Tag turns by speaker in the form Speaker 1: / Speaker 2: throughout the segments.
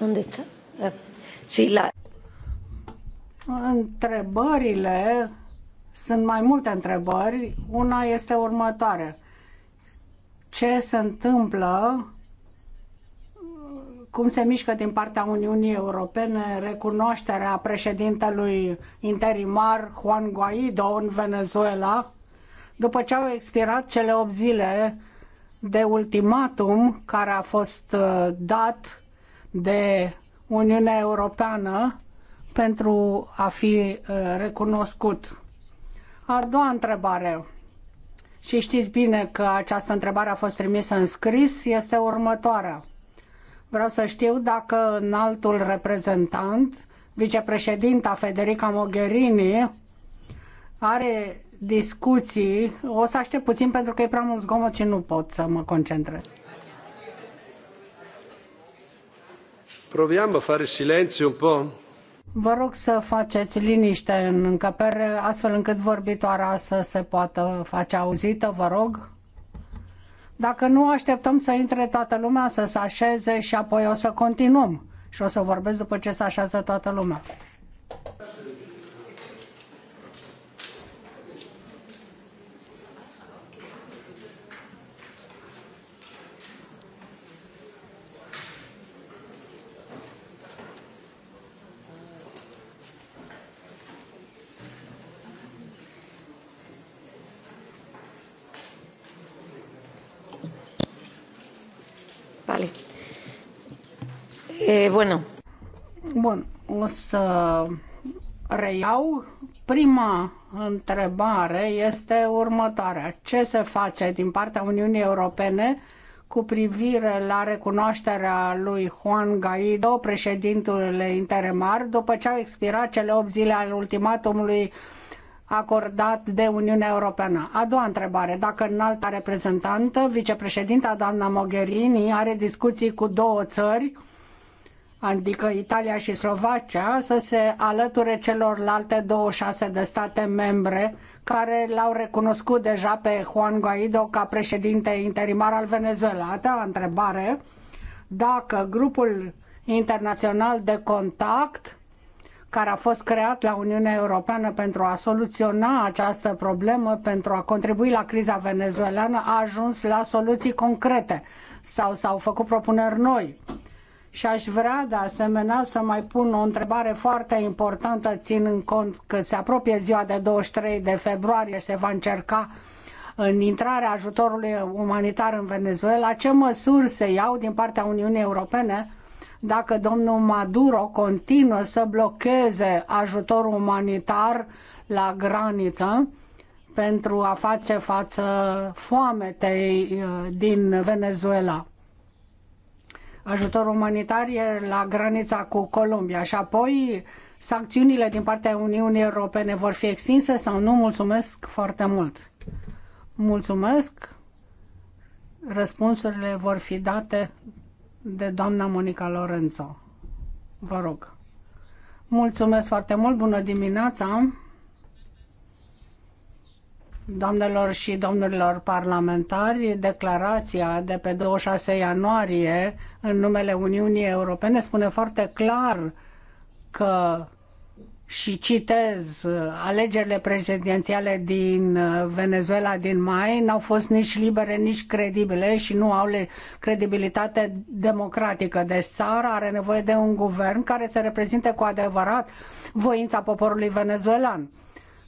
Speaker 1: Unde está? Și la... Întrebările, sunt mai multe întrebări. Una este următoare. Ce se întâmplă cum se mișcă din partea Uniunii Europene recunoașterea președintelui interimar Juan Guaido în Venezuela, după ce au expirat cele 8 zile de ultimatum care a fost uh, dat de Uniunea Europeană pentru a fi uh, recunoscut. A doua întrebare, și știți bine că această întrebare a fost trimisă în scris, este următoarea. Vreau să știu dacă înaltul reprezentant, vicepreședinta Federica Mogherini, are discuții. O să aștept puțin pentru că e prea mult zgomot și nu pot să mă concentrez.
Speaker 2: Proviamo a fare silenzio un po'.
Speaker 1: Vă rog să faceți liniște în încăpere, astfel încât vorbitoarea să se poată face auzită, vă rog. Dacă nu, așteptăm să intre toată lumea, să se așeze și apoi o să continuăm. Și o să vorbesc după ce se așează toată lumea. Vale. E, eh, bueno. Bun, o să reiau. Prima întrebare este următoarea. Ce se face din partea Uniunii Europene cu privire la recunoașterea lui Juan Guaido, președintele interimar, după ce au expirat cele 8 zile al ultimatumului acordat de Uniunea Europeană. A doua întrebare, dacă înalta reprezentantă, vicepreședinta doamna Mogherini, are discuții cu două țări, adică Italia și Slovacia, să se alăture celorlalte 26 de state membre care l-au recunoscut deja pe Juan Guaido ca președinte interimar al Venezuela. A doua întrebare, dacă grupul internațional de contact care a fost creat la Uniunea Europeană pentru a soluționa această problemă, pentru a contribui la criza venezuelană, a ajuns la soluții concrete sau s-au făcut propuneri noi. Și aș vrea de asemenea să mai pun o întrebare foarte importantă, ținând cont că se apropie ziua de 23 de februarie și se va încerca în intrarea ajutorului umanitar în Venezuela, ce măsuri se iau din partea Uniunii Europene dacă domnul Maduro continuă să blocheze ajutorul umanitar la graniță pentru a face față foametei uh, din Venezuela. Ajutorul umanitar e la granița cu Columbia și apoi sancțiunile din partea Uniunii Europene vor fi extinse sau nu? Mulțumesc foarte mult! Mulțumesc! Răspunsurile vor fi date de doamna Monica Lorenzo. Vă rog. Mulțumesc foarte mult, bună dimineața! Doamnelor și domnilor parlamentari, declarația de pe 26 ianuarie în numele Uniunii Europene spune foarte clar că și citez, alegerile prezidențiale din uh, Venezuela din mai n-au fost nici libere, nici credibile și nu au credibilitate democratică. Deci țara are nevoie de un guvern care să reprezinte cu adevărat voința poporului venezuelan.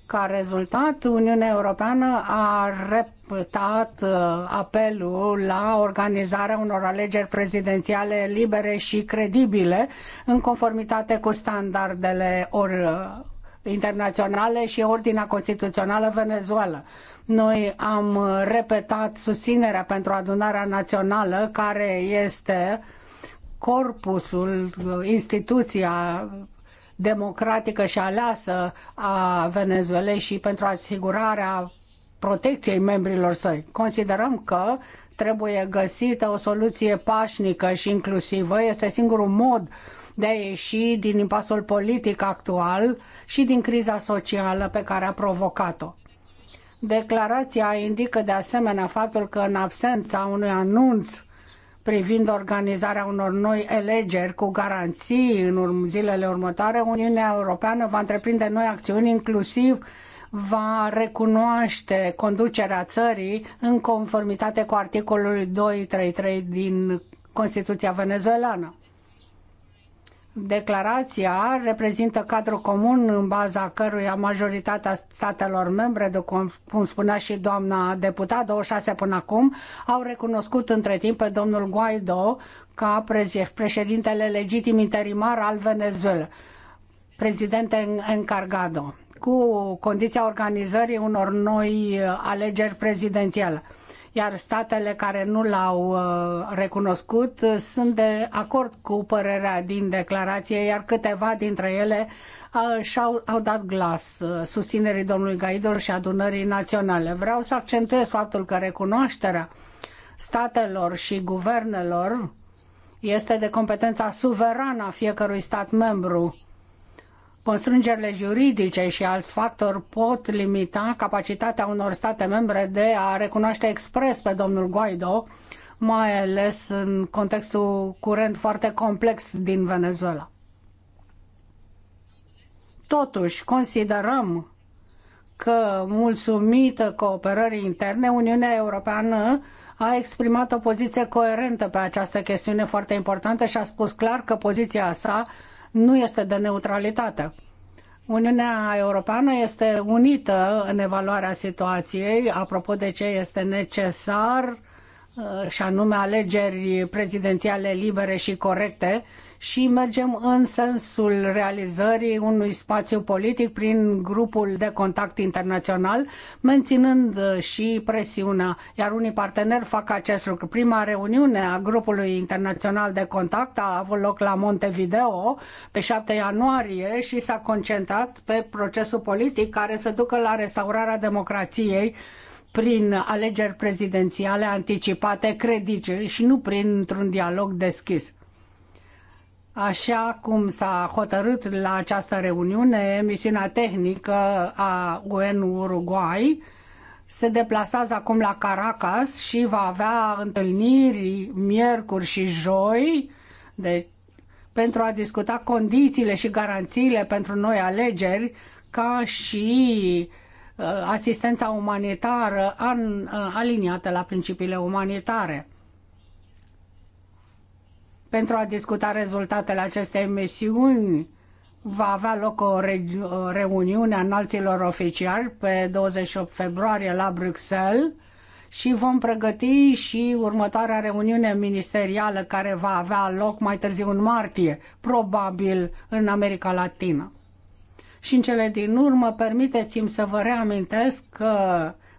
Speaker 1: Ca rezultat, Uniunea Europeană a rep- interpretat uh, apelul la organizarea unor alegeri prezidențiale libere și credibile în conformitate cu standardele or uh, internaționale și ordinea constituțională Venezuela. Noi am repetat susținerea pentru adunarea națională care este corpusul, uh, instituția democratică și aleasă a Venezuelei și pentru asigurarea protecției membrilor săi. Considerăm că trebuie găsită o soluție pașnică și inclusivă. Este singurul mod de a ieși din impasul politic actual și din criza socială pe care a provocat-o. Declarația indică de asemenea faptul că în absența unui anunț privind organizarea unor noi elegeri cu garanții în zilele următoare, Uniunea Europeană va întreprinde noi acțiuni inclusiv va recunoaște conducerea țării în conformitate cu articolul 233 din Constituția venezuelană. Declarația reprezintă cadrul comun în baza căruia majoritatea statelor membre, de cum spunea și doamna deputat, 26 până acum, au recunoscut între timp pe domnul Guaido ca președintele legitim interimar al Venezuelei, prezidente Encargado cu condiția organizării unor noi uh, alegeri prezidențiale. Iar statele care nu l-au uh, recunoscut uh, sunt de acord cu părerea din declarație, iar câteva dintre ele și-au au dat glas susținerii domnului Gaidor și adunării naționale. Vreau să accentuez faptul că recunoașterea statelor și guvernelor este de competența suverană a fiecărui stat membru Constrângerile juridice și alți factori pot limita capacitatea unor state membre de a recunoaște expres pe domnul Guaido, mai ales în contextul curent foarte complex din Venezuela. Totuși, considerăm că, mulțumită cooperării interne, Uniunea Europeană a exprimat o poziție coerentă pe această chestiune foarte importantă și a spus clar că poziția sa nu este de neutralitate. Uniunea Europeană este unită în evaluarea situației, apropo de ce este necesar, uh, și anume alegeri prezidențiale libere și corecte, și mergem în sensul realizării unui spațiu politic prin grupul de contact internațional, menținând uh, și presiunea, iar unii parteneri fac acest lucru. Prima reuniune a grupului internațional de contact a avut loc la Montevideo pe 7 ianuarie și s-a concentrat pe procesul politic care se ducă la restaurarea democrației prin alegeri prezidențiale anticipate, credice și nu printr-un dialog deschis. Așa cum s-a hotărât la această reuniune, misiunea tehnică a UN Uruguay se deplasează acum la Caracas și va avea întâlniri miercuri și joi de, deci, pentru a discuta condițiile și garanțiile pentru noi alegeri ca și uh, asistența umanitară an, uh, aliniată la principiile umanitare pentru a discuta rezultatele acestei misiuni. Va avea loc o, re- o reuniune a înalților oficiali pe 28 februarie la Bruxelles și vom pregăti și următoarea reuniune ministerială care va avea loc mai târziu în martie, probabil în America Latină. Și în cele din urmă, permiteți-mi să vă reamintesc că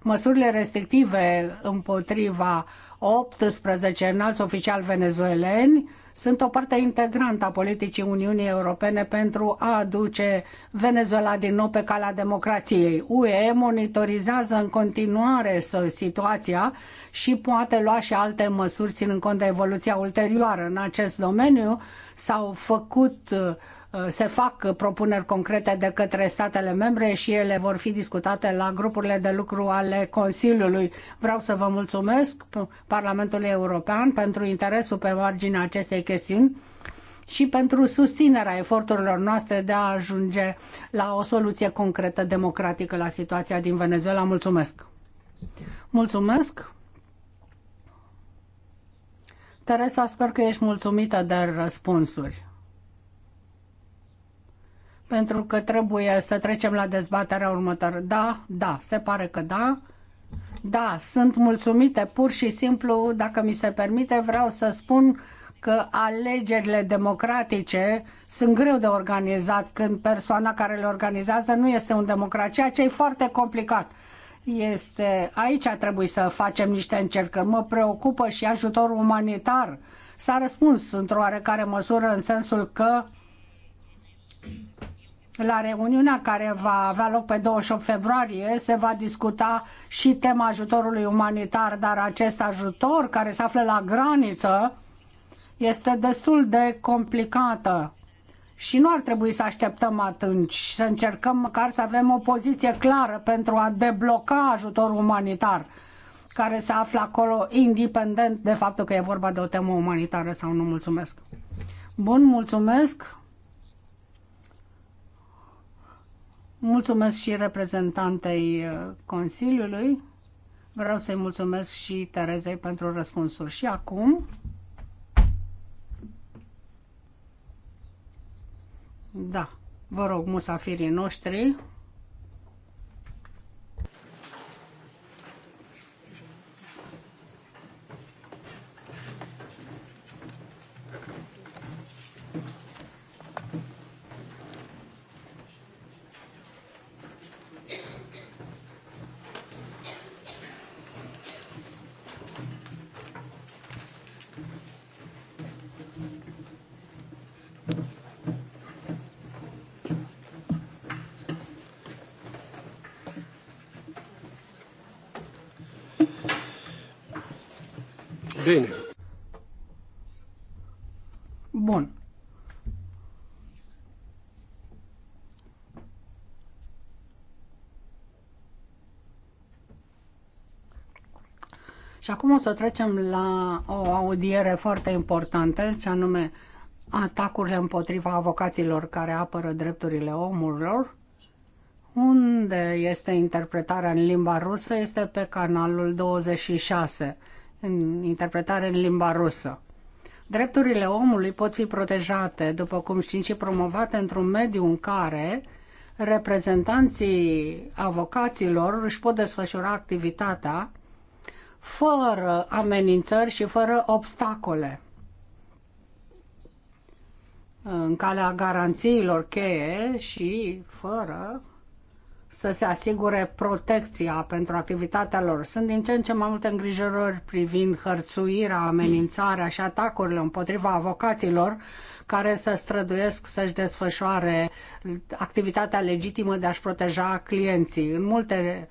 Speaker 1: măsurile restrictive împotriva 18 înalți oficiali venezueleni sunt o parte integrantă a politicii Uniunii Europene pentru a aduce Venezuela din nou pe calea democrației. UE monitorizează în continuare situația și poate lua și alte măsuri ținând cont de evoluția ulterioară. În acest domeniu s-au făcut uh, Uh, se fac uh, propuneri concrete de către statele membre și ele vor fi discutate la grupurile de lucru ale Consiliului. Vreau să vă mulțumesc Parlamentului European pentru interesul pe marginea acestei chestiuni și pentru susținerea eforturilor noastre de a ajunge la o soluție concretă democratică la situația din Venezuela. Mulțumesc! Mulțumesc! Teresa, sper că ești mulțumită de răspunsuri pentru că trebuie să trecem la dezbaterea următoare. Da, da, se pare că da. Da, sunt mulțumite. Pur și simplu, dacă mi se permite, vreau să spun că alegerile democratice sunt greu de organizat când persoana care le organizează nu este un democrat, ceea ce e foarte complicat. Este, aici trebuie să facem niște încercări. Mă preocupă și ajutorul umanitar. S-a răspuns într-o oarecare măsură în sensul că la reuniunea care va avea loc pe 28 februarie se va discuta și tema ajutorului umanitar, dar acest ajutor care se află la graniță este destul de complicată și nu ar trebui să așteptăm atunci, să încercăm măcar să avem o poziție clară pentru a debloca ajutorul umanitar care se află acolo independent de faptul că e vorba de o temă umanitară sau nu. Mulțumesc! Bun, mulțumesc! Mulțumesc și reprezentantei uh, Consiliului. Vreau să-i mulțumesc și Terezei pentru răspunsul. Și acum Da, vă rog, musafirii noștri Bine. Bun. Și acum o să trecem la o audiere foarte importantă, ce anume atacurile împotriva avocaților care apără drepturile omurilor. Unde este interpretarea în limba rusă este pe canalul 26 în interpretare în limba rusă. Drepturile omului pot fi protejate, după cum știm, și promovate într-un mediu în care reprezentanții avocaților își pot desfășura activitatea fără amenințări și fără obstacole în calea garanțiilor cheie și fără să se asigure protecția pentru activitatea lor. Sunt din ce în ce mai multe îngrijorări privind hărțuirea, amenințarea și atacurile împotriva avocaților care să străduiesc să-și desfășoare activitatea legitimă de a-și proteja clienții. În multe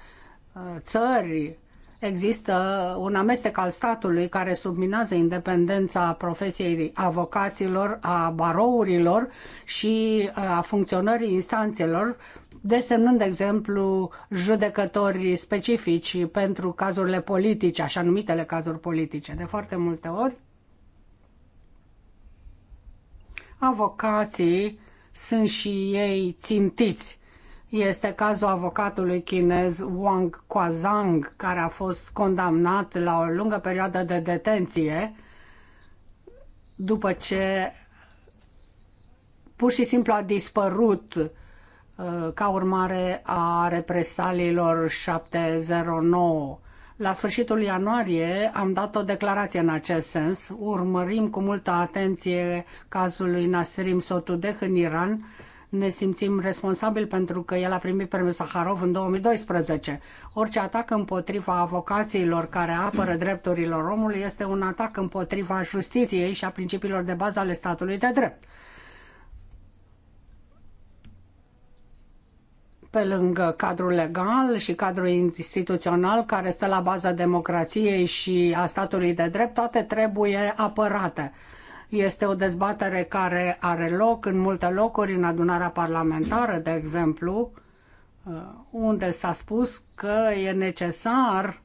Speaker 1: uh, țări există un amestec al statului care subminează independența profesiei avocaților, a barourilor și uh, a funcționării instanțelor, desemnând, de exemplu, judecători specifici pentru cazurile politice, așa numitele cazuri politice. De foarte multe ori, avocații sunt și ei țintiți. Este cazul avocatului chinez Wang Kuazang, care a fost condamnat la o lungă perioadă de detenție după ce pur și simplu a dispărut Uh, ca urmare a represaliilor 709. La sfârșitul ianuarie am dat o declarație în acest sens. Urmărim cu multă atenție cazul lui Nasrim Sotudeh în Iran. Ne simțim responsabili pentru că el a primit premiul Saharov în 2012. Orice atac împotriva avocațiilor care apără drepturile omului este un atac împotriva justiției și a principiilor de bază ale statului de drept. pe lângă cadrul legal și cadrul instituțional care stă la baza democrației și a statului de drept, toate trebuie apărate. Este o dezbatere care are loc în multe locuri, în adunarea parlamentară, de exemplu, uh, unde s-a spus că e necesar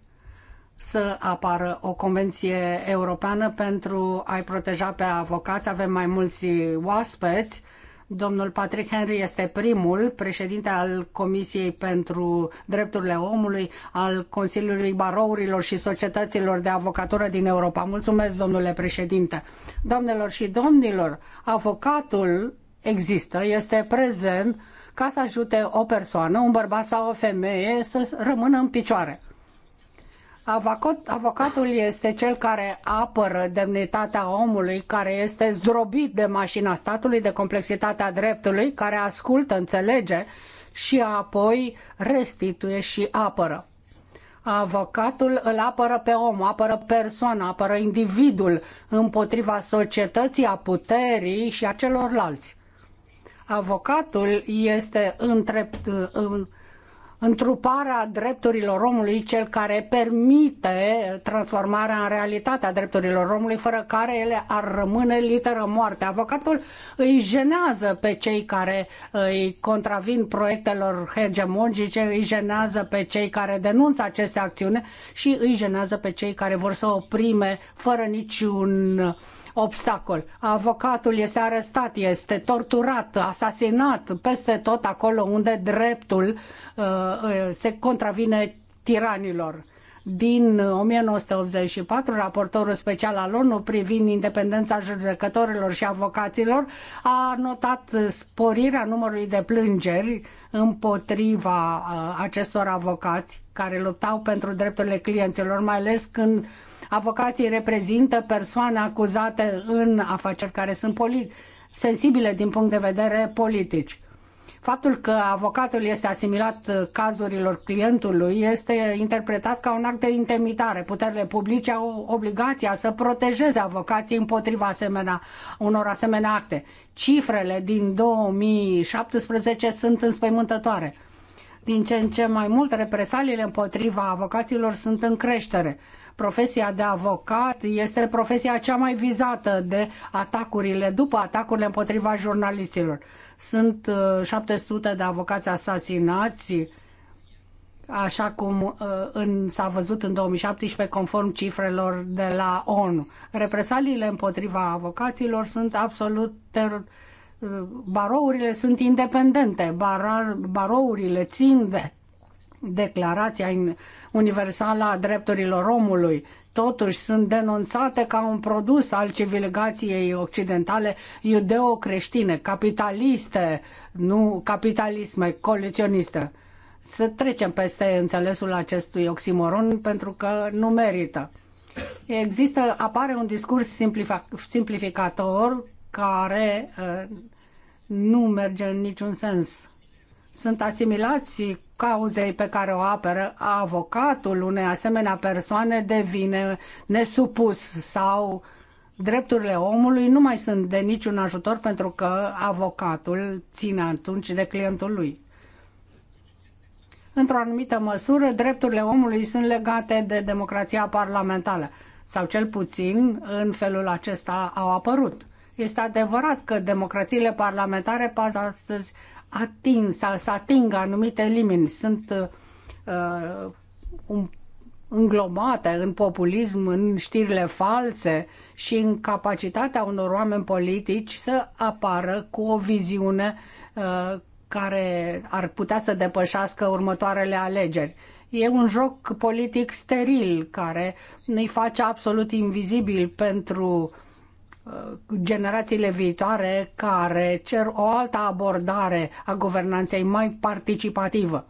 Speaker 1: să apară o convenție europeană pentru a-i proteja pe avocați. Avem mai mulți oaspeți Domnul Patrick Henry este primul președinte al Comisiei pentru Drepturile Omului, al Consiliului Barourilor și Societăților de Avocatură din Europa. Mulțumesc, domnule președinte. Doamnelor și domnilor, avocatul există, este prezent ca să ajute o persoană, un bărbat sau o femeie să rămână în picioare. Avocat, avocatul este cel care apără demnitatea omului, care este zdrobit de mașina statului, de complexitatea dreptului, care ascultă, înțelege și apoi restituie și apără. Avocatul îl apără pe om, apără persoana, apără individul împotriva societății, a puterii și a celorlalți. Avocatul este întrept, în, întruparea drepturilor omului, cel care permite transformarea în realitate a drepturilor omului, fără care ele ar rămâne literă moarte. Avocatul îi jenează pe cei care uh, îi contravin proiectelor hegemonice, îi jenează pe cei care denunță aceste acțiuni și îi jenează pe cei care vor să oprime fără niciun obstacol. Avocatul este arestat, este torturat, asasinat peste tot acolo unde dreptul uh, uh se contravine tiranilor din 1984, raportorul special al ONU privind independența judecătorilor și avocaților, a notat sporirea numărului de plângeri împotriva uh, acestor avocați care luptau pentru drepturile clienților, mai ales când Avocații reprezintă persoane acuzate în afaceri care sunt sensibile din punct de vedere politic. Faptul că avocatul este asimilat cazurilor clientului este interpretat ca un act de intermitare. Puterile publice au obligația să protejeze avocații împotriva asemenea, unor asemenea acte. Cifrele din 2017 sunt înspăimântătoare. Din ce în ce mai mult, represaliile împotriva avocaților sunt în creștere profesia de avocat este profesia cea mai vizată de atacurile, după atacurile împotriva jurnalistilor. Sunt 700 uh, de avocați asasinați, așa cum uh, în, s-a văzut în 2017 conform cifrelor de la ONU. Represaliile împotriva avocaților sunt absolut ter- uh, barourile sunt independente, barar, barourile țin de Declarația Universală a Drepturilor Omului, totuși sunt denunțate ca un produs al civilizației occidentale iudeo-creștine, capitaliste, nu capitalisme, colecționiste. Să trecem peste înțelesul acestui oximoron pentru că nu merită. Există, apare un discurs simplificator care uh, nu merge în niciun sens sunt asimilați cauzei pe care o apără avocatul unei asemenea persoane devine nesupus sau drepturile omului nu mai sunt de niciun ajutor pentru că avocatul ține atunci de clientul lui. Într-o anumită măsură, drepturile omului sunt legate de democrația parlamentară, sau cel puțin în felul acesta au apărut. Este adevărat că democrațiile parlamentare pas astăzi atins, să atingă anumite limini. Sunt uh, un, um, înglomate în populism, în știrile false și în capacitatea unor oameni politici să apară cu o viziune uh, care ar putea să depășească următoarele alegeri. E un joc politic steril care îi face absolut invizibil pentru uh, Uh, generațiile viitoare care cer o altă abordare a guvernanței mai participativă.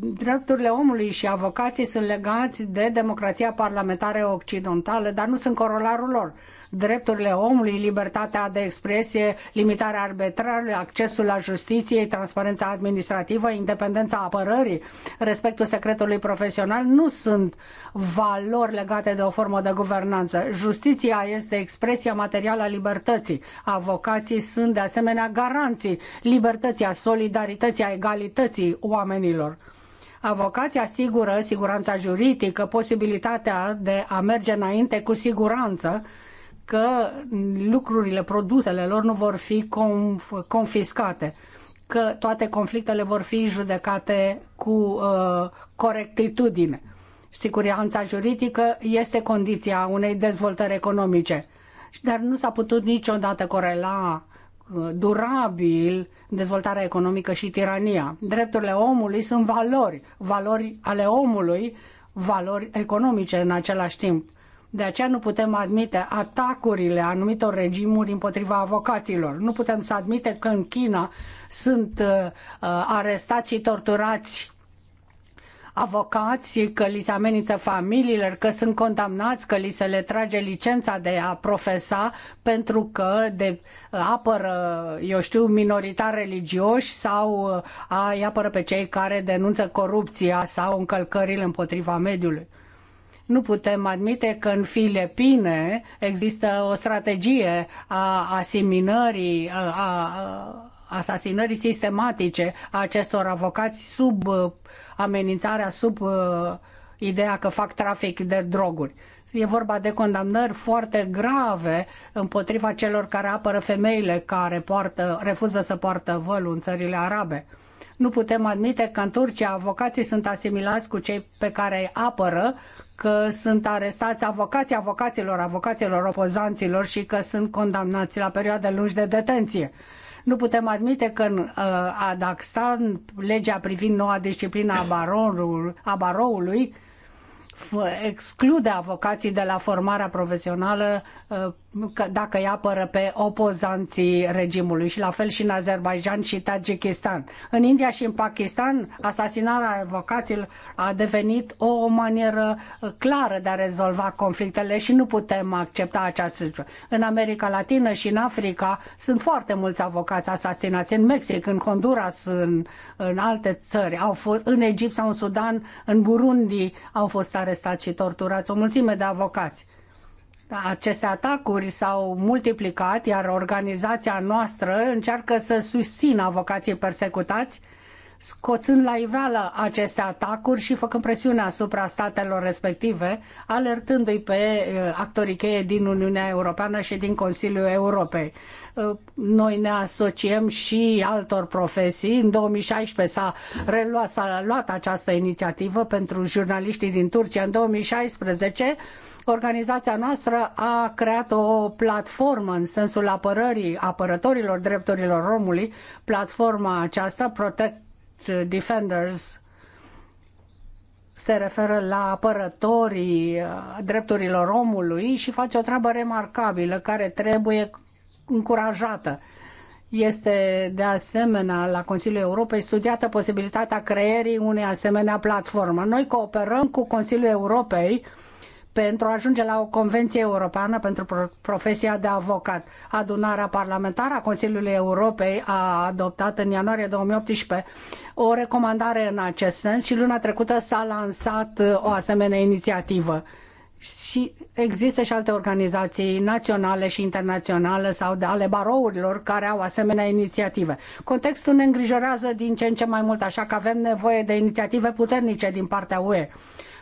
Speaker 1: Drepturile omului și avocații sunt legați de democrația parlamentară occidentală, dar nu sunt corolarul lor drepturile omului, libertatea de expresie, limitarea arbitrară, accesul la justiție, transparența administrativă, independența apărării, respectul secretului profesional, nu sunt valori legate de o formă de guvernanță. Justiția este expresia materială a libertății. Avocații sunt de asemenea garanții libertății, a solidarității, a egalității oamenilor. Avocații asigură siguranța juridică, posibilitatea de a merge înainte cu siguranță, că lucrurile, produsele lor nu vor fi confiscate, că toate conflictele vor fi judecate cu uh, corectitudine. Siguranța juridică este condiția unei dezvoltări economice, dar nu s-a putut niciodată corela uh, durabil dezvoltarea economică și tirania. Drepturile omului sunt valori, valori ale omului, valori economice în același timp. De aceea nu putem admite atacurile anumitor regimuri împotriva avocaților. Nu putem să admite că în China sunt uh, uh, arestați și torturați avocați, că li se amenință familiilor, că sunt condamnați, că li se le trage licența de a profesa pentru că de, uh, apără, eu știu, minoritar religioși sau uh, a, îi apără pe cei care denunță corupția sau încălcările împotriva mediului. Nu putem admite că în Filipine există o strategie a asimilării, a, a asasinării sistematice a acestor avocați sub uh, amenințarea, sub uh, ideea că fac trafic de droguri. E vorba de condamnări foarte grave împotriva celor care apără femeile care poartă, refuză să poartă vălul în țările arabe. Nu putem admite că în Turcia avocații sunt asimilați cu cei pe care îi apără că sunt arestați avocații avocaților, avocaților opozanților și că sunt condamnați la perioade lungi de detenție. Nu putem admite că în uh, Adagstan legea privind noua disciplină a, baronul, a baroului exclude avocații de la formarea profesională uh, dacă îi apără pe opozanții regimului și la fel și în Azerbaijan și Tajikistan. În India și în Pakistan, asasinarea avocaților a devenit o manieră clară de a rezolva conflictele și nu putem accepta această lucru. În America Latină și în Africa sunt foarte mulți avocați asasinați. În Mexic, în Honduras, în, în alte țări, au fost, în Egipt sau în Sudan, în Burundi au fost arestați și torturați o mulțime de avocați aceste atacuri s-au multiplicat, iar organizația noastră încearcă să susțină avocații persecutați scoțând la iveală aceste atacuri și făcând presiune asupra statelor respective, alertându-i pe uh, actorii cheie din Uniunea Europeană și din Consiliul Europei. Uh, noi ne asociem și altor profesii. În 2016 s-a reluat, s-a luat această inițiativă pentru jurnaliștii din Turcia. În 2016 organizația noastră a creat o platformă în sensul apărării apărătorilor drepturilor omului. Platforma aceasta, Protect Defenders se referă la apărătorii uh, drepturilor omului și face o treabă remarcabilă care trebuie încurajată. Este de asemenea la Consiliul Europei studiată posibilitatea creierii unei asemenea platformă. Noi cooperăm cu Consiliul Europei pentru a ajunge la o convenție europeană pentru profesia de avocat. Adunarea parlamentară a Consiliului Europei a adoptat în ianuarie 2018 o recomandare în acest sens și luna trecută s-a lansat uh, o asemenea inițiativă. Și există și alte organizații naționale și internaționale sau de ale barourilor care au asemenea inițiative. Contextul ne îngrijorează din ce în ce mai mult, așa că avem nevoie de inițiative puternice din partea UE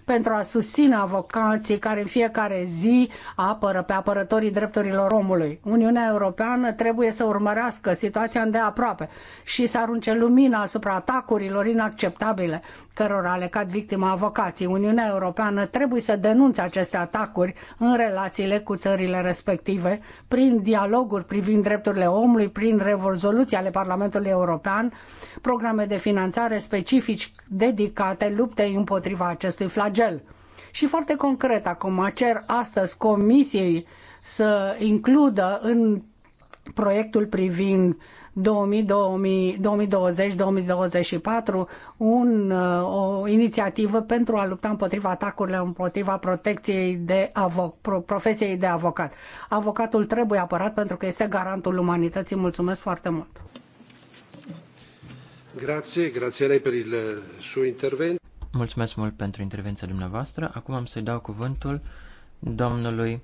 Speaker 1: pentru a susține avocații care în fiecare zi apără pe apărătorii drepturilor omului. Uniunea Europeană trebuie să urmărească situația îndeaproape și să arunce lumina asupra atacurilor inacceptabile cărora le cad victima avocații. Uniunea Europeană trebuie să denunțe aceste atacuri în relațiile cu țările respective prin dialoguri privind drepturile omului, prin rezoluții ale Parlamentului European programe de finanțare specifici dedicate luptei împotriva acestui flagel. Și foarte concret, acum cer astăzi Comisiei să includă în proiectul privind 2020-2024 un, uh, o inițiativă pentru a lupta împotriva atacurilor, împotriva protecției de avo- profesiei de avocat. Avocatul trebuie apărat pentru că este garantul umanității.
Speaker 3: Mulțumesc foarte mult!
Speaker 2: Grazie, grazie lei per il suo intervento.
Speaker 3: Mulțumesc mult pentru intervenția dumneavoastră. Acum am să-i dau cuvântul domnului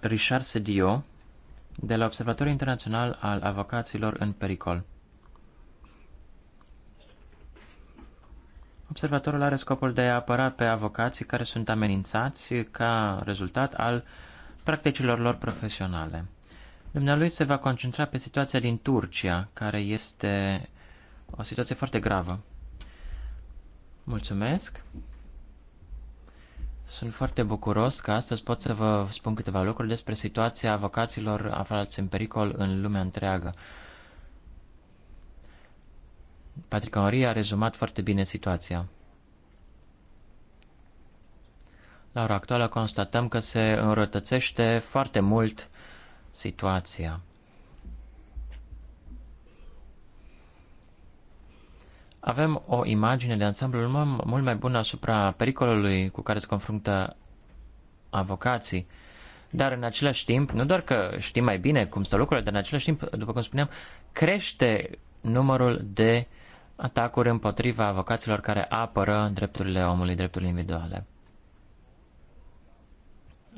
Speaker 3: Richard Sedio de la Observatorul Internațional al Avocaților în Pericol. Observatorul are scopul de a apăra pe avocații care sunt amenințați ca rezultat al practicilor lor profesionale. Dumnealui se va concentra pe situația din Turcia, care este o situație foarte gravă. Mulțumesc! Sunt foarte bucuros că astăzi pot să vă spun câteva lucruri despre situația avocaților aflați în pericol în lumea întreagă. Patrick Henry a rezumat foarte bine situația. La ora actuală constatăm că se înrătățește foarte mult situația. Avem o imagine de ansamblu mult mai bună asupra pericolului cu care se confruntă avocații. Dar în același timp, nu doar că știm mai bine cum stau lucrurile, dar în același timp, după cum spuneam, crește numărul de atacuri împotriva avocaților care apără drepturile omului, drepturile individuale.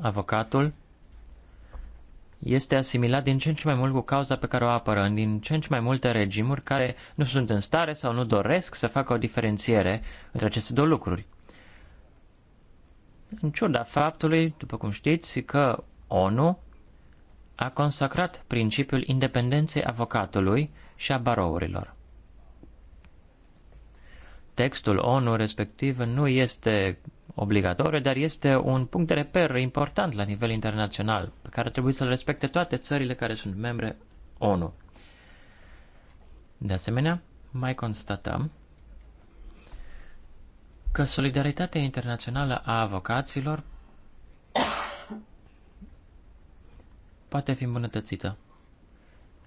Speaker 3: Avocatul este asimilat din ce în ce mai mult cu cauza pe care o apără, din ce în ce mai multe regimuri care nu sunt în stare sau nu doresc să facă o diferențiere între aceste două lucruri. În ciuda faptului, după cum știți, că ONU a consacrat principiul independenței avocatului și a barourilor. Textul ONU respectiv nu este obligatoriu, dar este un punct de reper important la nivel internațional, pe care trebuie să-l respecte toate țările care sunt membre ONU. De asemenea, mai constatăm că solidaritatea internațională a avocaților poate fi îmbunătățită.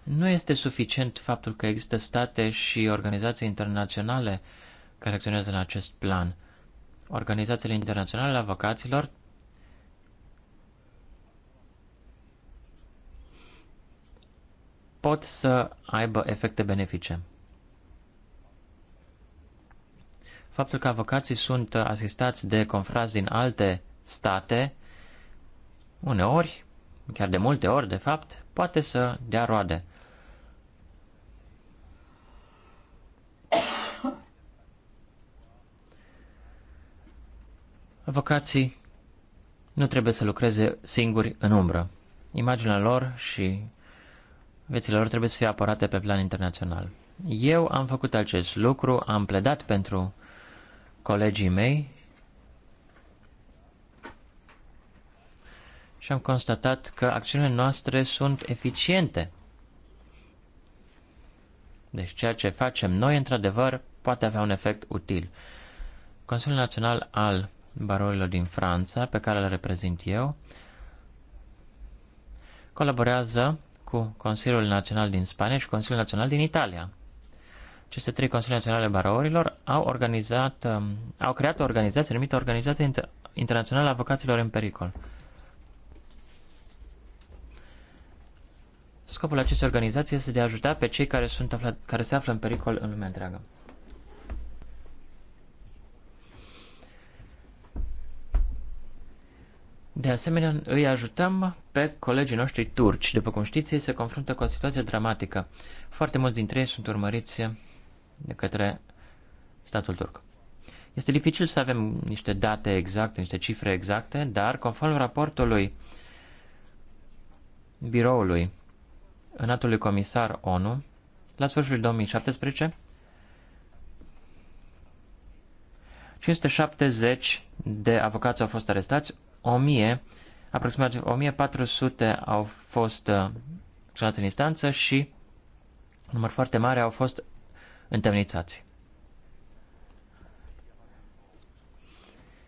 Speaker 3: Nu este suficient faptul că există state și organizații internaționale care acționează în acest plan organizațiile internaționale ale avocaților pot să aibă efecte benefice. Faptul că avocații sunt asistați de confrați din alte state, uneori, chiar de multe ori, de fapt, poate să dea roade. Avocații nu trebuie să lucreze singuri în umbră. Imaginea lor și viețile lor trebuie să fie apărate pe plan internațional. Eu am făcut acest lucru, am pledat pentru colegii mei și am constatat că acțiunile noastre sunt eficiente. Deci ceea ce facem noi, într-adevăr, poate avea un efect util. Consiliul Național al barorilor din Franța, pe care le reprezint eu, colaborează cu Consiliul Național din Spania și Consiliul Național din Italia. Aceste trei Consilii Naționale Barorilor au, organizat, um, au creat o organizație numită Organizația Inter- Internațională a Avocaților în Pericol. Scopul acestei organizații este de a ajuta pe cei care, sunt afla- care se află în pericol în lumea întreagă. De asemenea, îi ajutăm pe colegii noștri turci. După cum știți, ei se confruntă cu o situație dramatică. Foarte mulți dintre ei sunt urmăriți de către statul turc. Este dificil să avem niște date exacte, niște cifre exacte, dar conform raportului biroului înaltului comisar ONU, la sfârșitul 2017, 570 de avocați au fost arestați, 1000, aproximativ 1400 au fost uh, acționați în instanță și număr foarte mare au fost întemnițați.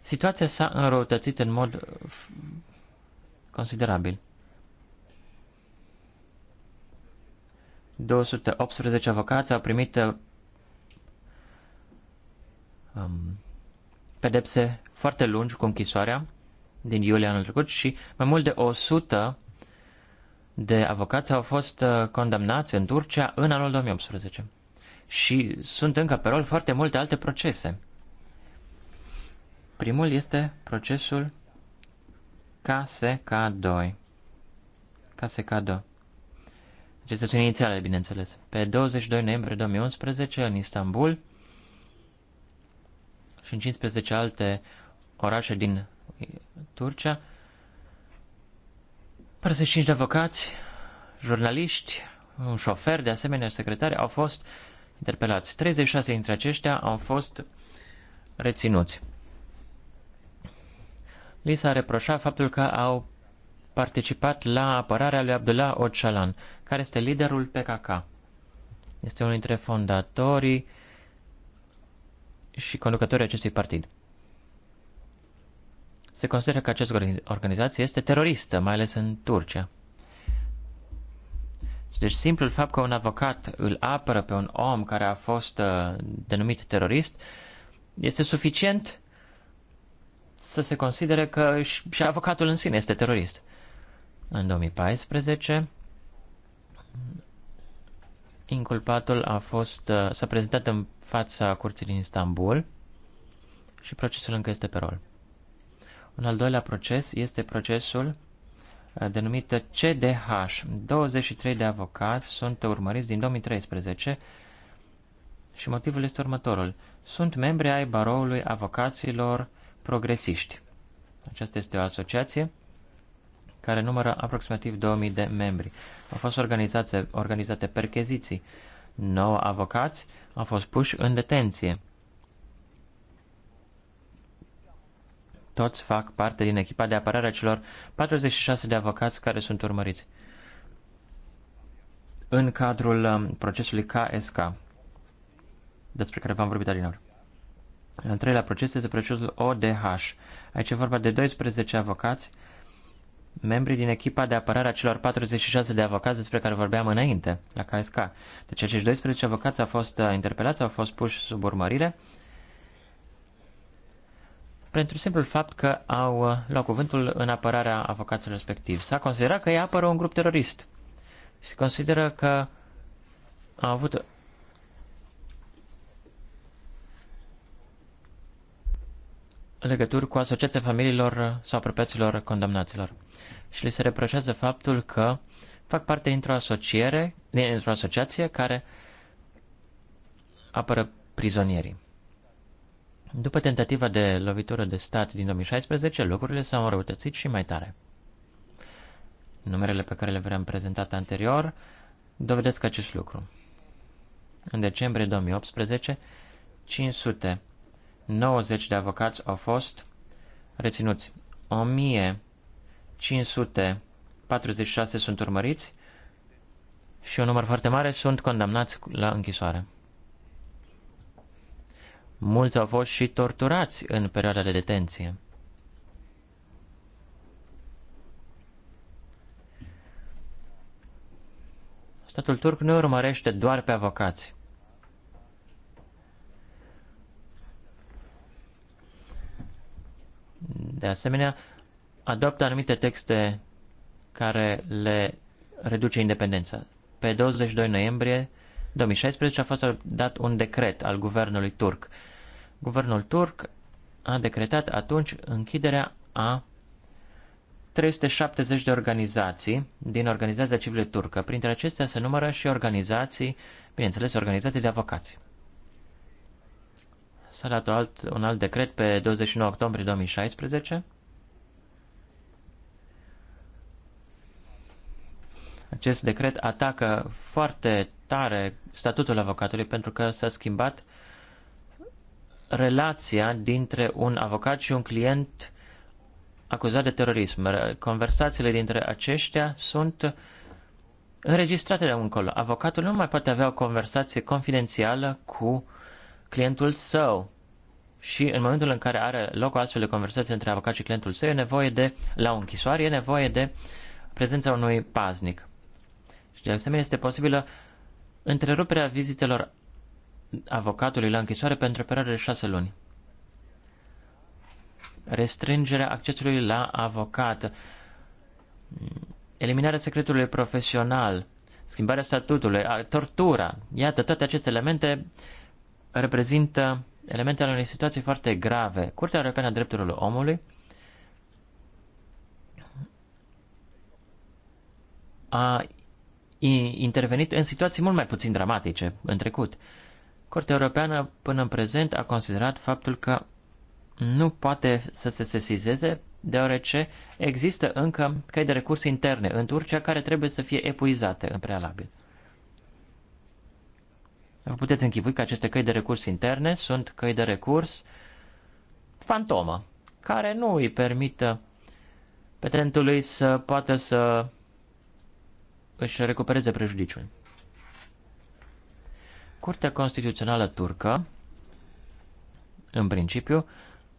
Speaker 3: Situația s-a înrăutățit în mod considerabil. 218 avocați au primit uh, um, pedepse foarte lungi cu închisoarea din iulie anul trecut și mai mult de 100 de avocați au fost uh, condamnați în Turcia în anul 2018. Și sunt încă pe rol foarte multe alte procese. Primul este procesul KSK2. KSK2. Acestea sunt inițiale, bineînțeles. Pe 22 noiembrie 2011, în Istanbul și în 15 alte orașe din Turcia, 45 de avocați, jurnaliști, un șofer, de asemenea secretari, au fost interpelați. 36 dintre aceștia au fost reținuți. Li s-a reproșat faptul că au participat la apărarea lui Abdullah Ocalan, care este liderul PKK. Este unul dintre fondatorii și conducătorii acestui partid se consideră că această organizație este teroristă, mai ales în Turcia. Deci simplul fapt că un avocat îl apără pe un om care a fost uh, denumit terorist este suficient să se considere că și, și avocatul în sine este terorist. În 2014, inculpatul a fost, uh, s-a prezentat în fața curții din Istanbul și procesul încă este pe rol. Un al doilea proces este procesul uh, denumit CDH. 23 de avocați sunt urmăriți din 2013 și motivul este următorul. Sunt membri ai baroului avocaților progresiști. Aceasta este o asociație care numără aproximativ 2000 de membri. Au fost organizate, organizate percheziții. 9 avocați au fost puși în detenție. toți fac parte din echipa de apărare a celor 46 de avocați care sunt urmăriți în cadrul um, procesului KSK, despre care v-am vorbit adineori. Al treilea proces este procesul ODH. Aici e vorba de 12 avocați, membri din echipa de apărare a celor 46 de avocați despre care vorbeam înainte, la KSK. Deci acești 12 avocați au fost uh, interpelați, au fost puși sub urmărire pentru simplul fapt că au uh, luat cuvântul în apărarea avocaților respectiv. S-a considerat că ei apără un grup terorist. Se consideră că au avut legături cu asociația familiilor sau apropiaților condamnaților. Și li se reproșează faptul că fac parte dintr-o asociere, dintr-o asociație care apără prizonierii. După tentativa de lovitură de stat din 2016, lucrurile s-au înrăutățit și mai tare. Numerele pe care le v prezentat anterior dovedesc acest lucru. În decembrie 2018, 590 de avocați au fost reținuți, 1546 sunt urmăriți și un număr foarte mare sunt condamnați la închisoare. Mulți au fost și torturați în perioada de detenție. Statul turc nu urmărește doar pe avocați. De asemenea, adoptă anumite texte care le reduce independența. Pe 22 noiembrie, 2016 a fost dat un decret al guvernului turc. Guvernul turc a decretat atunci închiderea a 370 de organizații din organizația civilă turcă. Printre acestea se numără și organizații, bineînțeles, organizații de avocați. S-a dat alt, un alt decret pe 29 octombrie 2016. Acest decret atacă foarte tare statutul avocatului pentru că s-a schimbat relația dintre un avocat și un client acuzat de terorism. Conversațiile dintre aceștia sunt înregistrate de încolo. Avocatul nu mai poate avea o conversație confidențială cu clientul său. Și în momentul în care are loc o astfel de conversație între avocat și clientul său, e nevoie de, la o închisoare, e nevoie de prezența unui paznic. Și de asemenea este posibilă întreruperea vizitelor avocatului la închisoare pentru o perioadă de șase luni. Restrângerea accesului la avocat. Eliminarea secretului profesional. Schimbarea statutului. Tortura. Iată, toate aceste elemente reprezintă elemente ale unei situații foarte grave. Curtea Europeană a Drepturilor Omului a intervenit în situații mult mai puțin dramatice în trecut. Cortea Europeană până în prezent a considerat faptul că nu poate să se sesizeze deoarece există încă căi de recurs interne în Turcia care trebuie să fie epuizate în prealabil. Vă puteți închipui că aceste căi de recurs interne sunt căi de recurs fantomă, care nu îi permită petentului să poată să își recupereze prejudiciul. Curtea Constituțională Turcă, în principiu,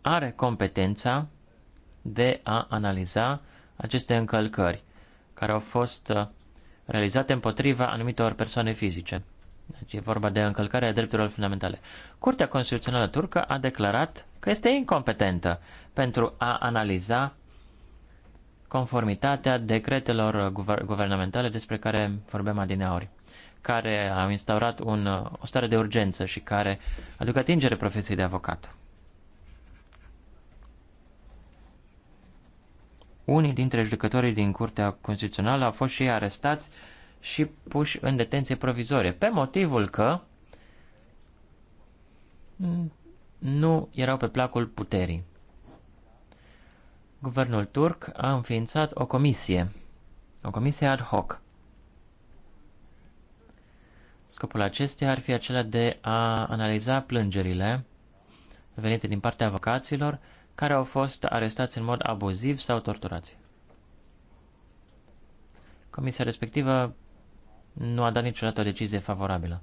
Speaker 3: are competența de a analiza aceste încălcări care au fost uh, realizate împotriva anumitor persoane fizice. Deci e vorba de încălcarea drepturilor fundamentale. Curtea Constituțională Turcă a declarat că este incompetentă pentru a analiza conformitatea decretelor guvernamentale despre care vorbeam adineauri, care au instaurat un, o stare de urgență și care aduc atingere profesiei de avocat. Unii dintre judecătorii din Curtea Constituțională au fost și ei arestați și puși în detenție provizorie, pe motivul că nu erau pe placul puterii guvernul turc a înființat o comisie, o comisie ad hoc. Scopul acesteia ar fi acela de a analiza plângerile venite din partea avocaților care au fost arestați în mod abuziv sau torturați. Comisia respectivă nu a dat niciodată o decizie favorabilă.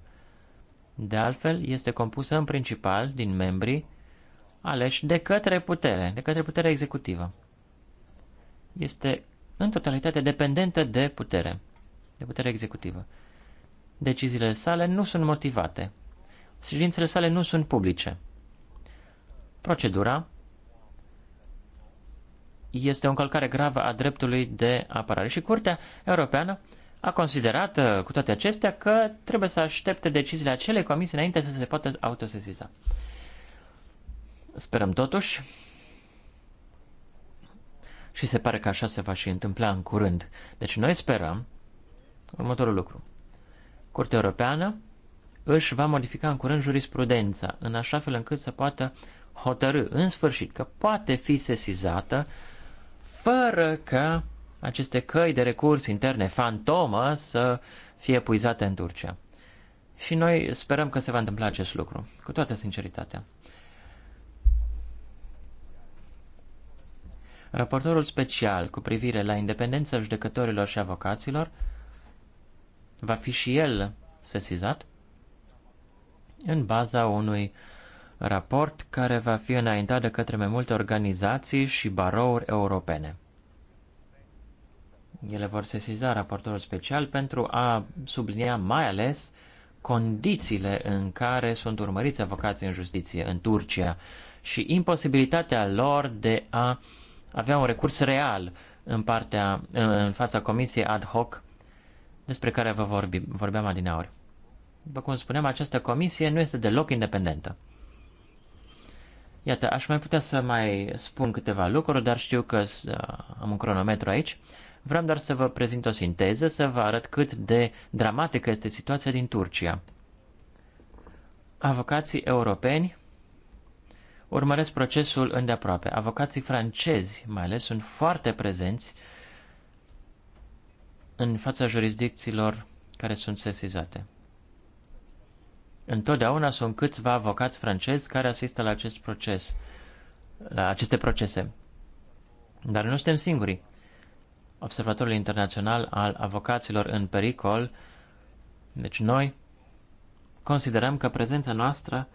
Speaker 3: De altfel, este compusă în principal din membrii aleși de către putere, de către puterea executivă este în totalitate dependentă de putere, de putere executivă. Deciziile sale nu sunt motivate. Ședințele sale nu sunt publice. Procedura este o încălcare gravă a dreptului de apărare și Curtea Europeană a considerat uh, cu toate acestea că trebuie să aștepte deciziile acelei comisii înainte să se poată autosesiza. Sperăm totuși și se pare că așa se va și întâmpla în curând. Deci noi sperăm următorul lucru. Curtea Europeană își va modifica în curând jurisprudența, în așa fel încât să poată hotărâ în sfârșit că poate fi sesizată fără ca aceste căi de recurs interne fantomă să fie puizate în Turcia. Și noi sperăm că se va întâmpla acest lucru, cu toată sinceritatea. Raportorul special cu privire la independența judecătorilor și avocaților va fi și el sesizat în baza unui raport care va fi înaintat de către mai multe organizații și barouri europene. Ele vor sesiza raportorul special pentru a sublinia mai ales condițiile în care sunt urmăriți avocații în justiție în Turcia și imposibilitatea lor de a uh, avea un recurs real în, partea, în fața comisiei ad hoc despre care vă vorbi, vorbeam adineauri. După cum spuneam, această comisie nu este deloc independentă. Iată, aș mai putea să mai spun câteva lucruri, dar știu că uh, am un cronometru aici. Vreau doar să vă prezint o sinteză, să vă arăt cât de dramatică este situația din Turcia. Avocații europeni urmăresc procesul îndeaproape. Avocații francezi, mai ales, sunt foarte prezenți în fața jurisdicțiilor care sunt sesizate. Întotdeauna sunt câțiva avocați francezi care asistă la acest proces, la aceste procese. Dar nu suntem singuri. Observatorul Internațional al Avocaților în Pericol, deci noi, considerăm că prezența noastră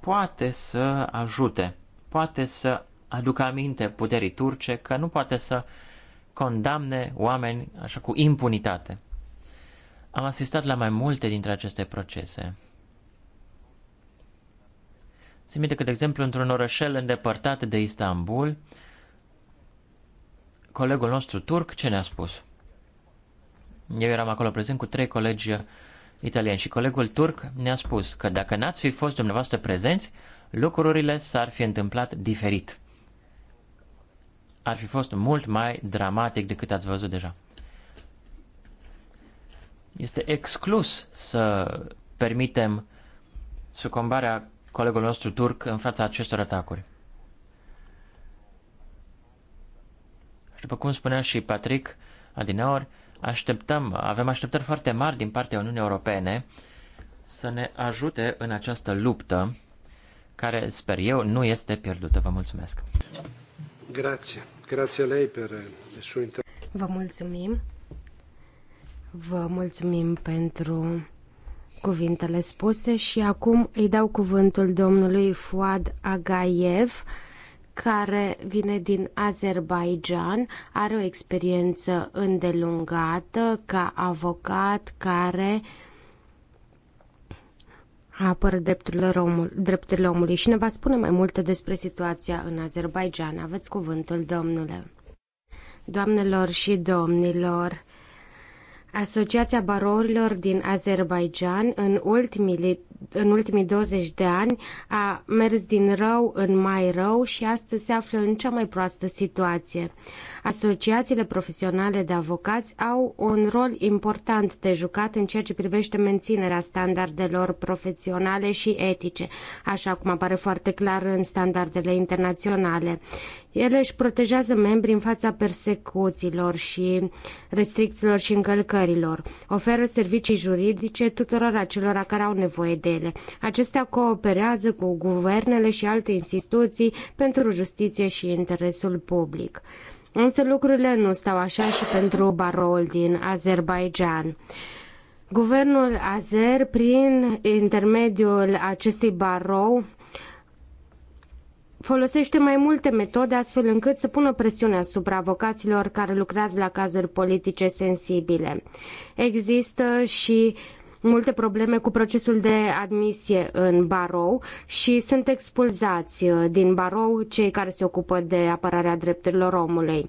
Speaker 3: poate să ajute, poate să aducă aminte puterii turce că nu poate să condamne oameni așa cu impunitate. Am asistat la mai multe dintre aceste procese. Se minte că, de exemplu, într-un orășel îndepărtat de Istanbul, colegul nostru turc ce ne-a spus? Eu eram acolo prezent cu trei colegi Italien și colegul turc ne-a spus că dacă n-ați fi fost dumneavoastră prezenți, lucrurile s-ar fi întâmplat diferit. Ar fi fost mult mai dramatic decât ați văzut deja. Este exclus să permitem sucombarea colegului nostru turc în fața acestor atacuri. Și după cum spunea și Patrick Adinaur, așteptăm, avem așteptări foarte mari din partea Uniunii Europene să ne ajute în această luptă care, sper eu, nu este pierdută. Vă mulțumesc!
Speaker 2: Grație. Grație lei per inter... Vă mulțumim. Vă mulțumim pentru cuvintele spuse și acum îi dau cuvântul domnului Fuad Agayev, care vine din Azerbaijan, are o experiență îndelungată ca avocat care apără drepturile, omul, drepturile omului și ne va spune mai multe despre situația în Azerbaijan. Aveți cuvântul, domnule. Doamnelor și domnilor, Asociația Barorilor din Azerbaijan în ultimii în ultimii 20 de ani a mers din rău în mai rău și astăzi se află în cea mai proastă situație. Asociațiile profesionale de avocați au un rol important de jucat în ceea ce privește menținerea standardelor profesionale și etice, așa cum apare foarte clar în standardele internaționale. Ele își protejează membrii în fața persecuțiilor și restricțiilor și încălcărilor. Oferă servicii juridice tuturor acelora care au nevoie de ele. Acestea cooperează cu guvernele și alte instituții pentru justiție și interesul public. Însă lucrurile nu stau așa și pentru baroul din Azerbaijan. Guvernul Azer, prin intermediul acestui barou, folosește mai multe metode astfel încât să pună presiune asupra avocaților care lucrează la cazuri politice sensibile. Există și multe probleme cu procesul de admisie în barou și sunt expulzați uh, din barou cei care se ocupă de apărarea drepturilor omului.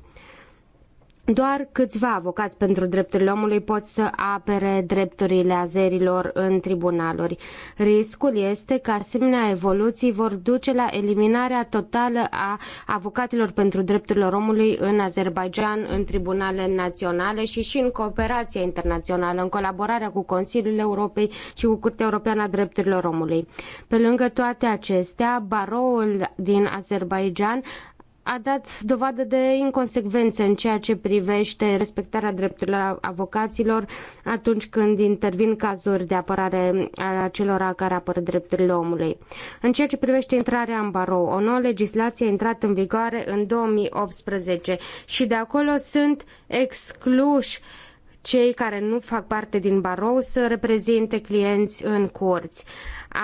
Speaker 2: Doar câțiva avocați pentru drepturile omului pot să apere drepturile azerilor în tribunaluri. Riscul este că asemenea evoluții vor duce la eliminarea totală a avocaților pentru drepturile omului în Azerbaijan, în tribunale naționale și și în cooperația internațională, în colaborarea cu Consiliul Europei și cu Curtea Europeană a Drepturilor Omului. Pe lângă toate acestea, baroul din Azerbaijan a dat dovadă de inconsecvență în ceea ce privește respectarea drepturilor avocaților atunci când intervin cazuri de apărare a celor care apără drepturile omului. În ceea ce privește intrarea în barou, o nouă legislație a intrat în vigoare în 2018 și de acolo sunt excluși cei care nu fac parte din barou să reprezinte clienți în curți.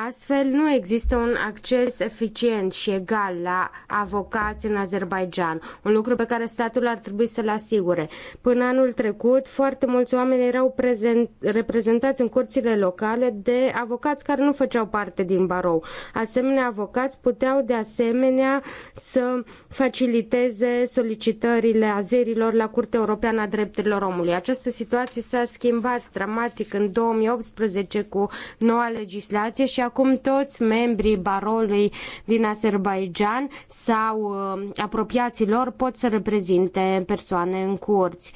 Speaker 2: Astfel, nu există un acces eficient și egal la avocați în Azerbaidjan, un lucru pe care statul ar trebui să-l asigure. Până anul trecut, foarte mulți oameni erau prezent, reprezentați în curțile locale de avocați care nu făceau parte din barou. Asemenea, avocați puteau de asemenea să faciliteze solicitările azerilor la Curtea Europeană a Drepturilor Omului. Această situație s-a schimbat dramatic în 2018 cu noua legislație și și acum toți membrii barolului din Azerbaijan sau uh, apropiații lor pot să reprezinte persoane în curți.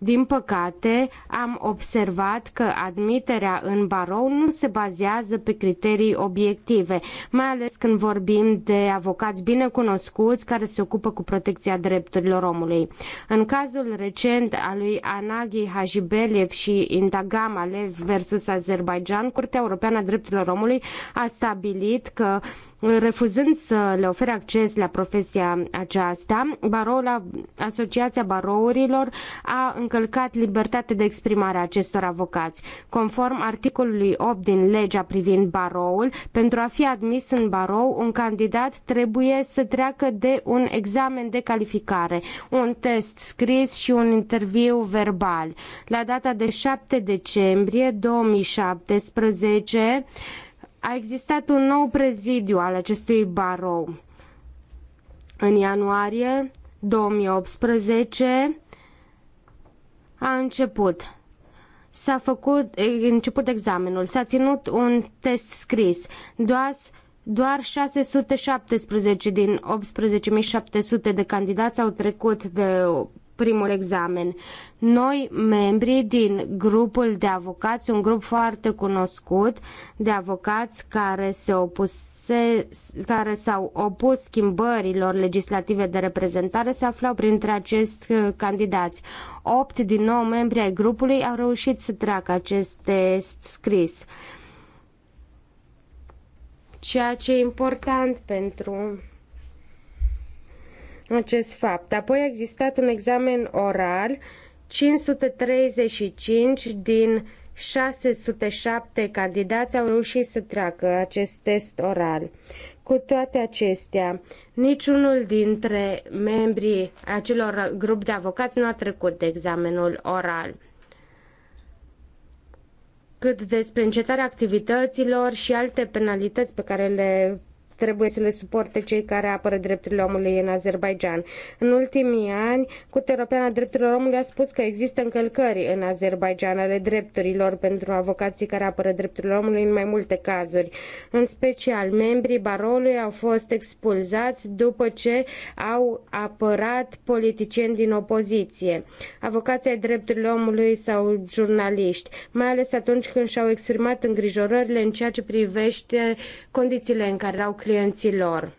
Speaker 2: Din păcate, am observat că admiterea în barou nu se bazează pe criterii obiective, mai ales când vorbim de avocați bine cunoscuți care se ocupă cu protecția drepturilor omului. În cazul recent al lui Anaghi Hajibeliev și Indagam Alev versus Azerbaijan, Curtea Europeană a Drepturilor Omului a stabilit că refuzând să le ofere acces la profesia aceasta, Barola, Asociația Barourilor a încălcat libertatea de exprimare a acestor avocați. Conform articolului 8 din legea privind baroul, pentru a fi admis în barou, un candidat trebuie să treacă de un examen de calificare, un test scris și un interviu verbal. La data de 7 decembrie 2017, a existat un nou prezidiu al acestui barou. În ianuarie 2018 a început s-a făcut, a început examenul, s-a ținut un test scris. Doar, doar 617 din 18.700 de candidați au trecut de primul examen. Noi, membrii din grupul de avocați, un grup foarte cunoscut de avocați care, se opuse, care s-au opus schimbărilor legislative de reprezentare, se aflau printre acești uh, candidați. Opt din nou membri ai grupului au reușit să treacă acest test scris. Ceea ce e important pentru acest fapt. Apoi a existat un examen oral 535 din 607 candidați au reușit să treacă acest test oral. Cu toate acestea, niciunul dintre membrii acelor grup de avocați nu a trecut de examenul oral. Cât despre încetarea activităților și alte penalități pe care le trebuie să le suporte cei care apără drepturile omului în Azerbaijan. În ultimii ani, Curtea Europeană a Drepturilor Omului a spus că există încălcări în Azerbaijan ale drepturilor pentru avocații care apără drepturile omului în mai multe cazuri. În special, membrii baroului au fost expulzați după ce au apărat politicieni din opoziție, avocații ai drepturilor omului sau jurnaliști, mai ales atunci când și-au exprimat îngrijorările în ceea ce privește condițiile în care au clienților.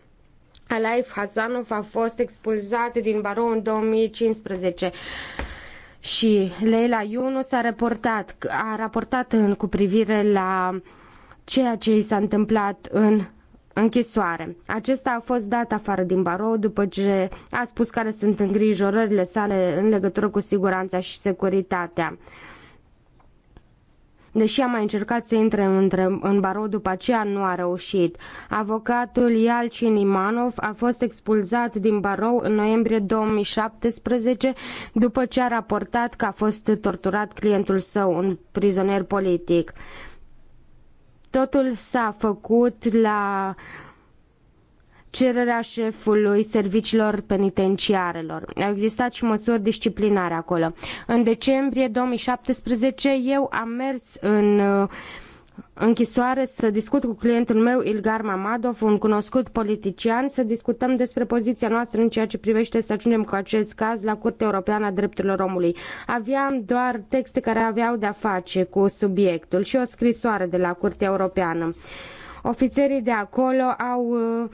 Speaker 2: Alaif Hazanov a fost expulzat din barou în 2015 și Leila Yunus a raportat, a raportat în, cu privire la ceea ce i s-a întâmplat în închisoare. Acesta a fost dat afară din barou după ce a spus care sunt îngrijorările sale în legătură cu siguranța și securitatea. Deși a mai încercat să intre în, în barou după aceea, nu a reușit. Avocatul Ialcin Imanov a fost expulzat din barou în noiembrie 2017 după ce a raportat că a fost torturat clientul său, un prizonier politic. Totul s-a făcut la cererea șefului serviciilor penitenciarelor. Au existat și măsuri disciplinare acolo. În decembrie 2017 eu am mers în uh, închisoare să discut cu clientul meu Ilgar Mamadov, un cunoscut politician, să discutăm despre poziția noastră în ceea ce privește să ajungem cu acest caz la Curtea Europeană a Drepturilor Omului. Aveam doar texte care aveau de-a face cu subiectul și o scrisoare de la Curtea Europeană. Ofițerii de acolo au uh,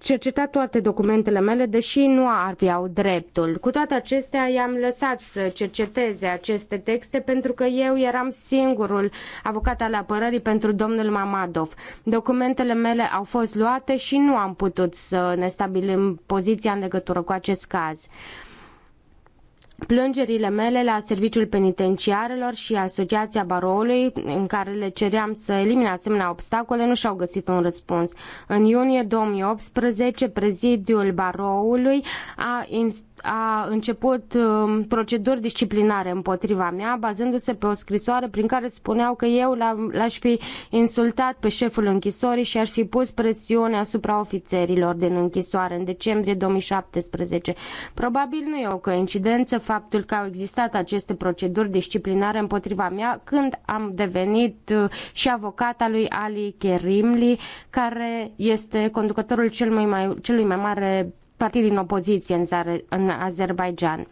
Speaker 2: cercetat toate documentele mele, deși nu aveau dreptul. Cu toate acestea, i-am lăsat să cerceteze aceste texte pentru că eu eram singurul avocat al apărării pentru domnul Mamadov. Documentele mele au fost luate și nu am putut să ne stabilim poziția în legătură cu acest caz. Plângerile mele la Serviciul Penitenciarelor și Asociația Baroului, în care le ceream să elimine asemenea obstacole, nu și-au găsit un răspuns. În iunie 2018, prezidiul Baroului a instituit a început um, proceduri disciplinare împotriva mea, bazându-se pe o scrisoare prin care spuneau că eu l-aș fi insultat pe șeful închisorii și a fi pus presiune asupra ofițerilor din închisoare în decembrie 2017. Probabil nu e o coincidență faptul că au existat aceste proceduri disciplinare împotriva mea când am devenit uh, și avocata lui Ali Kerimli, care este conducătorul cel mai, mai, celui mai mare partid din opoziție în, țară, în Azerbaijan.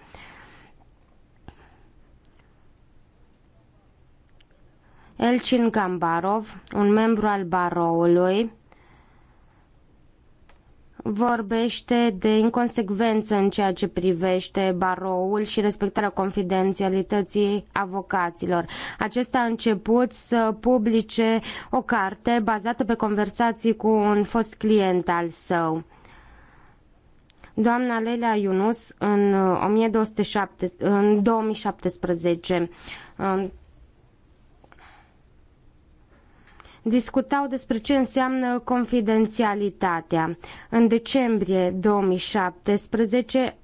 Speaker 2: Elcin Gambarov, un membru al baroului, vorbește de inconsecvență în ceea ce privește baroul și respectarea confidențialității avocaților. Acesta a început să publice o carte bazată pe conversații cu un fost client al său doamna Lelea Yunus în, 1207, uh, în 2017 um, discutau despre ce înseamnă confidențialitatea. În decembrie 2017,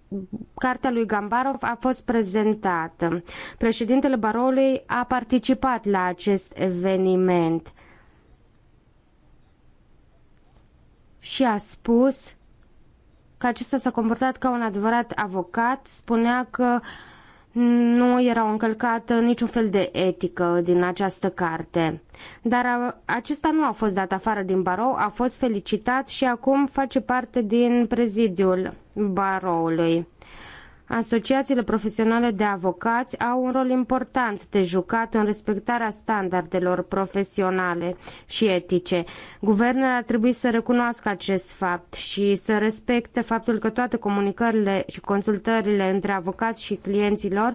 Speaker 2: cartea lui Gambarov a fost prezentată. Președintele Barolei a participat la acest eveniment și a spus că acesta s-a comportat ca un adevărat avocat, spunea că nu era încălcată niciun fel de etică din această carte. Dar acesta nu a fost dat afară din barou, a fost felicitat și acum face parte din prezidiul baroului. Asociațiile profesionale de avocați au un rol important de jucat în respectarea standardelor profesionale și etice. Guvernele ar trebui să recunoască acest fapt și să respecte faptul că toate comunicările și consultările între avocați și clienții lor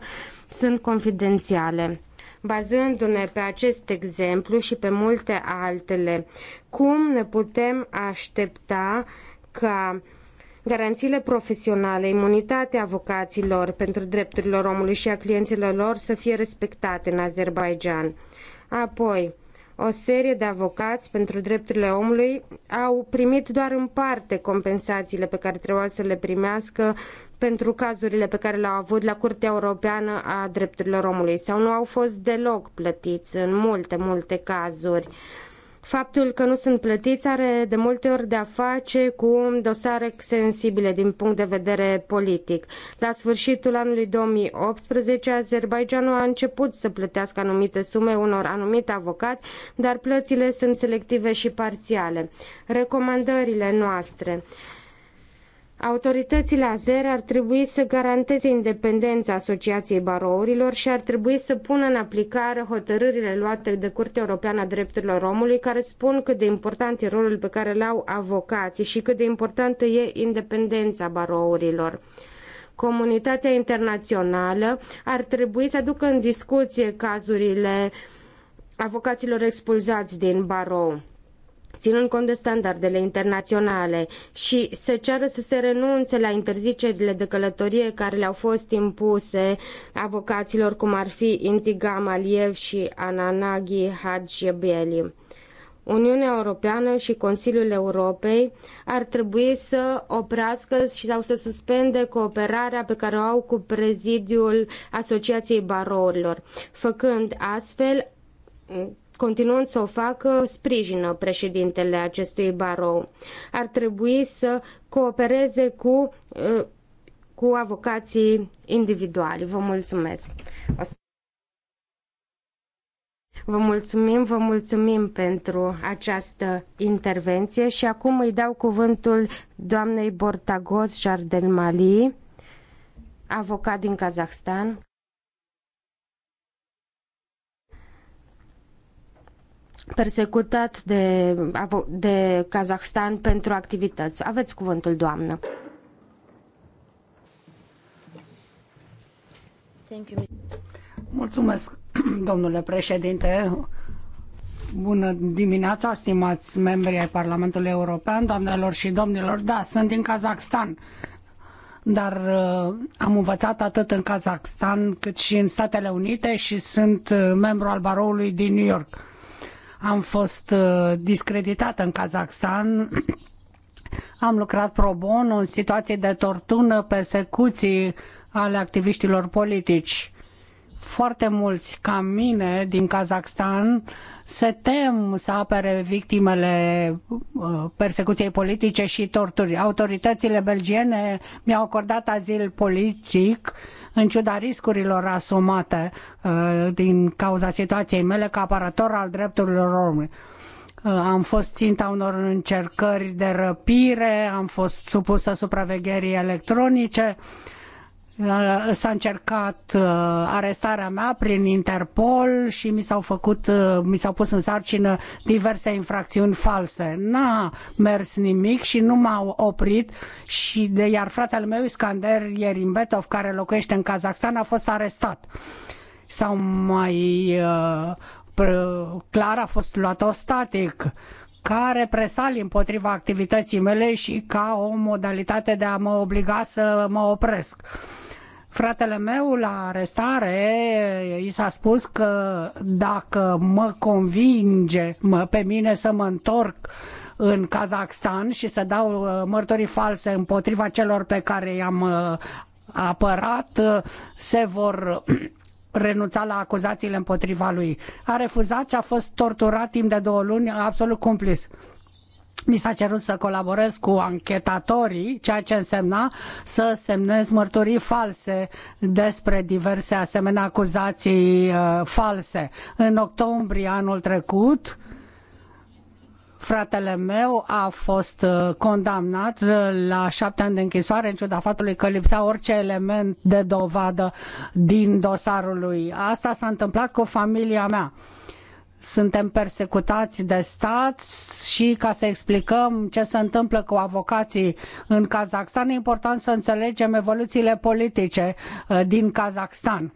Speaker 2: sunt confidențiale bazându-ne pe acest exemplu și pe multe altele, cum ne putem aștepta ca garanțiile profesionale, imunitatea avocaților pentru drepturile omului și a clienților lor să fie respectate în Azerbaijan. Apoi, o serie de avocați pentru drepturile omului au primit doar în parte compensațiile pe care trebuia să le primească pentru cazurile pe care le-au avut la Curtea Europeană a Drepturilor Omului sau nu au fost deloc plătiți în multe, multe cazuri. Uh, Faptul că nu sunt plătiți are de multe ori de-a face cu dosare sensibile din punct de vedere politic. La sfârșitul anului 2018, Azerbaijanul a început să plătească anumite sume unor anumite avocați, dar plățile sunt selective și parțiale. Recomandările noastre. Autoritățile azere ar trebui să garanteze independența Asociației Barourilor și ar trebui să pună în aplicare hotărârile luate de Curtea Europeană a Drepturilor Omului care spun cât de important e rolul pe care îl au avocații și cât de importantă e independența barourilor comunitatea internațională ar trebui să aducă în discuție cazurile avocaților expulzați din barou ținând cont de standardele internaționale și se ceară să se renunțe la interzicerile de călătorie care le-au fost impuse avocaților cum ar fi Intigam Aliev și Ananagi Hadjebieli. Uniunea Europeană și Consiliul Europei ar trebui să oprească și sau să suspende cooperarea pe care o au cu prezidiul Asociației Barourilor, făcând astfel continuând să o facă, sprijină președintele acestui barou. Ar trebui să coopereze cu, uh, cu avocații individuali. Vă mulțumesc! Vă mulțumim, vă mulțumim pentru această intervenție și acum îi dau cuvântul doamnei Bortagos Jardelmali, avocat din Kazahstan. persecutat de, de Kazahstan pentru activități. Aveți cuvântul, doamnă. Mulțumesc, domnule
Speaker 1: președinte. Bună dimineața, stimați membri ai Parlamentului European, doamnelor și domnilor. Da, sunt din Kazakhstan, dar uh, am învățat atât în Kazakhstan cât și în Statele Unite și sunt uh, membru al baroului din New York am fost uh, discreditată în Kazakhstan am lucrat pro bono în situații de tortună, persecuții ale activiștilor politici. Foarte mulți, ca mine, din Kazakhstan, se tem să apere victimele uh, persecuției politice și torturii. Autoritățile belgiene mi-au acordat azil politic uh, în ciuda riscurilor asumate uh, din cauza situației mele ca apărător al drepturilor omului uh, am fost ținta unor încercări de răpire, am fost supusă supravegherii electronice, uh, Uh, s-a încercat uh, arestarea mea prin Interpol și mi s-au făcut, uh, mi s-au pus în sarcină diverse infracțiuni false. N-a mers nimic și nu m-au oprit și de iar fratele meu Iskander Yerimbetov care locuiește în Kazakhstan a fost arestat. Sau mai clar a fost luat ostatic ca represalii împotriva activității mele și ca o modalitate de a mă obliga să mă opresc Fratele meu la arestare i s-a spus că dacă mă convinge mă, pe mine să mă întorc în Kazakhstan și să dau uh, mărturii false împotriva celor pe care i-am uh, apărat, uh, se vor renunța la acuzațiile împotriva lui. A refuzat și a fost torturat timp de două luni absolut cumplis mi s-a cerut să colaborez cu anchetatorii, ceea ce însemna să semnez mărturii false despre diverse asemenea acuzații uh, false. În octombrie anul trecut, fratele meu a fost uh, condamnat uh, la șapte ani de închisoare în ciuda faptului că lipsea orice element de dovadă din dosarul lui. Asta s-a întâmplat cu familia mea suntem persecutați de stat și ca să explicăm ce se întâmplă cu avocații în Kazakhstan, e important să înțelegem evoluțiile politice uh, din Kazakhstan.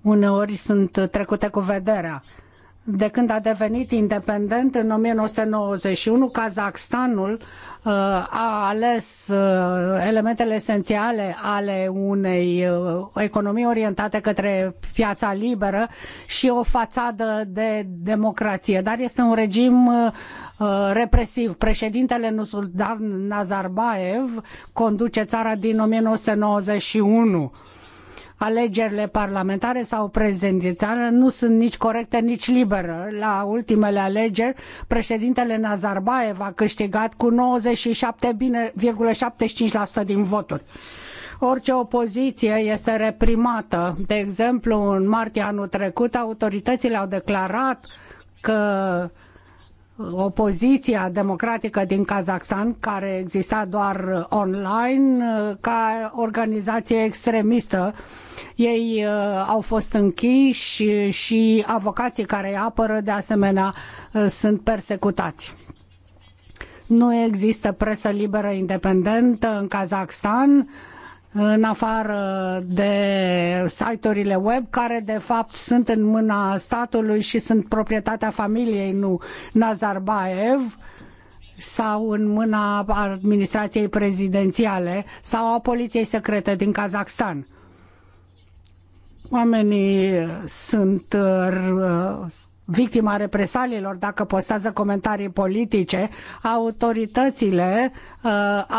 Speaker 1: Uneori sunt trecute cu vederea de când a devenit independent în 1991, Kazakhstanul uh, a ales uh, elementele esențiale ale unei uh, economii orientate către piața liberă și o fațadă de democrație. Dar este un regim represiv. Președintele Nursultan Nazarbaev, conduce țara din 1991 alegerile parlamentare sau prezidențiale nu sunt nici corecte, nici libere. La ultimele alegeri, președintele Nazarbayev a câștigat cu 97,75% din voturi. Orice opoziție este reprimată. De exemplu, în martie anul trecut, autoritățile au declarat că opoziția democratică din Kazakhstan, care exista doar online, ca organizație extremistă. Ei uh, au fost închiși și avocații care îi apără, de asemenea, uh, sunt persecutați. Nu există presă liberă independentă în Kazakhstan în afară de site-urile web, care de fapt sunt în mâna statului și sunt proprietatea familiei, nu Nazarbayev, sau în mâna administrației prezidențiale sau a poliției secrete din Kazakhstan. Oamenii sunt uh, victima represaliilor dacă postează comentarii politice, autoritățile uh,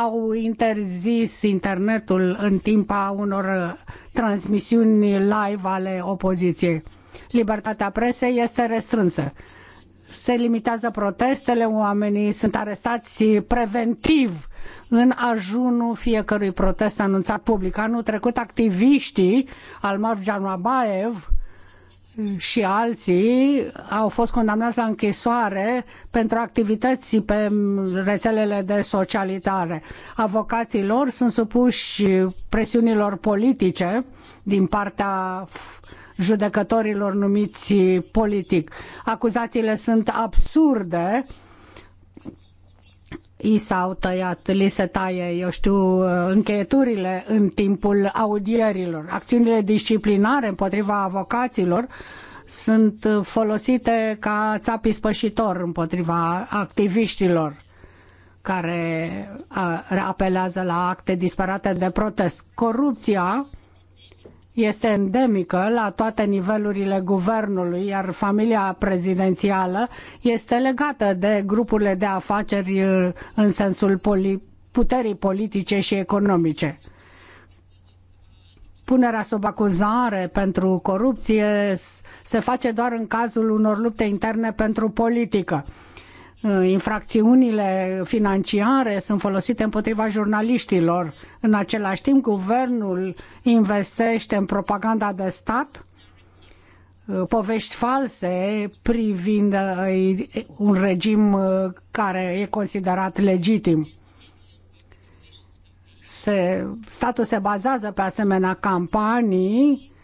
Speaker 1: au interzis internetul în timpul unor uh, transmisiuni live ale opoziției. Libertatea presei este restrânsă. Se limitează protestele, oamenii sunt arestați preventiv în ajunul fiecărui protest anunțat public. Anul trecut, activiștii al Marjan Mabaev și alții au fost condamnați la închisoare pentru activități pe rețelele de socialitare. Avocații lor sunt supuși presiunilor politice din partea judecătorilor numiți politic. Acuzațiile sunt absurde i s-au tăiat, li se taie, eu știu, încheieturile în timpul audierilor. Acțiunile disciplinare împotriva avocaților sunt folosite ca țapi spășitor împotriva activiștilor care apelează la acte disperate de protest. Corupția este endemică la toate nivelurile guvernului, iar familia prezidențială este legată de grupurile de afaceri uh, în sensul poli- puterii politice și economice. Punerea sub acuzare pentru corupție se face doar în cazul unor lupte interne pentru politică Eh, infracțiunile financiare sunt folosite împotriva jurnaliștilor. În același timp, guvernul investește în propaganda de stat, eh, povești false privind eh, un regim care e considerat legitim. Se, statul se bazează pe asemenea campanii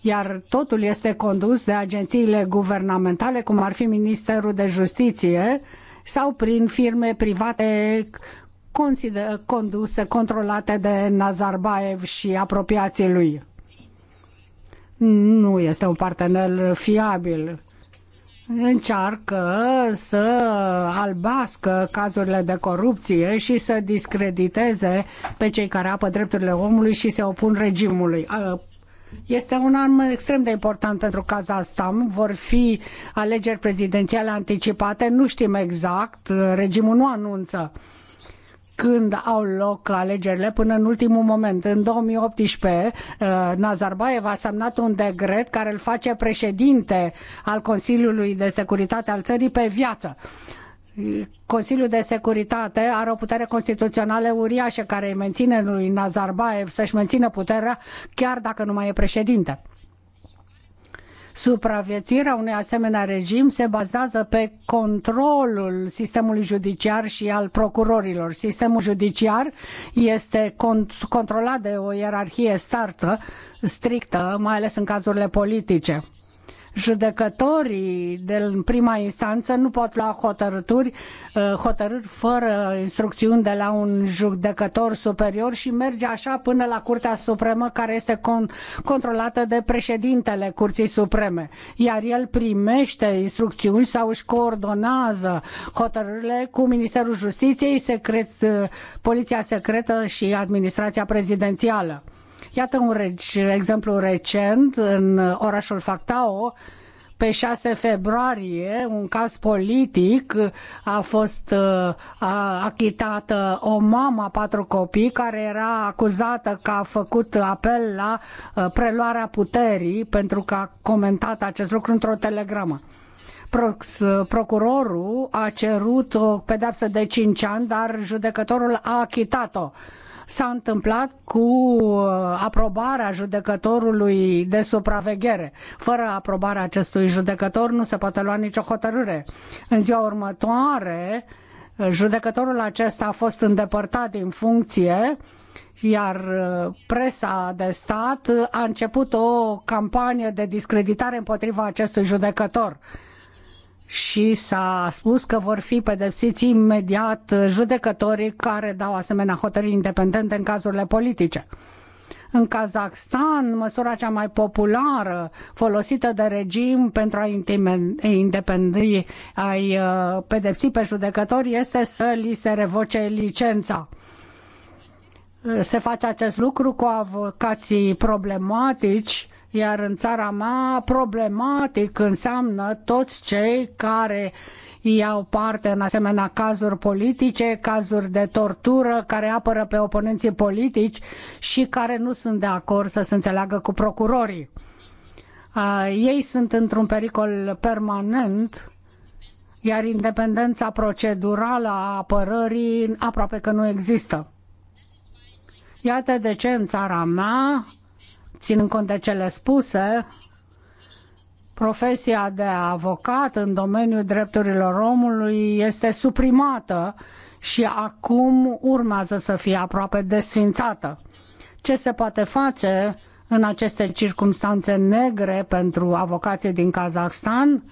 Speaker 1: iar totul este condus de agențiile guvernamentale, cum ar fi Ministerul de Justiție sau prin firme private conduse, controlate de Nazarbaev și apropiații lui. Nu este un partener fiabil. Încearcă să albască cazurile de corupție și să discrediteze pe cei care apă drepturile omului și se opun regimului. Ă, este un an extrem de important pentru Kazahstan. Vor fi alegeri prezidențiale anticipate, nu știm exact, regimul nu anunță când au loc alegerile până în ultimul moment. În 2018, uh, Nazarbayev a semnat un decret care îl face președinte al Consiliului de Securitate al țării pe viață. Consiliul de Securitate are o putere constituțională uriașă care îi menține lui Nazarbayev să-și mențină puterea chiar dacă nu mai e președinte. Supraviețuirea unui asemenea regim se bazează pe controlul sistemului judiciar și al procurorilor. Sistemul judiciar este controlat de o ierarhie startă, strictă, mai ales în cazurile politice judecătorii din prima instanță nu pot lua hotărâturi, uh, hotărâri fără instrucțiuni de la un judecător superior și merge așa până la Curtea Supremă care este con- controlată de președintele Curții Supreme. Iar el primește instrucțiuni sau își coordonează hotărârile cu Ministerul Justiției, secret, uh, Poliția Secretă și Administrația Prezidențială. Iată un exemplu recent în orașul Factao, pe 6 februarie, un caz politic, a fost uh, a, achitată o mamă a patru copii care era acuzată că a făcut apel la uh, preluarea puterii pentru că a comentat acest lucru într-o telegramă procurorul a cerut o pedeapsă de cinci ani, dar judecătorul a achitat-o s-a întâmplat cu uh, aprobarea judecătorului de supraveghere. Fără aprobarea acestui judecător nu se poate lua nicio hotărâre. În ziua următoare, uh, judecătorul acesta a fost îndepărtat din funcție iar uh, presa de stat a început o campanie de discreditare împotriva acestui judecător și s-a spus că vor fi pedepsiți imediat judecătorii care dau asemenea hotărâri independente în cazurile politice. În Kazakhstan, măsura cea mai populară folosită de regim pentru a, independi, ai uh, pedepsi pe judecători este să li se revoce licența se face acest lucru cu avocații problematici iar în țara mea, problematic înseamnă toți cei care iau parte în asemenea cazuri politice, cazuri de tortură, care apără pe oponenții politici și care nu sunt de acord să se înțeleagă cu procurorii. Ei sunt într-un pericol permanent, iar independența procedurală a apărării aproape că nu există. Iată de ce în țara mea Ținând cont de cele spuse, profesia de avocat în domeniul drepturilor omului este suprimată și acum urmează să fie aproape desfințată. Ce se poate face în aceste circunstanțe negre pentru avocații din Kazahstan?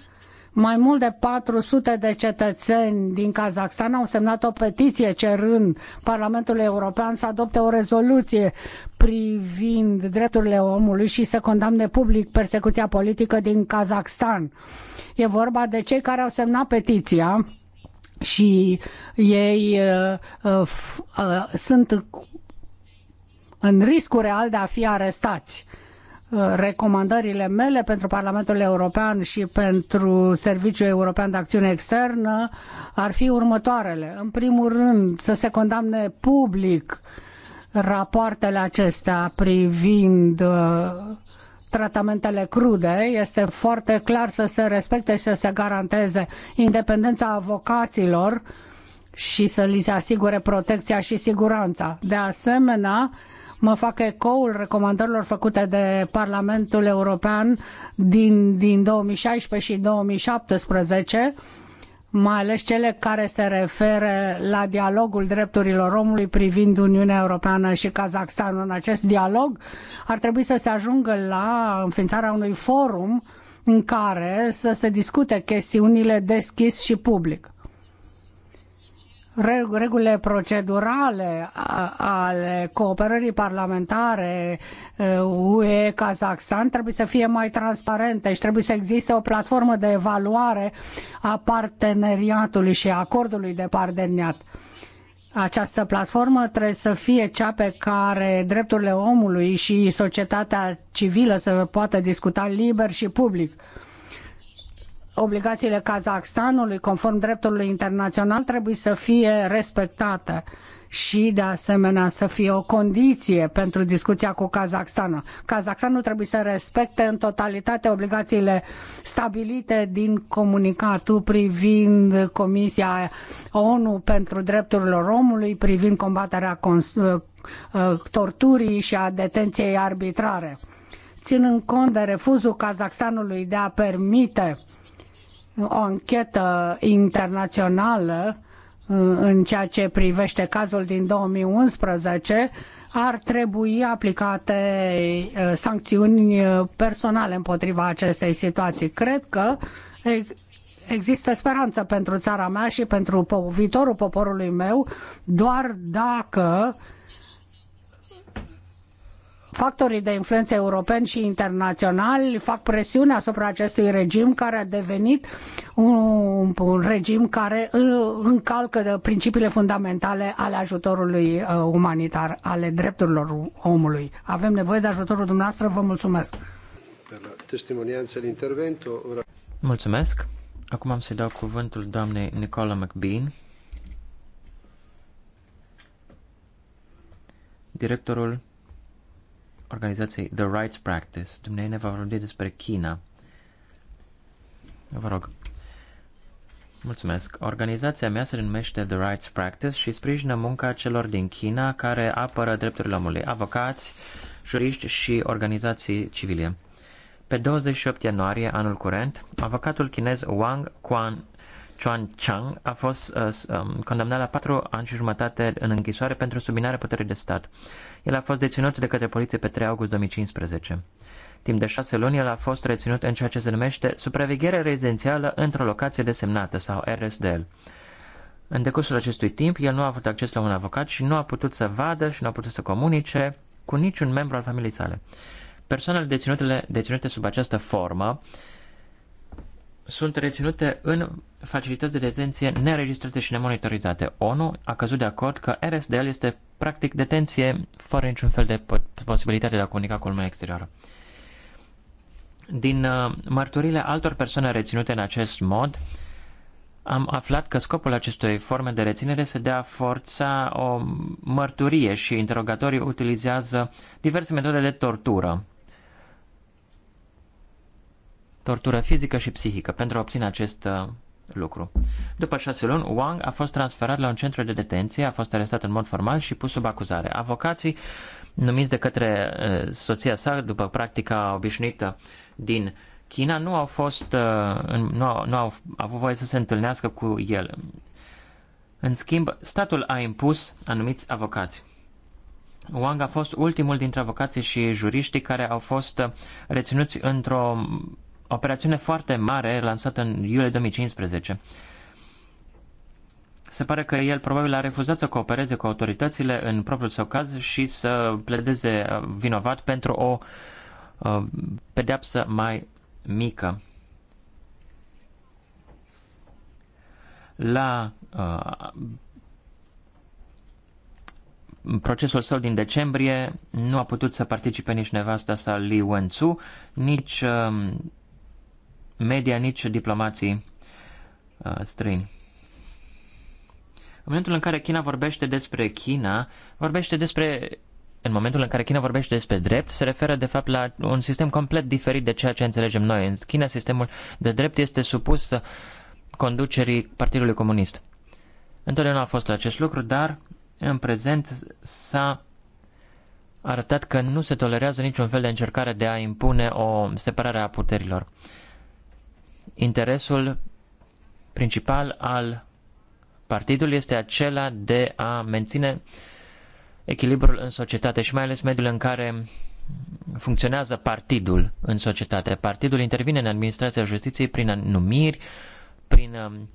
Speaker 1: Mai mult de 400 de cetățeni din Kazahstan au semnat o petiție cerând Parlamentului European să adopte o rezoluție privind drepturile omului și să condamne public persecuția politică din Kazakhstan. E vorba de cei care au semnat petiția și ei uh, uh, uh, sunt în riscul real de a fi arestați uh, recomandările mele pentru Parlamentul European și pentru Serviciul European de Acțiune Externă ar fi următoarele. În primul rând, să se condamne public uh, rapoartele acestea privind uh, tratamentele crude, este foarte clar să se respecte și să se garanteze independența avocaților și să li se asigure protecția și siguranța. De asemenea, mă fac ecoul recomandărilor făcute de Parlamentul European din, din 2016 și 2017 mai ales cele care se referă la dialogul drepturilor omului privind Uniunea Europeană și Kazakhstanul. În acest dialog ar trebui să se ajungă la înființarea unui forum în care să se discute chestiunile deschis și public regulile procedurale ale cooperării parlamentare UE-Kazakhstan uh, trebuie să fie mai transparente și trebuie să existe o platformă de evaluare a parteneriatului și a acordului de parteneriat. Această platformă trebuie să fie cea pe care drepturile omului și societatea civilă să poată discuta liber și public obligațiile Kazakhstanului conform dreptului internațional trebuie să fie respectate și de asemenea să fie o condiție pentru discuția cu Kazakhstanul. Kazakhstanul trebuie să respecte în totalitate obligațiile stabilite din comunicatul privind Comisia ONU pentru drepturile omului, privind combaterea ă, ă, torturii și a detenției arbitrare. Ținând cont de refuzul Kazakhstanului de a permite uh, o anchetă internațională uh, în ceea ce privește cazul din 2011, ar trebui aplicate uh, sancțiuni uh, personale împotriva acestei situații. Cred că există speranță pentru țara mea și pentru viitorul poporului meu doar dacă Factorii de influență europeni și internaționali fac presiune asupra acestui regim care a devenit un, un regim care încalcă principiile fundamentale ale ajutorului uh, umanitar, ale drepturilor omului. Avem nevoie de ajutorul dumneavoastră, vă mulțumesc.
Speaker 3: Mulțumesc. Acum am să-i dau cuvântul doamnei Nicola McBean, directorul organizației The Rights Practice. Dumnezeu ne va vorbi despre China. Vă rog. Mulțumesc. Organizația mea se numește The Rights Practice și sprijină munca celor din China care apără drepturile omului, avocați, juriști și organizații civile. Pe 28 ianuarie anul curent, avocatul chinez Wang Quan Chuan Chang a fost uh, um, condamnat la patru ani și jumătate în închisoare pentru subminarea puterii de stat. El a fost deținut de către poliție pe 3 august 2015. Timp de șase luni, el a fost reținut în ceea ce se numește supraveghere rezidențială într-o locație desemnată sau RSDL. În decursul acestui timp, el nu a avut acces la un avocat și nu a putut să vadă și nu a putut să comunice cu niciun membru al familiei sale. Persoanele deținute, sub această formă uh, sunt reținute în facilități de detenție neregistrate și nemonitorizate. ONU a căzut de acord că RSDL este practic detenție fără niciun fel de posibilitate de a comunica cu lumea exterioară. Din uh, mărturile altor persoane reținute în acest mod, am aflat că scopul acestei forme de reținere este de a forța o mărturie și interogatorii utilizează diverse metode de tortură tortură fizică și psihică pentru a obține acest uh, lucru. După șase luni, Wang a fost transferat la un centru de detenție, a fost arestat în mod formal și pus sub acuzare. Avocații numiți de către uh, soția sa, după practica obișnuită din China, nu au fost, uh, nu au, nu au avut voie să se întâlnească cu el. În schimb, statul a impus anumiți avocați. Wang a fost ultimul dintre avocații și juriștii care au fost reținuți într-o operațiune foarte mare lansată în iulie 2015. Se pare că el probabil a refuzat să coopereze cu autoritățile în propriul său caz și să pledeze uh, vinovat pentru o uh, pedeapsă mai mică. La uh, procesul său din decembrie nu a putut să participe nici nevasta sa Li Wenzu, nici uh, media, nici diplomații uh, străini. În momentul în care China vorbește despre China, vorbește despre în momentul în care China vorbește despre drept, se referă de fapt la un sistem complet diferit de ceea ce înțelegem noi. În China, sistemul de drept este supus conducerii Partidului Comunist. Întotdeauna a fost acest lucru, dar în prezent s-a arătat că nu se tolerează niciun fel de încercare de a impune o separare a puterilor interesul principal al partidului este acela de a menține echilibrul în societate și mai ales mediul în care funcționează partidul în societate. Partidul intervine în administrația justiției prin numiri, prin um,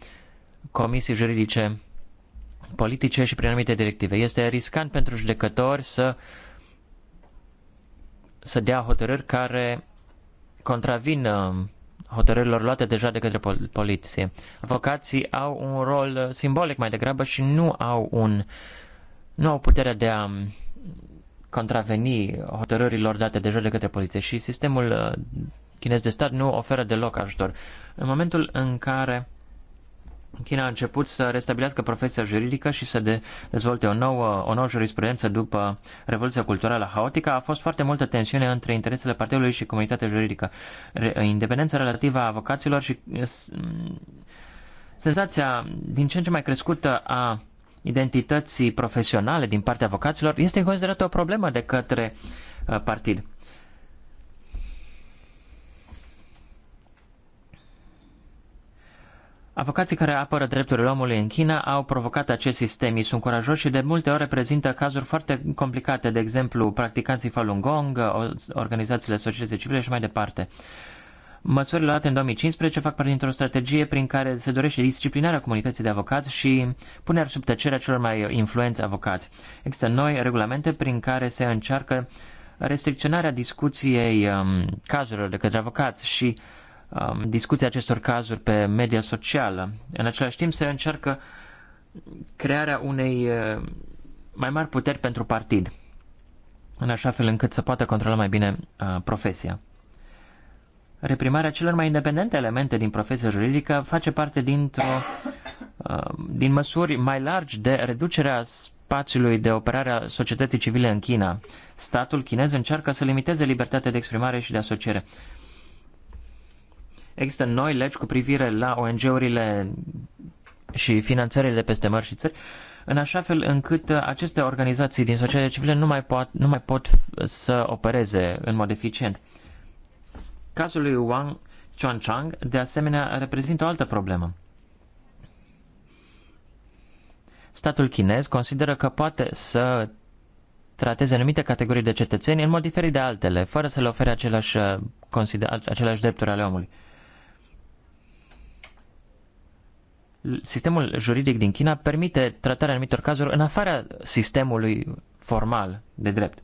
Speaker 3: comisii juridice politice și prin anumite directive. Este riscant pentru judecători să, să dea hotărâri care contravină um, hotărârilor luate deja de către pol- poliție. Avocații au un rol simbolic mai degrabă și nu au un nu au puterea de a contraveni hotărârilor date deja de către poliție și sistemul uh, chinez de stat nu oferă deloc ajutor. În momentul în care China a început să restabilească profesia juridică și să de dezvolte o nouă, o nouă jurisprudență după Revoluția Culturală Haotică. A fost foarte multă tensiune între interesele partidului și comunitatea juridică. Re, independența relativă a avocaților și senzația din ce în ce mai crescută a identității profesionale din partea avocaților este considerată o problemă de către uh, partid. Avocații care apără drepturile omului în China au provocat acest sistem. Ei sunt curajoși și de multe ori prezintă cazuri foarte complicate, de exemplu, practicanții Falun Gong, organizațiile societății civile și mai departe. Măsurile luate în 2015 fac parte dintr-o strategie prin care se dorește disciplinarea comunității de avocați și punerea sub tăcerea celor mai influenți avocați. Există noi regulamente prin care se încearcă restricționarea discuției um, cazurilor de către avocați și um, discuția acestor cazuri pe media socială. În același timp se încearcă crearea unei uh, mai mari puteri pentru partid, în așa fel încât să poată controla mai bine uh, profesia. Reprimarea celor mai independente elemente din profesia juridică face parte dintr-o, uh, din măsuri mai largi de reducerea spațiului de operare a societății civile în China. Statul chinez încearcă să limiteze libertatea de exprimare și de asociere. Uh, Există noi legi cu privire la ONG-urile și finanțările de peste mări și țări, în așa fel încât aceste organizații din societatea civilă nu mai, pot, nu mai pot să opereze în mod eficient. Cazul lui Wang Chuanchang, de asemenea, reprezintă o altă problemă. Statul chinez consideră că poate să trateze anumite categorii de cetățeni în mod diferit de altele, fără să le ofere aceleași, consider, aceleași drepturi ale omului. sistemul juridic din China permite tratarea anumitor cazuri în afara sistemului formal de drept.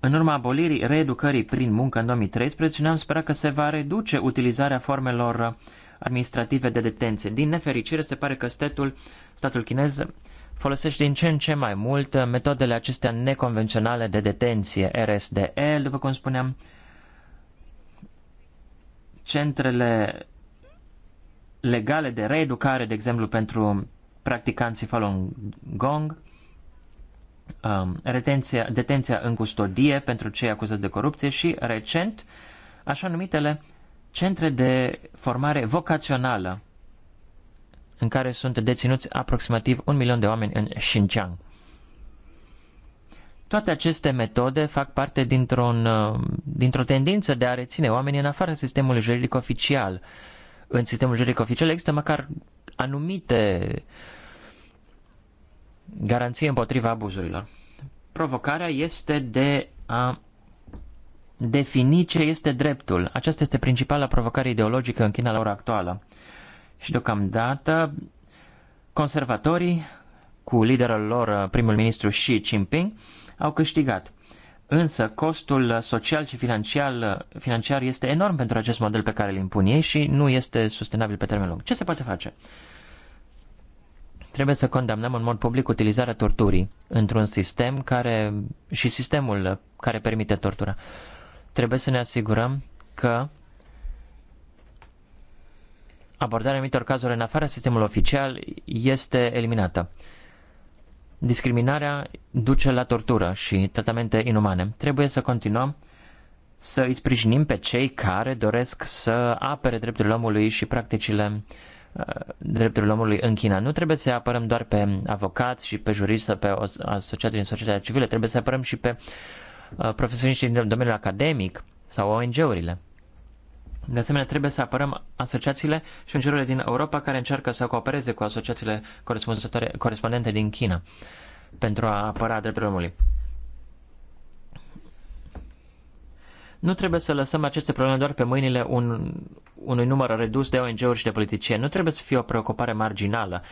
Speaker 3: În urma abolirii reeducării prin muncă în 2013, ne-am sperat că se va reduce utilizarea formelor administrative de detenție. Din nefericire, se pare că statul, statul chinez folosește din ce în ce mai mult metodele acestea neconvenționale de detenție, RSDL, după cum spuneam, centrele legale de reeducare, de exemplu, pentru practicanții Falun Gong, um, retenția, detenția în custodie pentru cei acuzați de corupție și, recent, așa numitele centre de formare vocațională în care sunt deținuți aproximativ un milion de oameni în Xinjiang. Toate aceste metode fac parte uh, dintr-o dintr tendință de a reține oamenii în afara sistemului juridic oficial în sistemul juridic oficial există măcar anumite garanții împotriva abuzurilor. Provocarea este de a defini ce este dreptul. Aceasta este principala provocare ideologică în China la ora actuală. Și deocamdată conservatorii, cu liderul lor, primul ministru Xi Jinping, au câștigat. Însă costul social și financiar, financiar este enorm pentru acest model pe care îl impun ei și nu este sustenabil pe termen lung. Ce se poate face? Trebuie să condamnăm în mod public utilizarea torturii într-un sistem care și sistemul care permite tortura. Trebuie să ne asigurăm că abordarea anumitor cazuri în afara sistemului oficial este eliminată. Discriminarea duce la tortură și tratamente inumane. Trebuie să continuăm să îi sprijinim pe cei care doresc să apere drepturile omului și practicile uh, drepturilor omului în China. Nu trebuie să apărăm doar pe avocați și pe juriști sau pe asociații din societatea civilă, trebuie să apărăm și pe uh, profesioniștii din domeniul academic sau ONG-urile. De asemenea, trebuie să apărăm asociațiile și ong din Europa care încearcă să coopereze cu asociațiile corespondente din China pentru a apăra drepturile omului. Nu trebuie să lăsăm aceste probleme doar pe mâinile un, unui număr redus de ONG-uri și de politicieni. Nu trebuie să fie o preocupare marginală.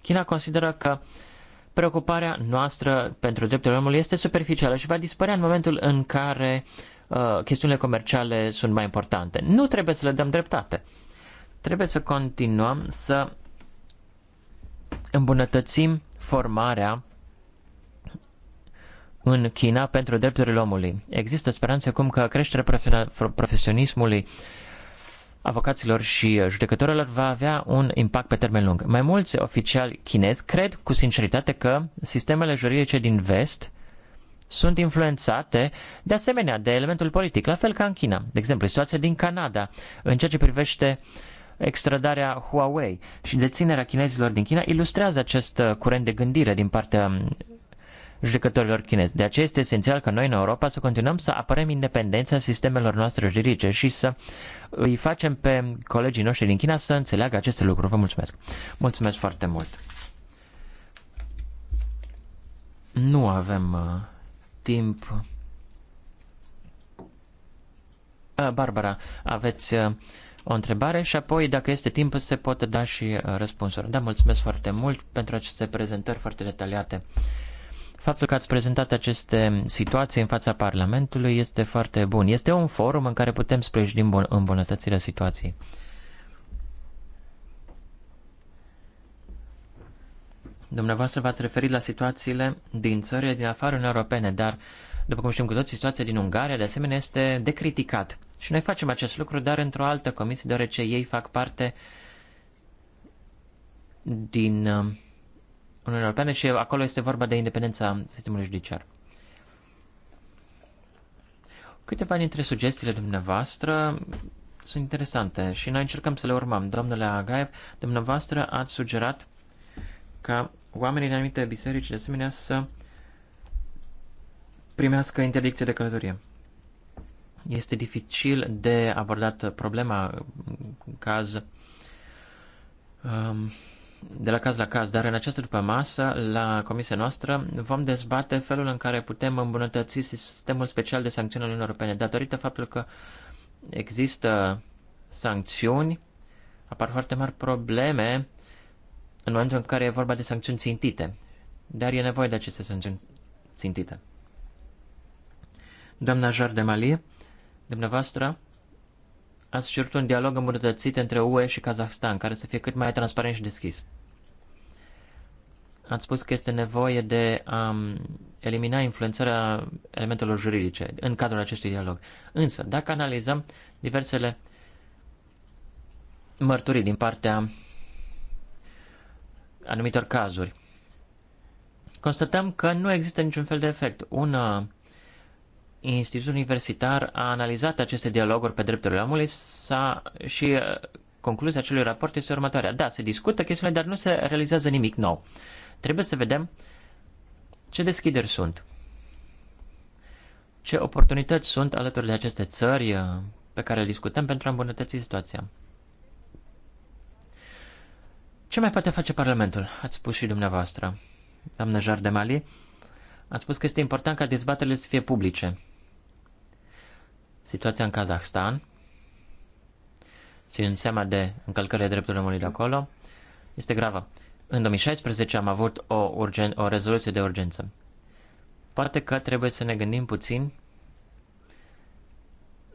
Speaker 3: China consideră că preocuparea noastră pentru drepturile omului este superficială și va dispărea în momentul în care uh, Uh, chestiunile comerciale sunt mai importante. Nu trebuie să le dăm dreptate. Trebuie să continuăm să îmbunătățim formarea în China pentru drepturile omului. Există speranțe acum că creșterea profesionismului avocaților și judecătorilor va avea un impact pe termen lung. Mai mulți oficiali chinezi cred cu sinceritate că sistemele juridice din vest sunt influențate de asemenea de elementul politic, la fel ca în China. De exemplu, situația din Canada în ceea ce privește extradarea Huawei și deținerea chinezilor din China ilustrează acest uh, curent de gândire din partea um, judecătorilor chinezi. De aceea este esențial ca noi în Europa să continuăm să apărăm independența sistemelor noastre juridice și să îi facem pe colegii noștri din China să înțeleagă aceste lucruri. Vă mulțumesc! Mulțumesc foarte mult! Nu avem uh, timp. Barbara, aveți uh, o întrebare și apoi, dacă este timp, se pot da și uh, răspunsuri. Da, mulțumesc foarte mult pentru aceste prezentări foarte detaliate. Faptul că ați prezentat aceste situații în fața Parlamentului este foarte bun. Este un forum în care putem sprijini îmbunătățirea situației. Dumneavoastră v-ați referit la situațiile din țările din afară în Europene, dar, după cum știm cu toți, situația din Ungaria, de asemenea, este de criticat. Și noi facem acest lucru, dar într-o altă comisie, deoarece ei fac parte din uh, Uniunea Europeană și acolo este vorba de independența sistemului judiciar. Câteva dintre sugestiile dumneavoastră sunt interesante și noi încercăm să le urmăm. Domnule Agaev, dumneavoastră ați sugerat ca oamenii din anumite biserici, de asemenea, să primească interdicție de călătorie. Este dificil de abordat problema caz um, de la caz la caz, dar în această după masă, la comisia noastră, vom dezbate felul în care putem îmbunătăți sistemul special de sancțiuni al Uniunii Europene, datorită faptului că există sancțiuni, apar foarte mari probleme în momentul în care e vorba de sancțiuni țintite. Dar e nevoie de aceste sancțiuni țintite. Doamna Jardemalie, dumneavoastră, ați cerut un dialog îmbunătățit între UE și Kazahstan, care să fie cât mai transparent și deschis. Ați spus că este nevoie de a um, elimina influențarea elementelor juridice în cadrul acestui dialog. Însă, dacă analizăm diversele mărturii din partea anumitor cazuri. Constatăm că nu există niciun fel de efect. Un uh, institut universitar a analizat aceste dialoguri pe drepturile omului s-a, și uh, concluzia acelui raport este următoarea. Da, se discută chestiunile, dar nu se realizează nimic nou. Trebuie să vedem ce deschideri sunt, ce oportunități sunt alături de aceste țări uh, pe care le discutăm pentru a îmbunătăți situația. Ce mai poate face Parlamentul? Ați spus și dumneavoastră, doamnă Jardemali. Ați spus că este important ca dezbaterile să fie publice. Situația în Kazahstan, ținând seama de încălcările drepturilor omului de acolo, este gravă. În 2016 am avut o, urgen- o rezoluție de urgență. Poate că trebuie să ne gândim puțin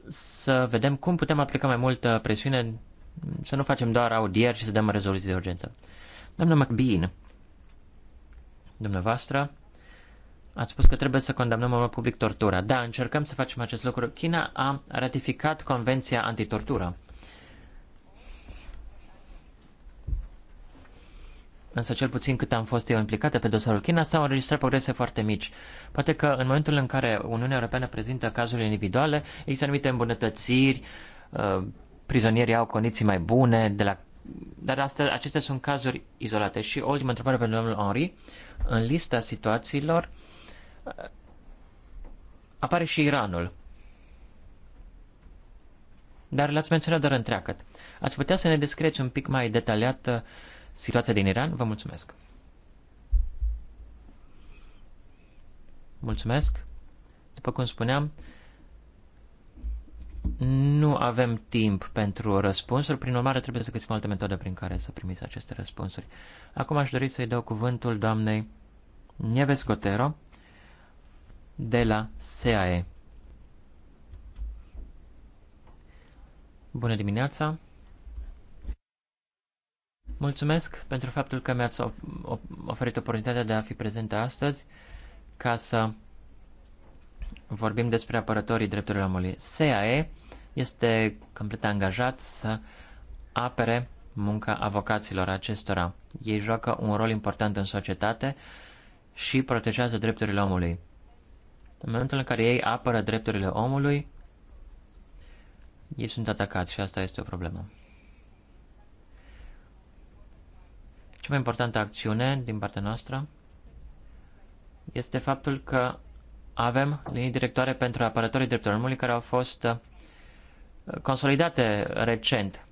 Speaker 3: să vedem cum putem aplica mai multă presiune să nu facem doar audieri și să dăm rezoluții de urgență. Doamna McBean, dumneavoastră, ați spus că trebuie să condamnăm în public tortura. Da, încercăm să facem acest lucru. China a ratificat Convenția Antitortură. Însă cel puțin cât am fost eu implicată pe dosarul China, s-au înregistrat progrese foarte mici. Poate că în momentul în care Uniunea Europeană prezintă cazurile individuale, există anumite îmbunătățiri, uh, prizonierii au condiții mai bune, de la... dar astea, acestea sunt cazuri izolate. Și o ultimă întrebare pentru domnul Henri. În lista situațiilor uh, apare și Iranul. Dar l-ați menționat doar întreagăt. Ați putea să ne descrieți un pic mai detaliat uh, situația din Iran? Vă mulțumesc. Mulțumesc. După cum spuneam, nu avem timp pentru răspunsuri, prin urmare trebuie să găsim alte metode prin care să primiți aceste răspunsuri. Acum aș dori să-i dau cuvântul doamnei Nieves Cotero de la SAE. Bună dimineața! Mulțumesc pentru faptul că mi-ați oferit oportunitatea de a fi prezentă astăzi ca să vorbim despre apărătorii drepturilor omului. SAE este complet angajat să apere munca avocaților acestora. Ei joacă un rol important în societate și protejează drepturile omului. În momentul în care ei apără drepturile omului, ei sunt atacați și asta este o problemă. Cea mai importantă acțiune din partea noastră este faptul că avem linii directoare pentru apărătorii drepturilor omului care au fost consolidate recent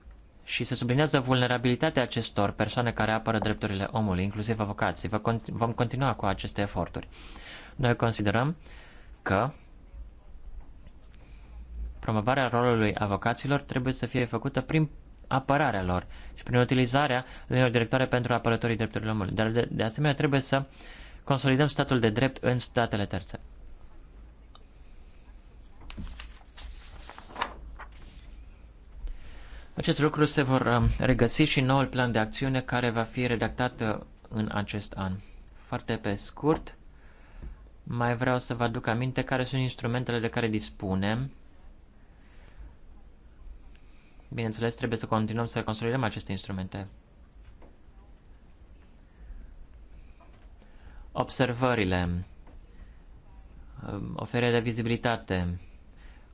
Speaker 3: și se sublinează vulnerabilitatea acestor persoane care apără drepturile omului, inclusiv avocații. Vă vom continua cu aceste eforturi. Noi considerăm că promovarea rolului avocaților trebuie să fie făcută prin apărarea lor și prin utilizarea linilor directoare pentru apărătorii drepturilor omului. Dar de, de asemenea trebuie să consolidăm statul de drept în statele terțe. Acest lucru se vor uh, regăsi și în noul plan de acțiune care va fi redactat uh, în acest an. Foarte pe scurt, mai vreau să vă aduc aminte care sunt instrumentele de care dispunem. Bineînțeles, trebuie să continuăm să consolidăm aceste instrumente. Observările, um, oferirea de vizibilitate,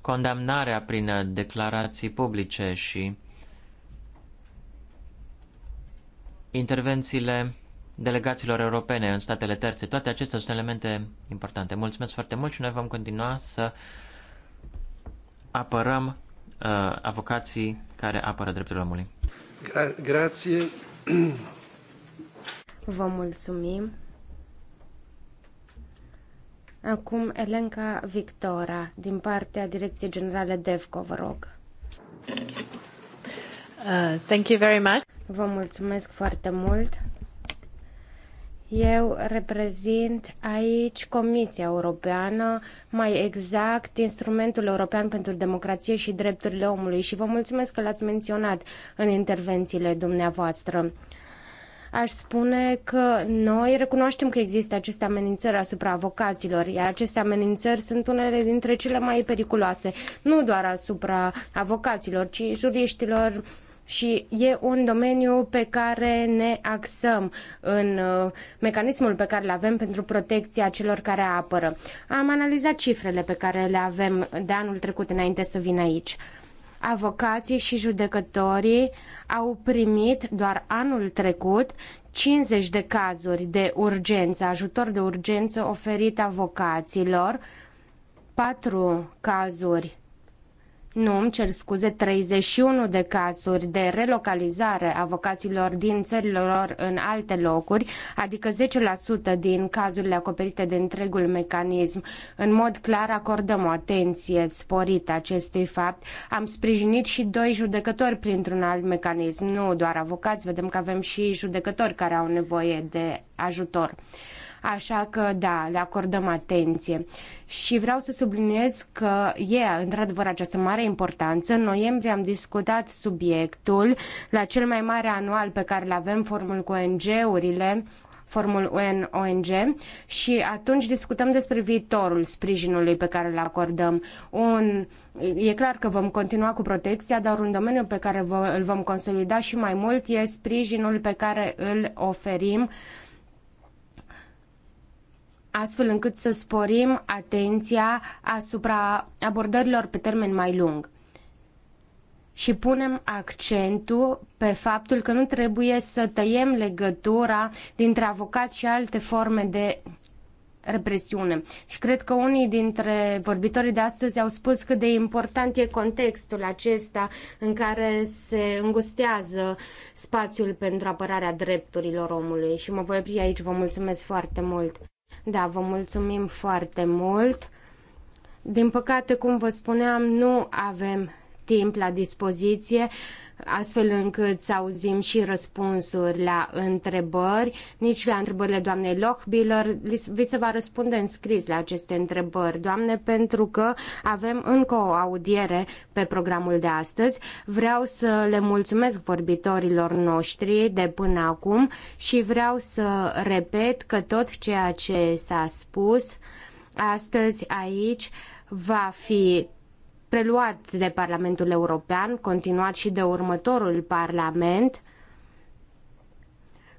Speaker 3: condamnarea prin uh, declarații publice și intervențiile delegațiilor europene în statele terțe. Toate acestea sunt elemente importante. Mulțumesc foarte mult și noi vom continua să apărăm uh, avocații care apără drepturile omului. Gra- grație.
Speaker 2: Vă mulțumim. Acum Elenca Victora, din partea Direcției Generale DEVCO, vă rog. Uh, thank you very much. Vă mulțumesc foarte mult. Eu reprezint aici Comisia Europeană, mai exact Instrumentul European pentru Democrație și Drepturile Omului și vă mulțumesc că l-ați menționat în intervențiile dumneavoastră. Aș spune că noi recunoaștem că există aceste amenințări asupra avocaților, iar aceste amenințări sunt unele dintre cele mai periculoase, nu doar asupra avocaților, ci juriștilor, uh, și e un domeniu pe care ne axăm în uh, mecanismul pe care îl avem pentru protecția celor care apără. Am analizat cifrele pe care le avem de anul trecut înainte să vin aici. Avocații și judecătorii au primit doar anul trecut 50 de cazuri de urgență, ajutor de urgență oferit avocaților, 4 cazuri nu, îmi cer scuze, 31 de cazuri de relocalizare a vocaților din țările lor în alte locuri, adică 10% din cazurile acoperite de întregul mecanism. În mod clar acordăm o atenție sporită acestui fapt. Am sprijinit și doi judecători printr-un alt mecanism, nu doar avocați, vedem că avem și judecători care au nevoie de ajutor. Așa că, da, le acordăm atenție. Și vreau să subliniez că e, yeah, într-adevăr, această mare importanță. În noiembrie am discutat subiectul la cel mai mare anual pe care îl avem, formul cu ONG-urile, formul UN-ONG și atunci discutăm despre viitorul sprijinului pe care îl acordăm. Un, e clar că vom continua cu protecția, dar un domeniu pe care vă, îl vom consolida și mai mult e sprijinul pe care îl oferim uh, astfel încât să sporim atenția asupra abordărilor pe termen mai lung. Și punem accentul pe faptul că nu trebuie să tăiem legătura dintre avocați și alte forme de represiune. Și cred că unii dintre vorbitorii de astăzi au spus cât de important e contextul acesta în care se îngustează spațiul pentru apărarea drepturilor omului. Și mă voi opri aici. Vă mulțumesc foarte mult! Da, vă mulțumim foarte mult. Din păcate, cum vă spuneam, nu avem timp la dispoziție astfel încât să auzim și răspunsuri la întrebări, nici la întrebările doamnei Lochbiller. Vi se va răspunde în scris la aceste întrebări, doamne, pentru că avem încă o audiere pe programul de astăzi. Vreau să le mulțumesc vorbitorilor noștri de până acum și vreau să repet că tot ceea ce s-a spus astăzi aici va fi preluat de Parlamentul European, continuat și de următorul Parlament,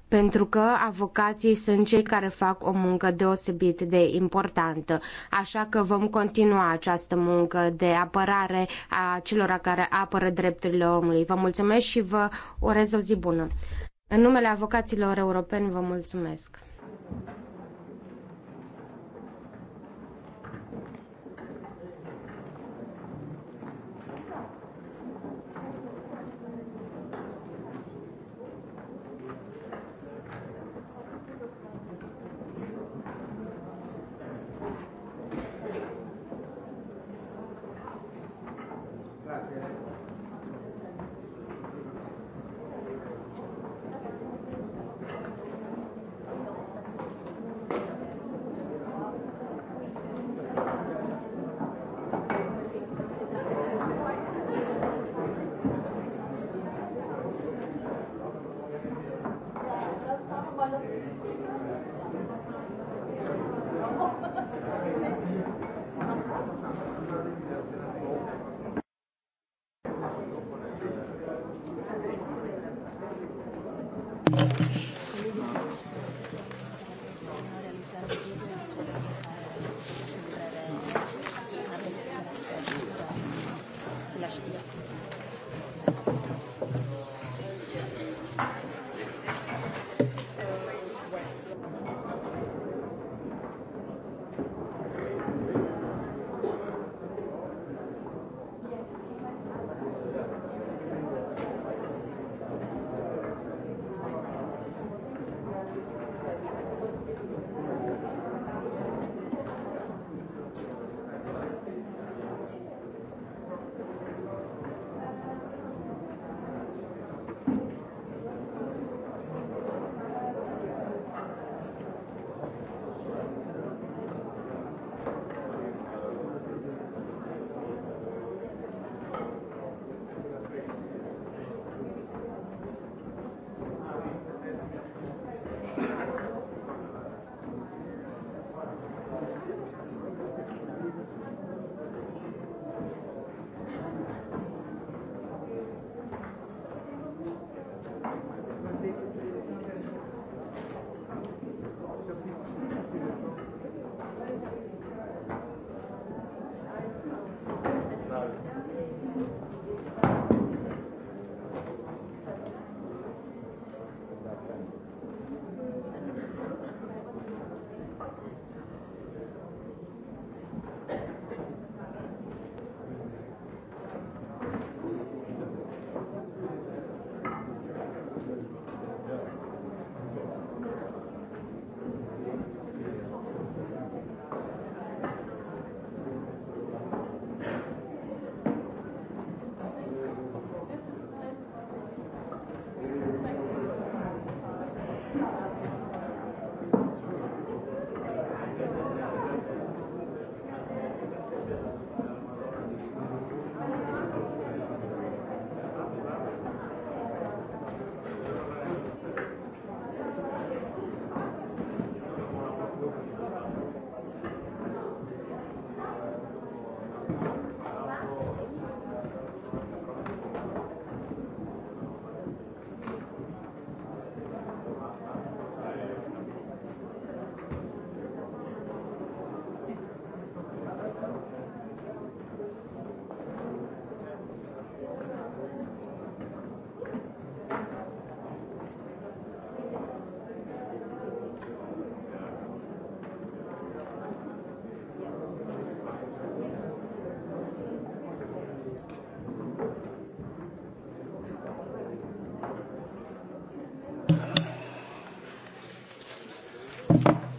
Speaker 2: pentru că avocații sunt cei care fac o muncă deosebit de importantă. Așa că vom continua această muncă de apărare a celor care apără drepturile omului. Vă mulțumesc și vă urez o zi bună. În numele avocaților europeni vă mulțumesc.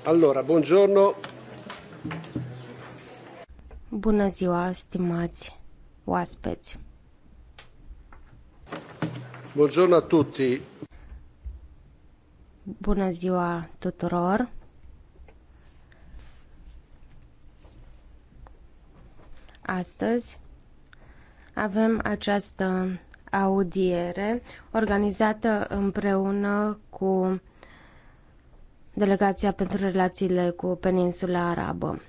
Speaker 3: Allora, buongiorno.
Speaker 2: Bună ziua, stimați oaspeți. Buongiorno a tutti. Bună ziua tuturor. Astăzi avem această audiere organizată împreună cu Delegația pentru relațiile cu peninsula arabă.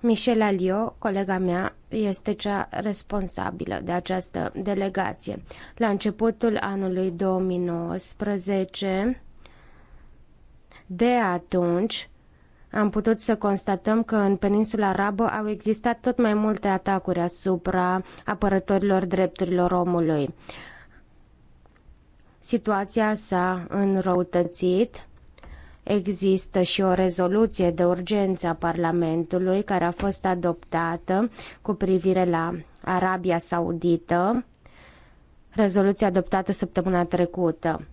Speaker 2: Michelle Alio, colega mea, este cea responsabilă de această delegație. La începutul anului 2019, de atunci, am putut să constatăm că în peninsula arabă au existat tot mai multe atacuri asupra apărătorilor drepturilor omului. Situația s-a înrăutățit. Există și o rezoluție de urgență a Parlamentului care a fost adoptată cu privire la Arabia Saudită, rezoluție adoptată săptămâna trecută.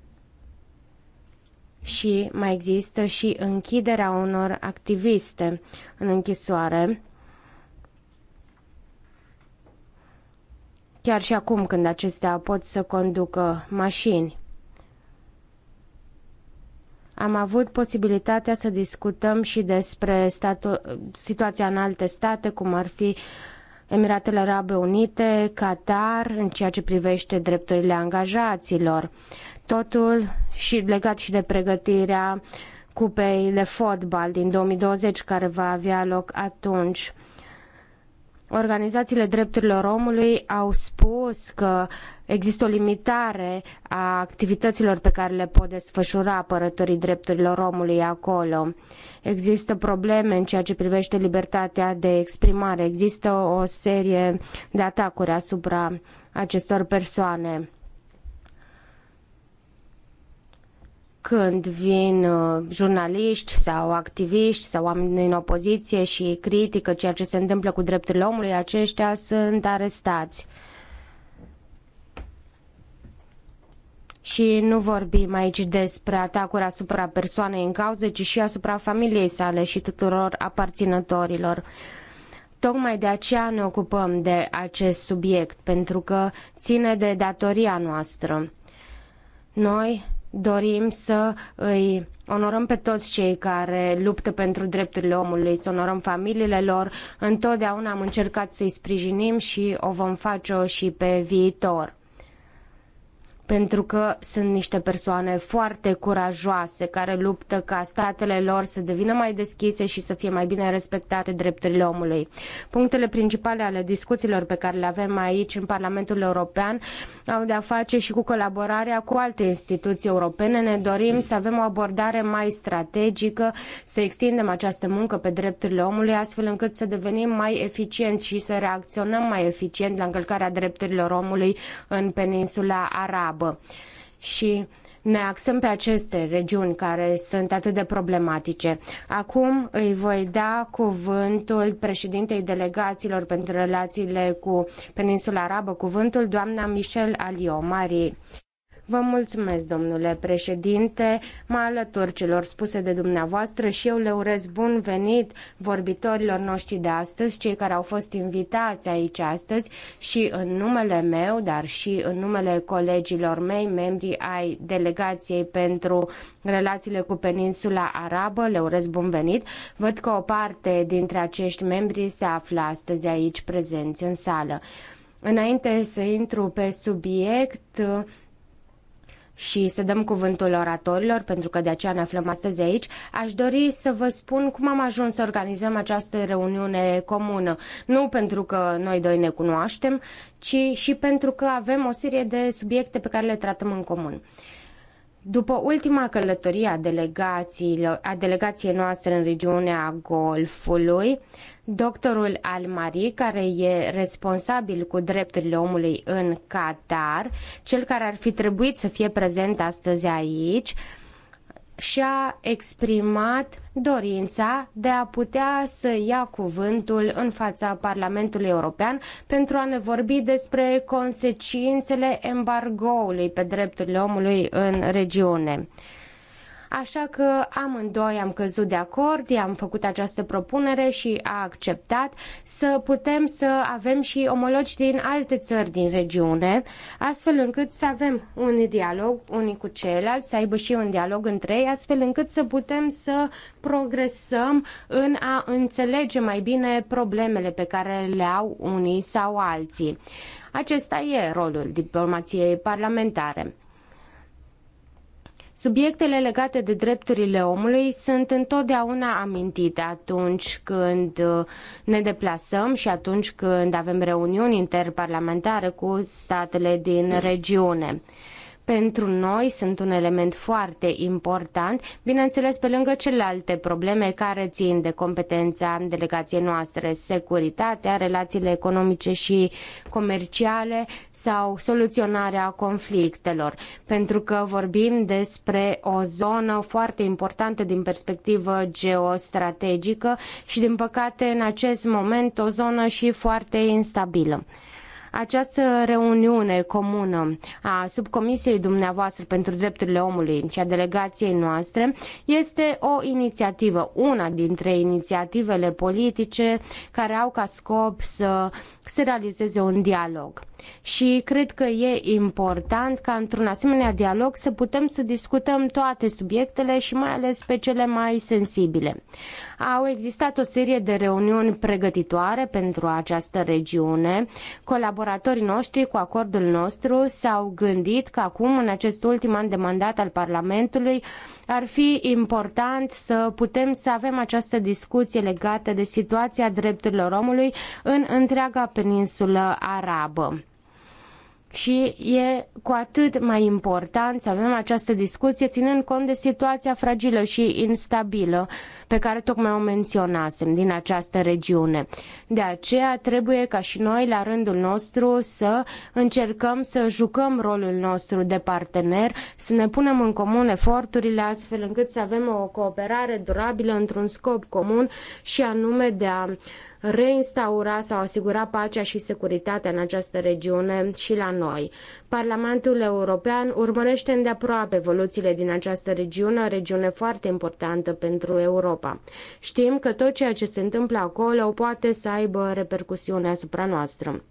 Speaker 2: Și mai există și închiderea unor activiste în închisoare chiar și acum când acestea pot să conducă mașini. Am avut posibilitatea să discutăm și despre statu- situația în alte state, cum ar fi Emiratele Arabe Unite, Qatar, în ceea ce privește drepturile angajaților. Totul și legat și de pregătirea cupei de fotbal din 2020 care va avea loc atunci. Organizațiile drepturilor omului au spus că există o limitare a activităților pe care le pot desfășura apărătorii drepturilor omului acolo. Există probleme în ceea ce privește libertatea de exprimare. Există o serie de atacuri asupra acestor persoane. când vin uh, jurnaliști sau activiști sau oameni în opoziție și critică ceea ce se întâmplă cu drepturile omului, aceștia sunt arestați. Și nu vorbim aici despre atacuri asupra persoanei în cauză, ci și asupra familiei sale și tuturor aparținătorilor. Tocmai de aceea ne ocupăm de acest subiect, pentru că ține de datoria noastră. Noi dorim să îi onorăm pe toți cei care luptă pentru drepturile omului, să onorăm familiile lor. Întotdeauna am încercat să-i sprijinim și o vom face -o și pe viitor pentru că sunt niște persoane foarte curajoase care luptă ca statele lor să devină mai deschise și să fie mai bine respectate drepturile omului. Punctele principale ale discuțiilor pe care le avem aici în Parlamentul European au de-a face și cu colaborarea cu alte instituții europene. Ne dorim să avem o abordare mai strategică, să extindem această muncă pe drepturile omului, astfel încât să devenim mai eficienți și să reacționăm mai eficient la încălcarea drepturilor omului în peninsula arabă grabă. Și ne axăm pe aceste regiuni care sunt atât de problematice. Acum îi voi da cuvântul președintei delegațiilor pentru relațiile cu Peninsula Arabă, cuvântul doamna Michelle Alio Marie. Vă mulțumesc, domnule președinte, mă alătur celor spuse de dumneavoastră și eu le urez bun venit vorbitorilor noștri de astăzi, cei care au fost invitați aici astăzi și în numele meu, dar și în numele colegilor mei, membrii ai delegației pentru relațiile cu peninsula arabă, le urez bun venit. Văd că o parte dintre acești membri se află astăzi aici prezenți în sală. Înainte să intru pe subiect, și să dăm cuvântul oratorilor, pentru că de aceea ne aflăm astăzi aici, aș dori să vă spun cum am ajuns să organizăm această reuniune comună. Nu pentru că noi doi ne cunoaștem, ci și pentru că avem o serie de subiecte pe care le tratăm în comun. După ultima călătorie a, a delegației noastre în regiunea Golfului, doctorul Al-Mari, care e responsabil cu drepturile omului în Qatar, cel care ar fi trebuit să fie prezent astăzi aici, uh, și-a exprimat dorința de a putea să ia cuvântul în fața Parlamentului European pentru a ne vorbi despre consecințele embargoului pe drepturile omului în regiune. Așa că amândoi am căzut de acord, i-am făcut această propunere și a acceptat să putem să avem și omologi din alte țări din regiune, astfel încât să avem un dialog unii cu ceilalți, să aibă și un dialog între ei, astfel încât să putem să progresăm în a înțelege mai bine problemele pe care le au unii sau alții. Acesta e rolul diplomației parlamentare. Subiectele legate de drepturile omului sunt întotdeauna amintite atunci când uh, ne deplasăm și atunci când avem reuniuni interparlamentare cu statele din regiune pentru noi sunt un element foarte important, bineînțeles pe lângă celelalte probleme care țin de competența delegației noastre, securitatea, relațiile economice și comerciale sau soluționarea conflictelor, pentru că vorbim despre o zonă foarte importantă din perspectivă geostrategică și din păcate în acest moment o zonă și foarte instabilă. Această reuniune comună a subcomisiei dumneavoastră pentru drepturile omului și a delegației noastre este o inițiativă, una dintre inițiativele politice care au ca scop să se realizeze un dialog. Și cred că e important ca într-un asemenea dialog să putem să discutăm toate subiectele și mai ales pe cele mai sensibile. Au existat o serie de reuniuni pregătitoare pentru această regiune. Colaboratorii noștri cu acordul nostru s-au gândit că acum, în acest ultim an de mandat al Parlamentului, ar fi important să putem să avem această discuție legată de situația drepturilor omului în întreaga peninsulă arabă și e cu atât mai important să avem această discuție ținând cont de situația fragilă și instabilă pe care tocmai o menționasem din această regiune. De aceea trebuie ca și noi la rândul nostru să încercăm să jucăm rolul nostru de partener, să ne punem în comun eforturile astfel încât să avem o cooperare durabilă într-un scop comun și anume de a reinstaura sau asigura pacea și securitatea în această regiune și la noi. Parlamentul European urmărește îndeaproape evoluțiile din această regiune, o regiune foarte importantă pentru Europa. Știm că tot ceea ce se întâmplă acolo poate să aibă repercusiune asupra noastră.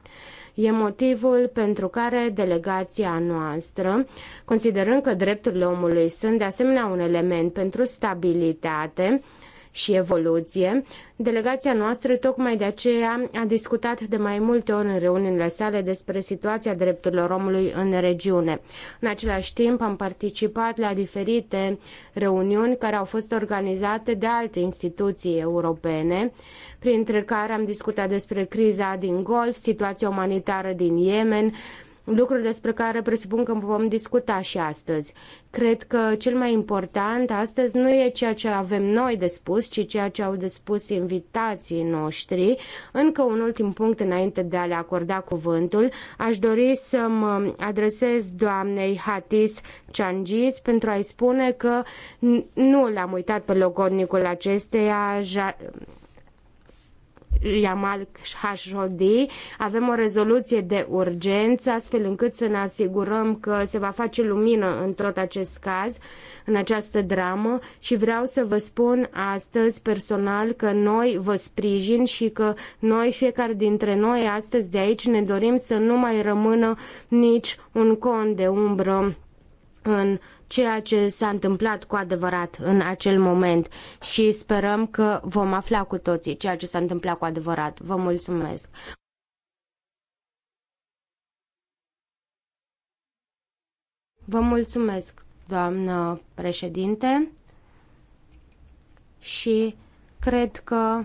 Speaker 2: E motivul pentru care delegația noastră, considerând că drepturile omului sunt de asemenea un element pentru stabilitate, și evoluție. Delegația noastră tocmai de aceea a discutat de mai multe ori în reuniunile sale despre situația drepturilor omului în regiune. În același timp am participat la diferite reuniuni care au fost organizate de alte instituții europene, printre care am discutat despre criza din Golf, situația umanitară din Yemen, lucruri despre care presupun că vom discuta și astăzi. Cred că cel mai important astăzi nu e ceea ce avem noi de spus, ci ceea ce au de spus invitații noștri. Încă un ultim punct înainte de a le acorda cuvântul, aș dori să mă adresez doamnei Hatis Ciangis pentru a-i spune că nu l-am uitat pe logodnicul acesteia, Yamal Khashoggi. Avem o rezoluție de urgență, astfel încât să ne asigurăm că se va face lumină în tot acest caz, în această dramă și vreau să vă spun astăzi personal că noi vă sprijin și că noi, fiecare dintre noi astăzi de aici ne dorim să nu mai rămână nici un con de umbră în ceea ce s-a întâmplat cu adevărat în acel moment și sperăm că vom afla cu toții ceea ce s-a întâmplat cu adevărat. Vă mulțumesc! Vă mulțumesc, doamnă președinte, și cred că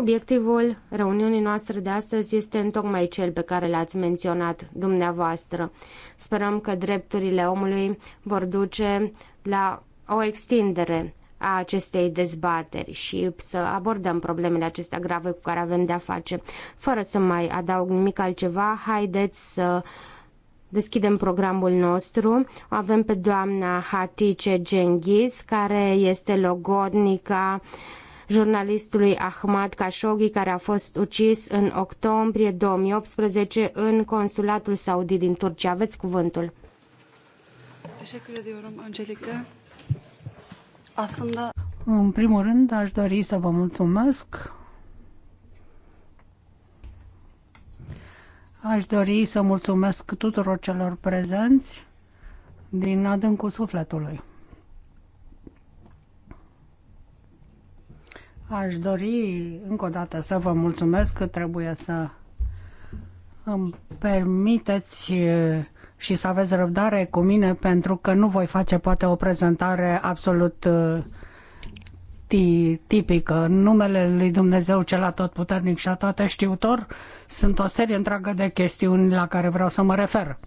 Speaker 2: Obiectivul reuniunii noastre de astăzi este întocmai cel pe care l-ați menționat dumneavoastră. Sperăm că drepturile omului vor duce la o extindere a acestei dezbateri și să abordăm problemele acestea grave cu care avem de-a face. Fără să mai adaug nimic altceva, haideți să deschidem programul nostru. Avem pe doamna Hatice Genghis, care este logodnica uh, jurnalistului Ahmad Khashoggi, care a fost ucis în octombrie 2018 în consulatul Saudi din Turcia. Aveți cuvântul. În primul rând, aș dori să vă
Speaker 1: mulțumesc Aș dori să mulțumesc tuturor celor prezenți din adâncul sufletului. Aș dori încă o dată să vă mulțumesc că trebuie să îmi permiteți și să aveți răbdare cu mine pentru că nu voi face poate o prezentare absolut tipică. Numele lui Dumnezeu cel atotputernic și atotștiutor sunt o serie întreagă de chestiuni la care vreau să mă refer.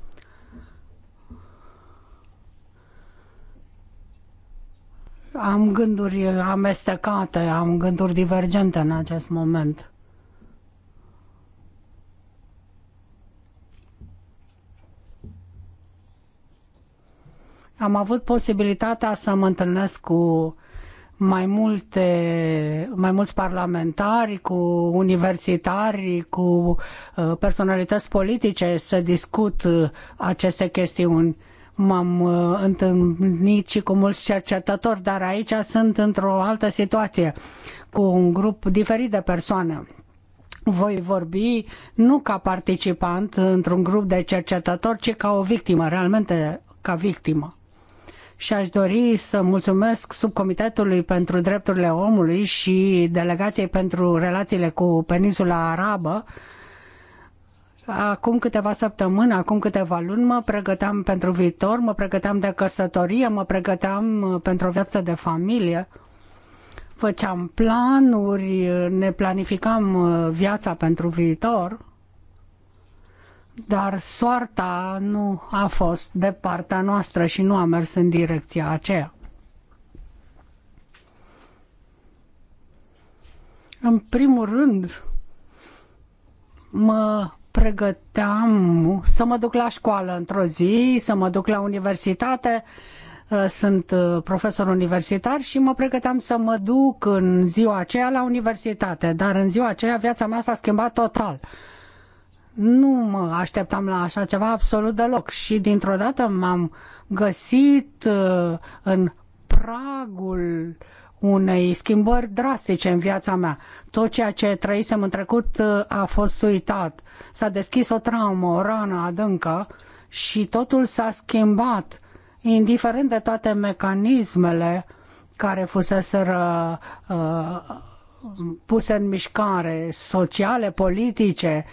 Speaker 1: Am gânduri amestecate, am gânduri divergente în acest moment. Am avut posibilitatea să mă întâlnesc cu mai, multe, mai mulți parlamentari, cu universitari, cu uh, personalități politice să discut uh, aceste chestiuni m-am uh, întâlnit și cu mulți cercetători, dar aici sunt într-o altă situație, cu un grup diferit de persoane. Voi vorbi nu ca participant într-un grup de cercetători, ci ca o victimă, realmente ca victimă și aș dori să mulțumesc subcomitetului pentru drepturile omului și delegației pentru relațiile cu peninsula arabă Acum câteva săptămâni, acum câteva luni mă pregăteam pentru viitor, mă pregăteam de căsătorie, mă pregăteam uh, pentru o viață de familie. Făceam planuri, uh, ne planificam uh, viața pentru viitor, dar soarta nu a fost de partea noastră și nu a mers în direcția aceea. În primul rând, mă pregăteam să mă duc la școală într-o zi, să mă duc la universitate, uh, sunt uh, profesor universitar și mă pregăteam să mă duc în ziua aceea la universitate, dar în ziua aceea viața mea s-a schimbat total. Nu mă așteptam la așa ceva absolut deloc și dintr-o dată m-am găsit uh, în pragul uh, unei schimbări drastice în viața mea. Tot ceea ce trăisem în trecut uh, a fost uitat. S-a deschis o traumă, o rană adâncă și totul s-a schimbat, indiferent de toate mecanismele care fuseseră uh, puse în mișcare, sociale, politice,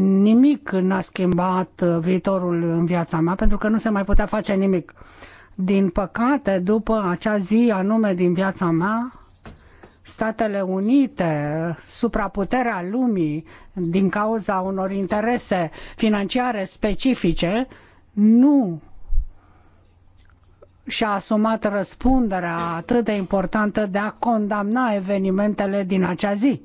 Speaker 1: nimic n-a schimbat uh, viitorul în viața mea, pentru că nu se mai putea face nimic. Uh, din păcate, după acea zi anume din viața mea, Statele Unite, supraputerea lumii din cauza unor interese financiare specifice, nu și-a asumat răspunderea atât de importantă de a condamna evenimentele din acea zi.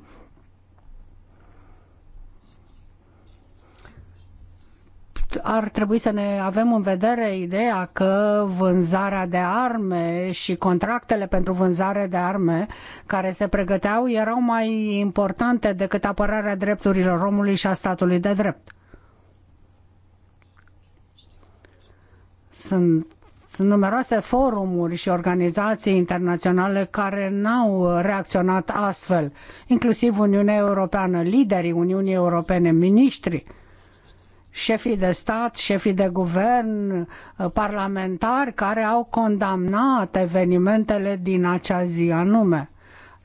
Speaker 1: ar trebui să ne avem în vedere ideea că vânzarea de arme și contractele pentru vânzare de arme care se pregăteau erau mai importante decât apărarea drepturilor omului și a statului de drept. Sunt numeroase forumuri și organizații internaționale care n-au reacționat astfel, inclusiv Uniunea Europeană, liderii Uniunii Europene, miniștrii șefii de stat, șefii de guvern, uh, parlamentari care au condamnat evenimentele din acea zi anume.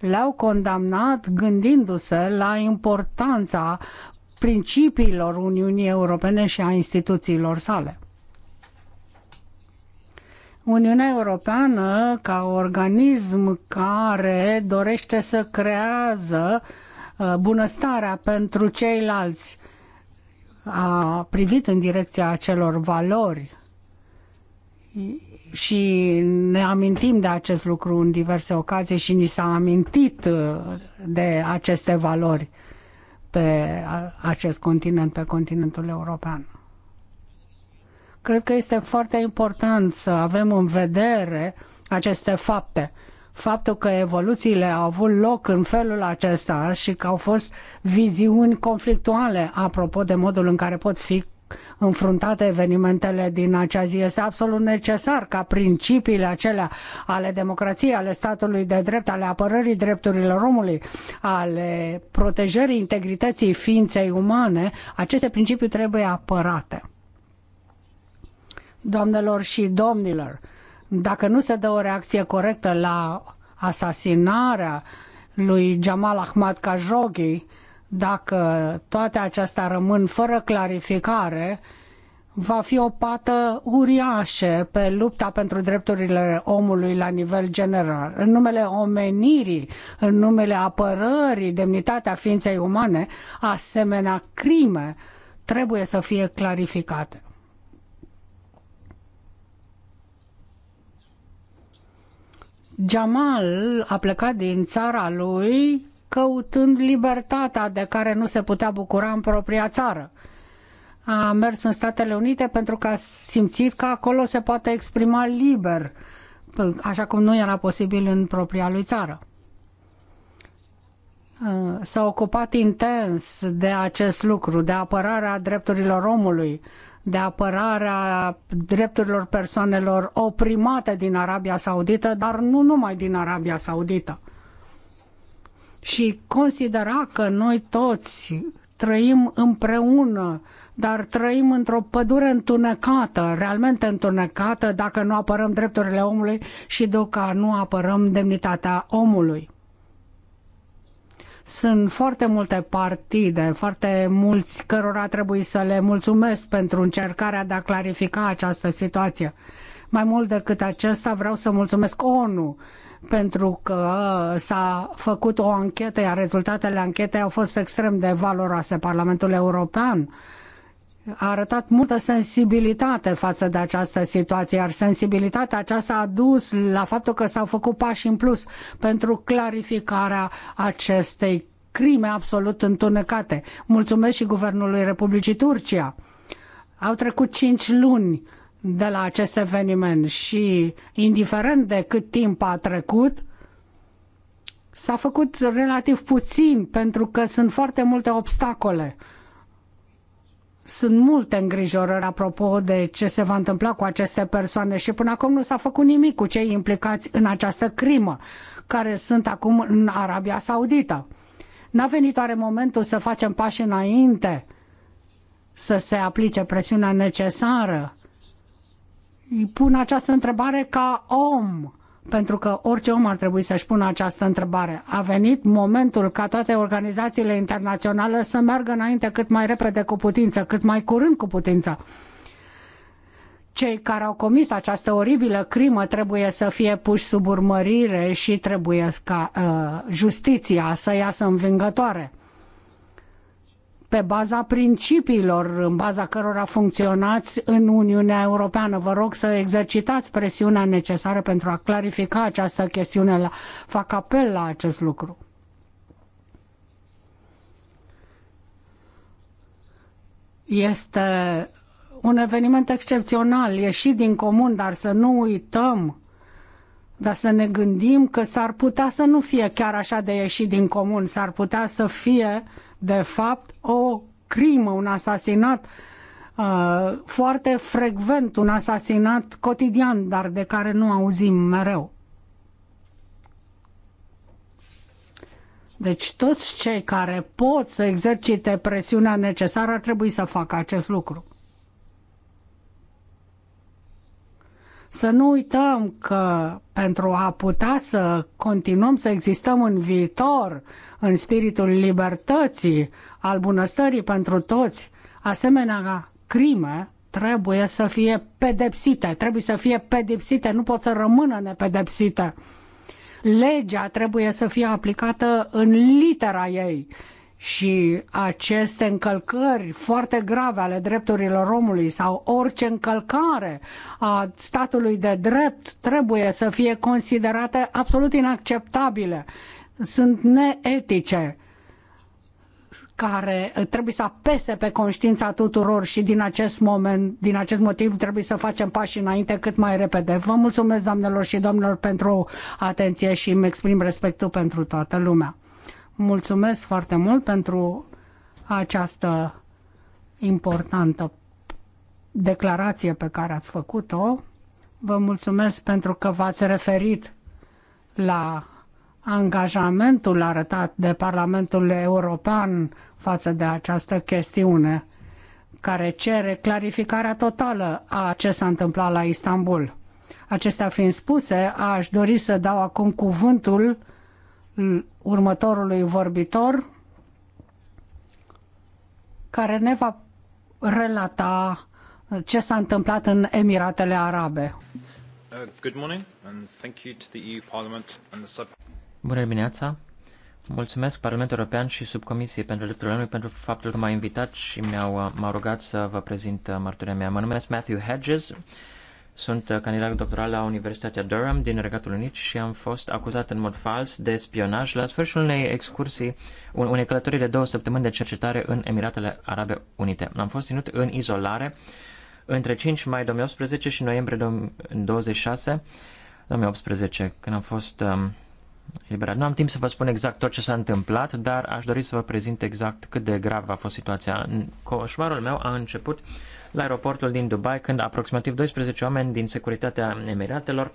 Speaker 1: Le-au condamnat gândindu-se la importanța principiilor Uniunii Europene și a instituțiilor sale. Uniunea Europeană ca organism care dorește să creează uh, bunăstarea pentru ceilalți, a privit în direcția acelor valori și ne amintim de acest lucru în diverse ocazii și ni s-a amintit uh, de aceste valori pe acest continent, pe continentul european. Cred că este foarte important să avem în vedere aceste fapte faptul că evoluțiile au avut loc în felul acesta și că au fost viziuni conflictuale apropo de modul în care pot fi înfruntate evenimentele din acea zi. Este absolut necesar ca principiile acelea ale democrației, ale statului de drept, ale apărării drepturilor omului, ale protejării integrității ființei umane, aceste principii trebuie apărate. Doamnelor și domnilor, dacă nu se dă o reacție corectă la asasinarea lui Jamal Ahmad Khashoggi, dacă toate acestea rămân fără clarificare, va fi o pată uriașă pe lupta pentru drepturile omului la nivel general. În numele omenirii, în numele apărării, demnitatea ființei umane, asemenea crime trebuie să fie clarificate. Jamal a plecat din țara lui căutând libertatea de care nu se putea bucura în propria țară. A mers în Statele Unite pentru că a simțit că acolo se poate exprima liber, așa cum nu era posibil în propria lui țară. S-a ocupat intens de acest lucru, de apărarea drepturilor omului, de apărare a drepturilor persoanelor oprimate din Arabia Saudită, dar nu numai din Arabia Saudită. Și considera că noi toți trăim împreună, dar trăim într-o pădure întunecată, realmente întunecată, dacă nu apărăm drepturile omului și dacă nu apărăm demnitatea omului. Sunt foarte multe partide, foarte mulți cărora trebuie să le mulțumesc pentru încercarea de a clarifica această situație. Mai mult decât acesta, vreau să mulțumesc ONU pentru că s-a făcut o anchetă, iar rezultatele anchetei au fost extrem de valoroase. Parlamentul European a arătat multă sensibilitate față de această situație, iar sensibilitatea aceasta a dus la faptul că s-au făcut pași în plus pentru clarificarea acestei crime absolut întunecate. Mulțumesc și Guvernului Republicii Turcia. Au trecut cinci luni de la acest eveniment și, indiferent de cât timp a trecut, s-a făcut relativ puțin pentru că sunt foarte multe obstacole sunt multe îngrijorări apropo de ce se va întâmpla cu aceste persoane și până acum nu s-a făcut nimic cu cei implicați în această crimă, care sunt acum în Arabia Saudită. N-a venit oare momentul să facem pași înainte, să se aplice presiunea necesară? Îi pun această întrebare ca om pentru că orice om ar trebui să-și pună această întrebare. A venit momentul ca toate organizațiile internaționale să meargă înainte cât mai repede cu putință, cât mai curând cu putință. Cei care au comis această oribilă crimă trebuie să fie puși sub urmărire și trebuie ca uh, justiția să iasă învingătoare pe baza principiilor în baza cărora funcționați în Uniunea Europeană. Vă rog să exercitați presiunea necesară pentru a clarifica această chestiune. Fac apel la acest lucru. Este un eveniment excepțional, ieșit din comun, dar să nu uităm dar să ne gândim că s-ar putea să nu fie chiar așa de ieșit din comun, s-ar putea să fie de fapt o crimă, un asasinat uh, foarte frecvent, un asasinat cotidian, dar de care nu auzim mereu. Deci toți cei care pot să exercite presiunea necesară ar trebui să facă acest lucru. Să nu uităm că pentru a putea să continuăm să existăm în viitor, în spiritul libertății, al bunăstării pentru toți, asemenea crime trebuie să fie pedepsite, trebuie să fie pedepsite, nu pot să rămână nepedepsite legea trebuie să fie aplicată în litera ei și aceste încălcări foarte grave ale drepturilor omului sau orice încălcare a statului de drept trebuie să fie considerate absolut inacceptabile. Sunt neetice care trebuie să apese pe conștiința tuturor și din acest moment, din acest motiv trebuie să facem pași înainte cât mai repede. Vă mulțumesc doamnelor și domnilor pentru atenție și îmi exprim respectul pentru toată lumea. Mulțumesc foarte mult pentru această importantă declarație pe care ați făcut-o. Vă mulțumesc pentru că v-ați referit la angajamentul arătat de Parlamentul European față de această chestiune, care cere clarificarea totală a ce s-a întâmplat la Istanbul. Acestea fiind spuse, aș dori să dau acum cuvântul următorului vorbitor care ne va relata ce s-a întâmplat în Emiratele Arabe.
Speaker 3: Uh, Bună dimineața! Mulțumesc Parlamentul European și Subcomisiei pentru Drepturile Omului pentru faptul că m a invitat și mi-au, uh, m-au rugat să vă prezint uh, mărturia mea. Mă numesc Matthew Hedges, sunt candidat doctoral la Universitatea Durham din Regatul Unit și am fost acuzat în mod fals de spionaj la sfârșitul unei excursii, unei călătorii de două săptămâni de cercetare în Emiratele Arabe Unite. Am fost ținut în izolare între 5 mai 2018 și noiembrie 26 2018, când am fost um, eliberat. Nu am timp să vă spun exact tot ce s-a întâmplat, dar aș dori să vă prezint exact cât de grav a fost situația. Coșmarul meu a început la aeroportul din Dubai, când aproximativ 12 oameni din securitatea Emiratelor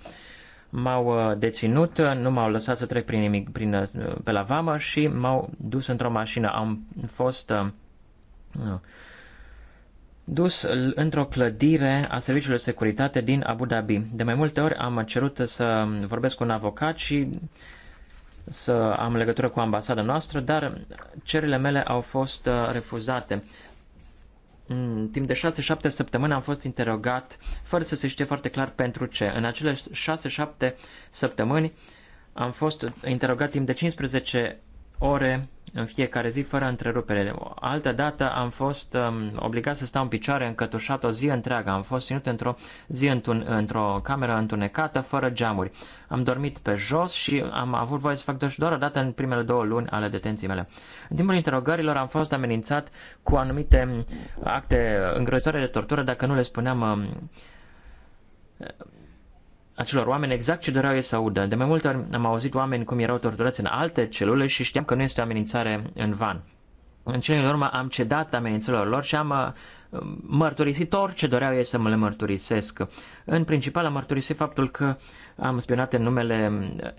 Speaker 3: m-au uh, deținut, nu m-au lăsat să trec prin, prin, uh, pe la vamă și m-au dus într-o mașină. Am fost uh, dus într-o clădire a serviciului de securitate din Abu Dhabi. De mai multe ori am cerut să vorbesc cu un avocat și să am legătură cu ambasada noastră, dar cererile mele au fost refuzate în timp de 6-7 săptămâni am fost interogat fără să se știe foarte clar pentru ce. În acele 6-7 săptămâni am fost interogat timp de 15 ore în fiecare zi fără întrerupere. Altă dată am fost um, obligat să stau în picioare încătușat o zi întreagă. Am fost ținut într-o zi într-un, într-o cameră întunecată, fără geamuri. Am dormit pe jos și am avut voie să fac doar o dată în primele două luni ale detenției mele. În timpul interogărilor am fost amenințat cu anumite um, acte îngrozitoare de tortură dacă nu le spuneam um, acelor oameni exact ce doreau ei să audă. De mai multe ori am auzit oameni cum erau torturați în alte celule și știam că nu este o amenințare în van. În cele din urmă am cedat amenințelor lor și am uh, mărturisit orice doreau ei să mă le mărturisesc. În principal am mărturisit faptul că am spionat în numele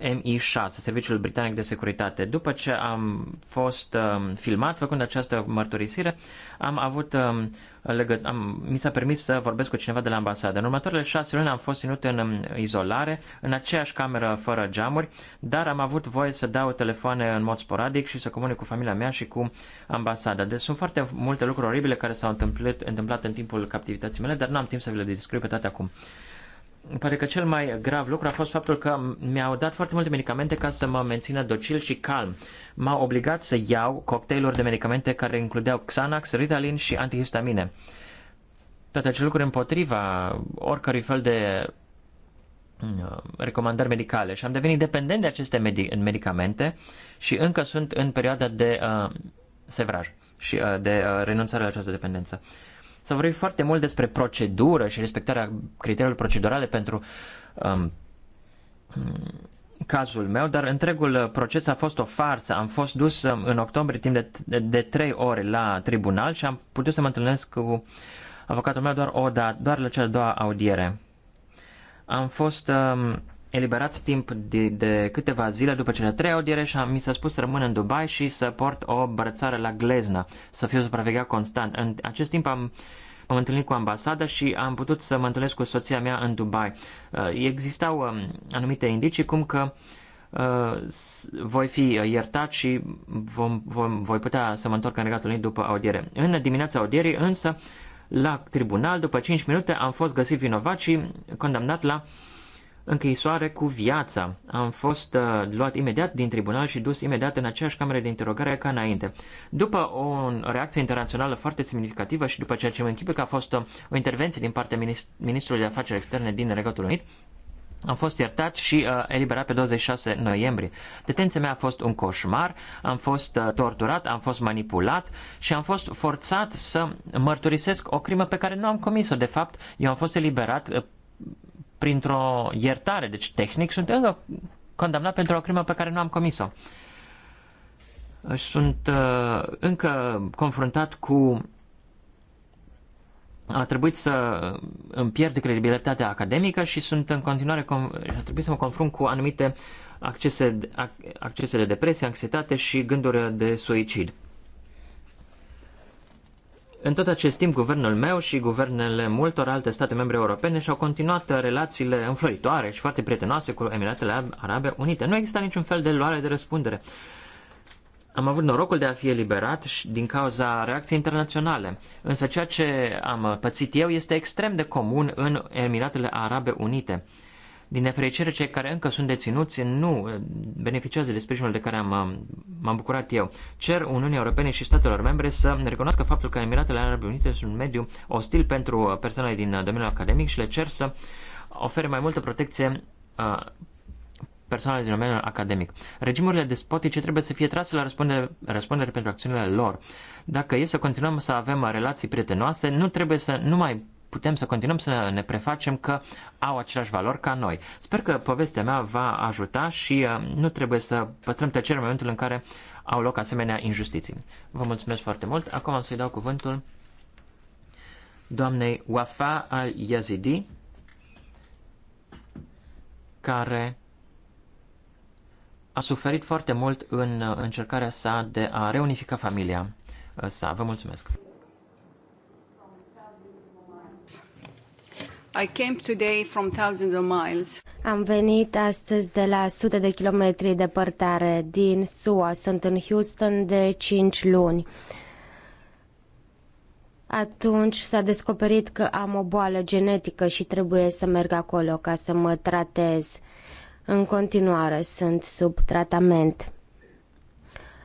Speaker 3: MI6, mm, Serviciul Britanic de Securitate. După ce am fost mm, filmat făcând această mărturisire, am avut mm, legă- am, mi s-a permis să vorbesc cu cineva de la ambasadă. În următoarele șase luni am fost ținut în izolare, în aceeași cameră fără geamuri, dar am avut voie să dau telefoane în mod sporadic și să comunic cu familia mea și cu ambasada. Deci sunt foarte multe lucruri oribile care s-au întâmplat, întâmplat în timpul captivității mele, dar nu am timp să vi le descriu pe toate acum. Îmi pare că cel mai grav lucru a fost faptul că mi-au dat foarte multe medicamente ca să mă mențină docil și calm. M-au obligat să iau cocktailuri de medicamente care includeau Xanax, Ritalin și antihistamine. Toate acele lucruri împotriva oricărui fel de uh, recomandări medicale și am devenit dependent de aceste medi- medicamente și încă sunt în perioada de uh, sevraj și uh, de uh, renunțare la această dependență. Uh, S-a vorbit foarte mult despre procedură și respectarea criteriilor procedurale pentru um, cazul meu, dar întregul proces a fost o farsă. Am fost dus um, în octombrie timp de, de, de trei ore la tribunal și am putut să mă întâlnesc cu avocatul meu doar o dată, doar la cea a doua audiere. Am fost um, eliberat timp de, de câteva zile după cele trei audiere și mi s-a spus să rămân în Dubai și să port o brățară la glezna, să fiu supravegheat constant. În acest timp am m-am întâlnit cu ambasada și am putut să mă întâlnesc cu soția mea în Dubai. Uh, existau um, anumite indicii cum că uh, voi fi uh, iertat și vom, vom, voi putea să mă întorc în Regatul Unit după audiere. În dimineața audierii însă, la tribunal, după 5 minute, am fost găsit vinovat și condamnat la uh, închisoare cu viața. Am fost uh, luat imediat din tribunal și dus imediat în aceeași cameră de interogare ca înainte. După o reacție internațională foarte semnificativă și după ceea ce mă închipă că a fost uh, o intervenție din partea minist- Ministrului de Afaceri Externe din Regatul Unit, am fost iertat și uh, eliberat pe 26 noiembrie. Detenția mea a fost un coșmar, am fost uh, torturat, am fost manipulat și am fost forțat să mărturisesc o crimă pe care nu am comis-o. De fapt, eu am fost eliberat uh, printr-o iertare, deci tehnic, sunt încă condamnat pentru o crimă pe care nu am comis-o. Sunt uh, încă confruntat cu a trebuit să îmi pierd credibilitatea academică și sunt în continuare a trebuit să mă confrunt cu anumite accese, accese de depresie, anxietate și gânduri de suicid. În tot acest timp, guvernul meu și guvernele multor alte state membre europene și-au continuat relațiile înfloritoare și foarte prietenoase cu Emiratele Arabe Unite. Nu exista niciun fel de luare de răspundere. Am avut norocul de a fi eliberat și din cauza reacției internaționale. Însă ceea ce am pățit eu este extrem de comun în Emiratele Arabe Unite. Din nefericire, cei care încă sunt deținuți nu uh, beneficiază de sprijinul de care am, uh, m-am bucurat eu. Cer Uniunii Europene și statelor membre să recunoască faptul că Emiratele Arabe Unite sunt un mediu ostil pentru uh, persoanele din domeniul academic și le cer să ofere mai multă protecție persoanele din domeniul academic. Regimurile despotice trebuie să fie trase la răspundere, răspundere pentru acțiunile lor. Dacă e să continuăm să avem relații prietenoase, nu trebuie să nu mai putem să continuăm să ne prefacem că au același valori ca noi. Sper că povestea mea va ajuta și uh, nu trebuie să păstrăm tăcere în momentul în care au loc asemenea injustiții. Vă mulțumesc foarte mult. Acum am să-i dau cuvântul doamnei Wafa al-Yazidi, care a suferit foarte mult în uh, încercarea sa de a reunifica familia uh, sa. Vă mulțumesc!
Speaker 2: I came today from thousands of miles. Am venit astăzi de la sute de kilometri departare din SUA. Sunt în Houston de 5 luni. Atunci s-a descoperit că am o boală genetică și trebuie să merg acolo ca să mă tratez. În continuare sunt sub tratament.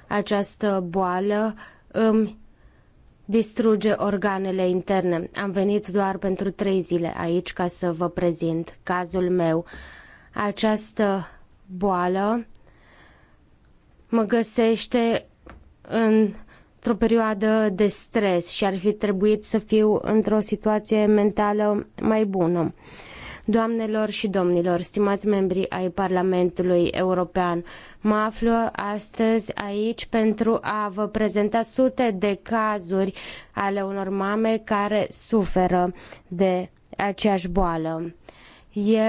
Speaker 2: Această boală îmi distruge organele interne. Am venit doar pentru trei zile aici ca să vă prezint cazul meu. Această boală mă găsește în într-o perioadă de stres și ar fi trebuit să fiu într-o situație mentală mai bună. Doamnelor și domnilor, stimați membri ai Parlamentului European, mă aflu astăzi aici pentru a vă prezenta sute de cazuri ale unor mame care suferă de aceeași boală.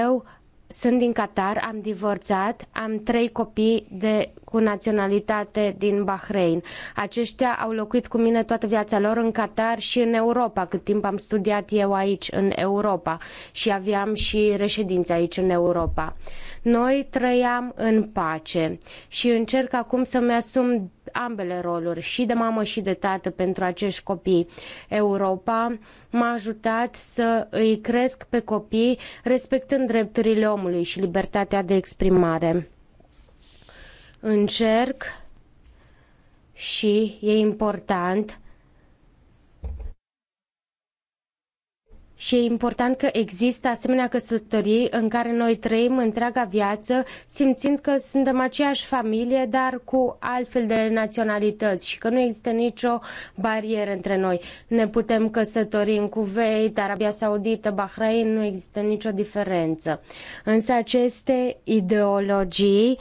Speaker 2: Eu sunt din Qatar, am divorțat, am trei copii de, cu naționalitate din Bahrain. Aceștia au locuit cu mine toată viața lor în Qatar și în Europa, cât timp am studiat eu aici, în Europa, și aveam și reședință aici, în Europa. Noi trăiam în pace și încerc acum să-mi asum ambele roluri, și de mamă și de tată pentru acești copii. Europa m-a ajutat să îi cresc pe copii respectând drepturile omului și libertatea de exprimare. Încerc și e important Și e important că există asemenea căsătorii în care noi trăim întreaga viață, simțind că suntem aceeași familie, dar cu altfel de naționalități și că nu există nicio barieră între noi. Ne putem căsători în Kuwait, Arabia Saudită, Bahrain, nu există nicio diferență. Însă aceste ideologii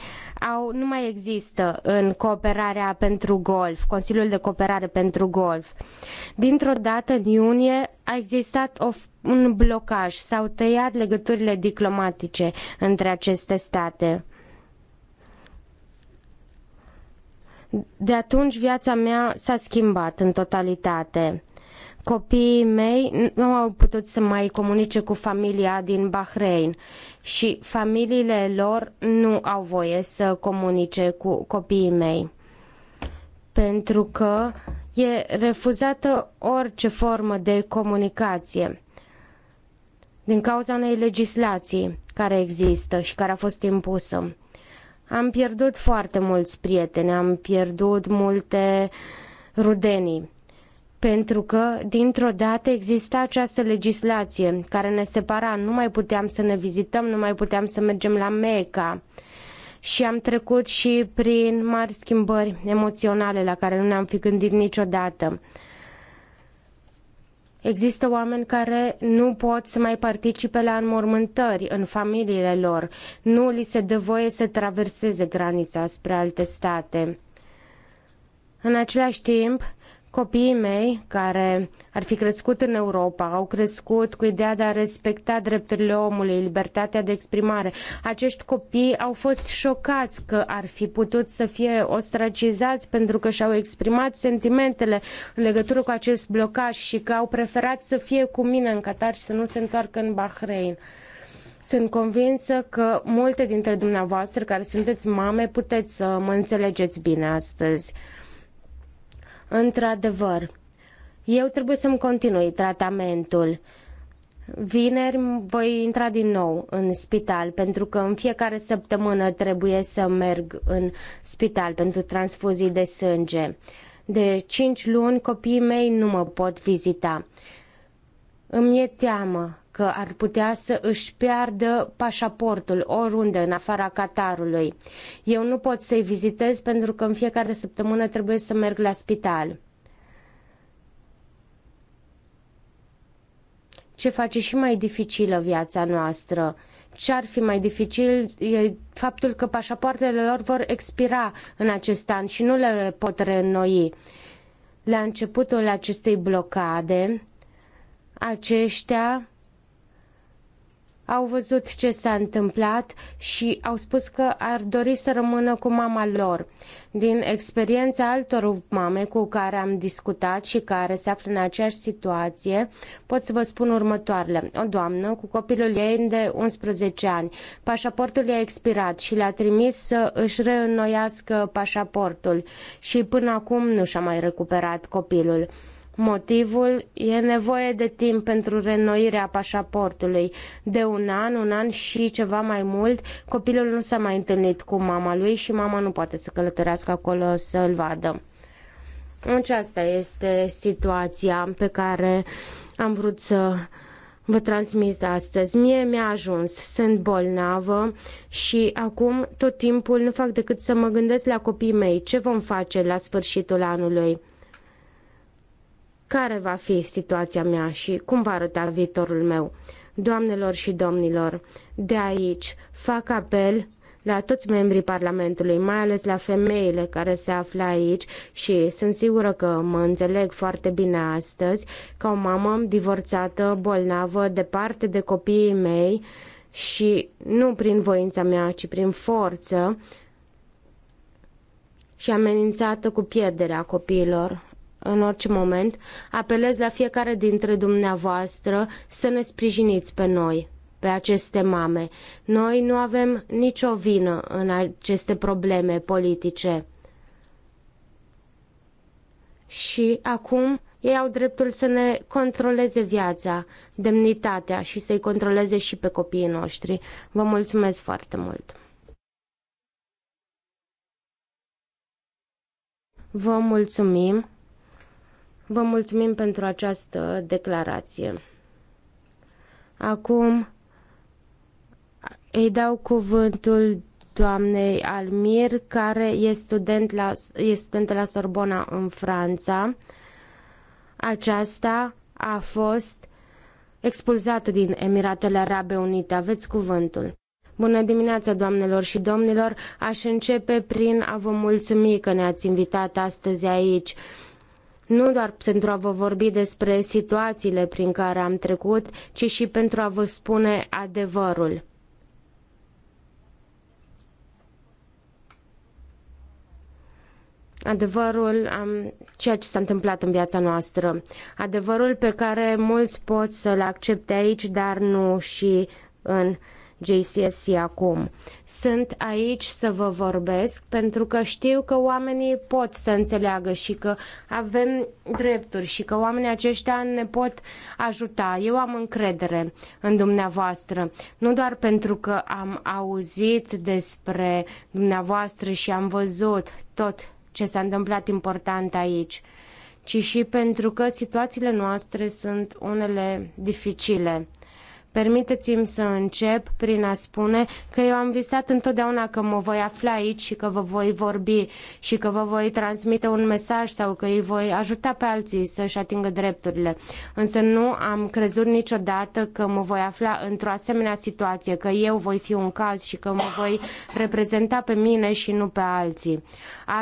Speaker 2: au, nu mai există în cooperarea pentru golf, Consiliul de Cooperare pentru Golf. Dintr-o dată, în iunie, a existat o un blocaj, s-au tăiat legăturile diplomatice între aceste state. De atunci viața mea s-a schimbat în totalitate. Copiii mei nu au putut să mai comunice cu familia din Bahrain și familiile lor nu au voie să comunice cu copiii mei. Pentru că e refuzată orice formă de comunicație din cauza unei legislații care există și care a fost impusă. Am pierdut foarte mulți prieteni, am pierdut multe rudenii, pentru că dintr-o dată exista această legislație care ne separa, nu mai puteam să ne vizităm, nu mai puteam să mergem la Meca și am trecut și prin mari schimbări emoționale la care nu ne-am fi gândit niciodată. Există oameni care nu pot să mai participe la înmormântări în familiile lor. Nu li se dă voie să traverseze granița spre alte state. În același timp, Copiii mei care ar fi crescut în Europa, au crescut cu ideea de a respecta drepturile omului, libertatea de exprimare. Acești copii au fost șocați că ar fi putut să fie ostracizați pentru că și-au exprimat sentimentele în legătură cu acest blocaj și că au preferat să fie cu mine în Qatar și să nu se întoarcă în Bahrain. Sunt convinsă că multe dintre dumneavoastră care sunteți mame puteți să mă înțelegeți bine astăzi. Într-adevăr, eu trebuie să-mi continui tratamentul. Vineri voi intra din nou în spital pentru că în fiecare săptămână trebuie să merg în spital pentru transfuzii de sânge. De cinci luni copiii mei nu mă pot vizita. Îmi e teamă că ar putea să își piardă pașaportul oriunde în afara Qatarului. Eu nu pot să-i vizitez pentru că în fiecare săptămână trebuie să merg la spital. Ce face și mai dificilă viața noastră? ce ar fi mai dificil e faptul că pașapoartele lor vor expira în acest an și nu le pot reînnoi. La începutul acestei blocade, aceștia au văzut ce s-a întâmplat și au spus că ar dori să rămână cu mama lor. Din experiența altor mame cu care am discutat și care se află în aceeași situație, pot să vă spun următoarele. O doamnă cu copilul ei de 11 ani, pașaportul i-a expirat și le-a trimis să își reînnoiască pașaportul și până acum nu și-a mai recuperat copilul. Motivul e nevoie de timp pentru renoirea pașaportului. De un an, un an și ceva mai mult, copilul nu s-a mai întâlnit cu mama lui și mama nu poate să călătorească acolo să-l vadă. Aceasta este situația pe care am vrut să vă transmit astăzi. Mie mi-a ajuns, sunt bolnavă și acum tot timpul nu fac decât să mă gândesc la copiii mei, ce vom face la sfârșitul anului care va fi situația mea și cum va arăta viitorul meu. Doamnelor și domnilor, de aici fac apel la toți membrii Parlamentului, mai ales la femeile care se află aici și sunt sigură că mă înțeleg foarte bine astăzi, ca o mamă divorțată, bolnavă, departe de copiii mei și nu prin voința mea, ci prin forță și amenințată cu pierderea copiilor în orice moment, apelez la fiecare dintre dumneavoastră să ne sprijiniți pe noi, pe aceste mame. Noi nu avem nicio vină în aceste probleme politice. Și acum ei au dreptul să ne controleze viața, demnitatea și să-i controleze și pe copiii noștri. Vă mulțumesc foarte mult! Vă mulțumim! Vă mulțumim pentru această declarație. Acum îi dau cuvântul doamnei Almir, care e, student la, e studentă la Sorbona în Franța. Aceasta a fost expulzată din Emiratele Arabe Unite. Aveți cuvântul. Bună dimineața, doamnelor și domnilor! Aș începe prin a vă mulțumi că ne-ați invitat astăzi aici nu doar pentru a vă vorbi despre situațiile prin care am trecut, ci și pentru a vă spune adevărul. adevărul, am, ceea ce s-a întâmplat în viața noastră, adevărul pe care mulți pot să-l accepte aici, dar nu și în JCSC acum. Sunt aici să vă vorbesc pentru că știu că oamenii pot să înțeleagă și că avem drepturi și că oamenii aceștia ne pot ajuta. Eu am încredere în dumneavoastră, nu doar pentru că am auzit despre dumneavoastră și am văzut tot ce s-a întâmplat important aici, ci și pentru că situațiile noastre sunt unele dificile. Permiteți-mi să încep prin a spune că eu am visat întotdeauna că mă voi afla aici și că vă voi vorbi și că vă voi transmite un mesaj sau că îi voi ajuta pe alții să-și atingă drepturile. Însă nu am crezut niciodată că mă voi afla într-o asemenea situație, că eu voi fi un caz și că mă voi reprezenta pe mine și nu pe alții.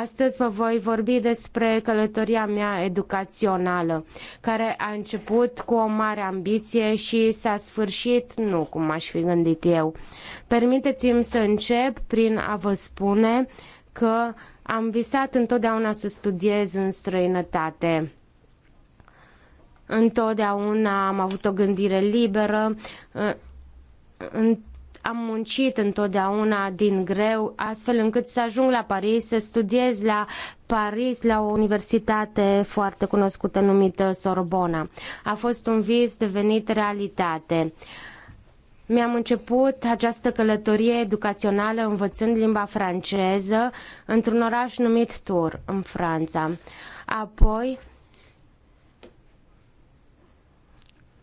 Speaker 2: Astăzi vă voi vorbi despre călătoria mea educațională, care a început cu o mare ambiție și s-a sfârșit greșit? Nu, cum aș fi gândit eu. Permiteți-mi să încep prin a vă spune că am visat întotdeauna să studiez în străinătate. Întotdeauna am avut o gândire liberă, am muncit întotdeauna din greu, astfel încât să ajung la Paris, să studiez la Paris, la o universitate foarte cunoscută numită Sorbona. A fost un vis devenit realitate. Mi-am început această călătorie educațională învățând limba franceză într-un oraș numit Tours, în Franța. Apoi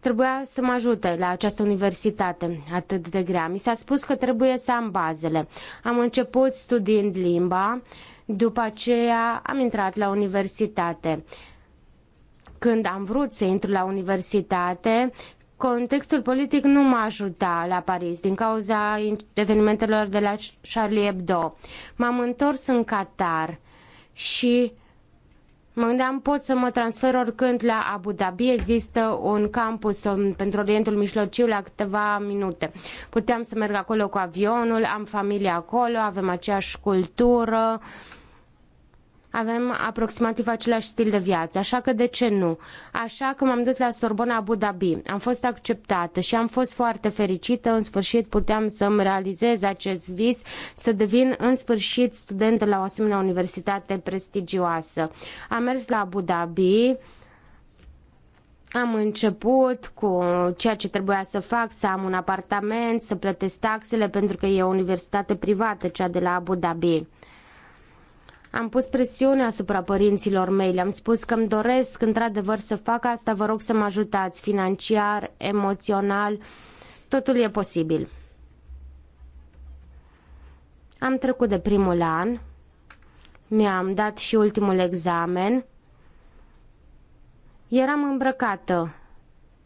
Speaker 2: trebuia să mă ajute la această universitate atât de grea. Mi s-a spus că trebuie să am bazele. Am început studiind limba, după aceea am intrat la universitate. Când am vrut să intru la universitate, contextul politic nu m-a ajutat la Paris din cauza evenimentelor de la Charlie Hebdo. M-am întors în Qatar și Mă gândeam, pot să mă transfer oricând la Abu Dhabi. Există un campus pentru Orientul Mijlociu la câteva minute. Puteam să merg acolo cu avionul, am familie acolo, avem aceeași cultură. Uh, avem aproximativ același stil de viață, așa că de ce nu? Așa că m-am dus la Sorbona Abu Dhabi, am fost acceptată și am fost foarte fericită, în sfârșit puteam să-mi realizez acest vis, să devin în sfârșit student la o asemenea universitate prestigioasă. Am mers la Abu Dhabi, am început cu ceea ce trebuia să fac, să am un apartament, să plătesc taxele, pentru că e o universitate privată, cea de la Abu Dhabi. Am pus presiune asupra părinților mei, le-am spus că îmi doresc într-adevăr să fac asta, vă rog să mă ajutați financiar, emoțional, totul e posibil. Am trecut de primul an, mi-am dat și ultimul examen. Eram îmbrăcată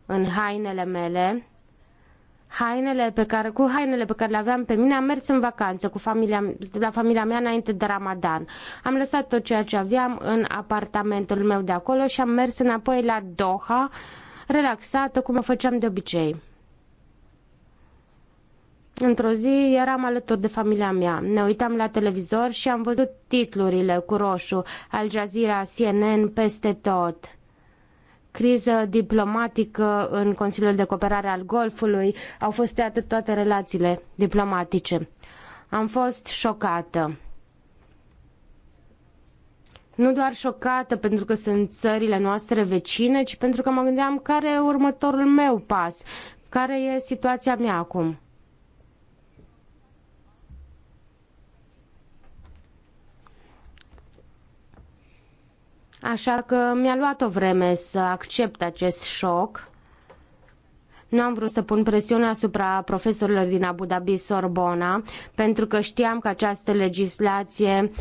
Speaker 2: în hainele mele, hainele pe care, cu hainele pe care le aveam pe mine, am mers în vacanță cu familia, la familia mea înainte de Ramadan. Am lăsat tot ceea ce aveam în apartamentul meu de acolo și am mers înapoi la Doha, relaxată, cum o făceam de obicei. Într-o zi eram alături de familia mea. Ne uitam la televizor și am văzut titlurile cu roșu, Al Jazeera, CNN, peste tot criză diplomatică în Consiliul de Cooperare al Golfului, au fost tăiate toate relațiile diplomatice. Am fost șocată. Nu doar șocată pentru că sunt țările noastre vecine, ci pentru că mă gândeam care e următorul meu pas, care e situația mea acum. Așa că mi-a luat o vreme să accept acest șoc. Nu am vrut să pun presiune asupra profesorilor din Abu Dhabi Sorbona, pentru că știam că această legislație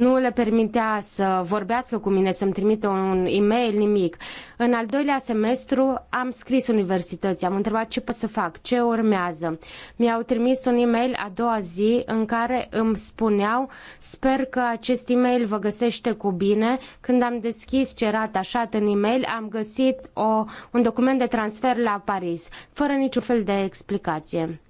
Speaker 2: nu le permitea să vorbească cu mine, să-mi trimită un e-mail, nimic. În al doilea semestru am scris universității, am întrebat ce pot să fac, ce urmează. Mi-au trimis un e-mail a doua zi în care îmi spuneau sper că acest e-mail vă găsește cu bine. Când am deschis ce era atașat în e-mail, am găsit o, un document de transfer la Paris, fără niciun fel de explicație.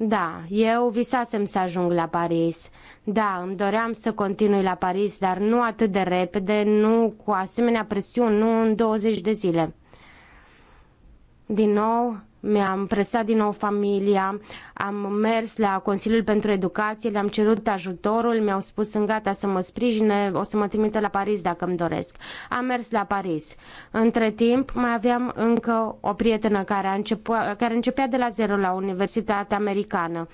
Speaker 2: Da, eu visasem să ajung la Paris. Da, îmi doream să continui la Paris, dar nu atât de repede, nu cu asemenea presiuni, nu în 20 de zile. Din nou, mi-am presat din nou familia, am mers la Consiliul pentru Educație, le-am cerut ajutorul, mi-au spus sunt gata să mă sprijine, o să mă trimită la Paris dacă îmi doresc. Am mers la Paris. Între timp mai aveam încă o prietenă care, a început, care începea de la zero la Universitatea Americană.